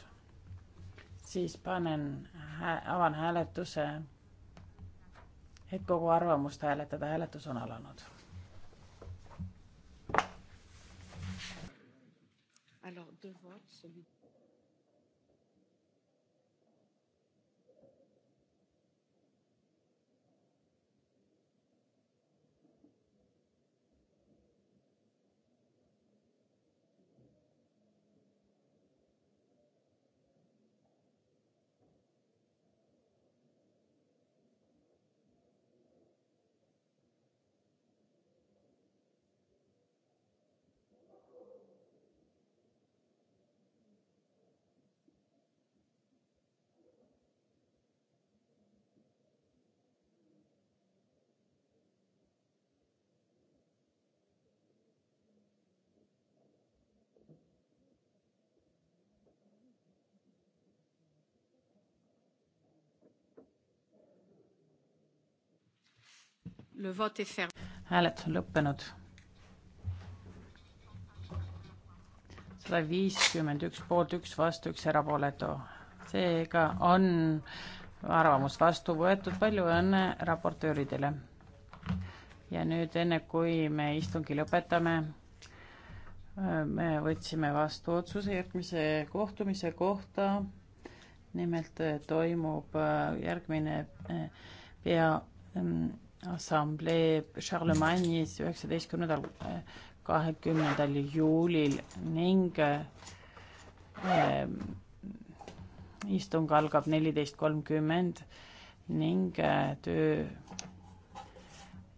siis panen hää,, avan hääletuse, et kogu arvamust hääletada, hääletus on alanud. Alors deux votes, celui hääletus on lõppenud. sada viiskümmend üks poolt, üks vastu, üks erapooletu. seega on arvamus vastu võetud, palju õnne raportööridele. ja nüüd, enne kui me istungi lõpetame, me võtsime vastu otsuse järgmise kohtumise kohta. nimelt toimub järgmine eh, pea mm, assamblee Charlemagne'is üheksateistkümnendal, kahekümnendal juulil ning eh, istung algab neliteist kolmkümmend ning eh, töö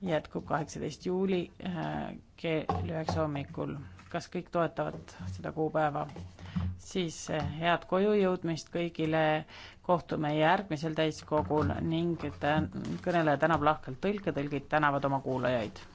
jätkub kaheksateist juuli eh, kell üheksa hommikul. kas kõik toetavad seda kuupäeva? siis eh, head koju jõudmist kõigile, kohtume järgmisel täiskogul ning kõneleja tänab lahkelt tõlke, tõlgid tänavad oma kuulajaid.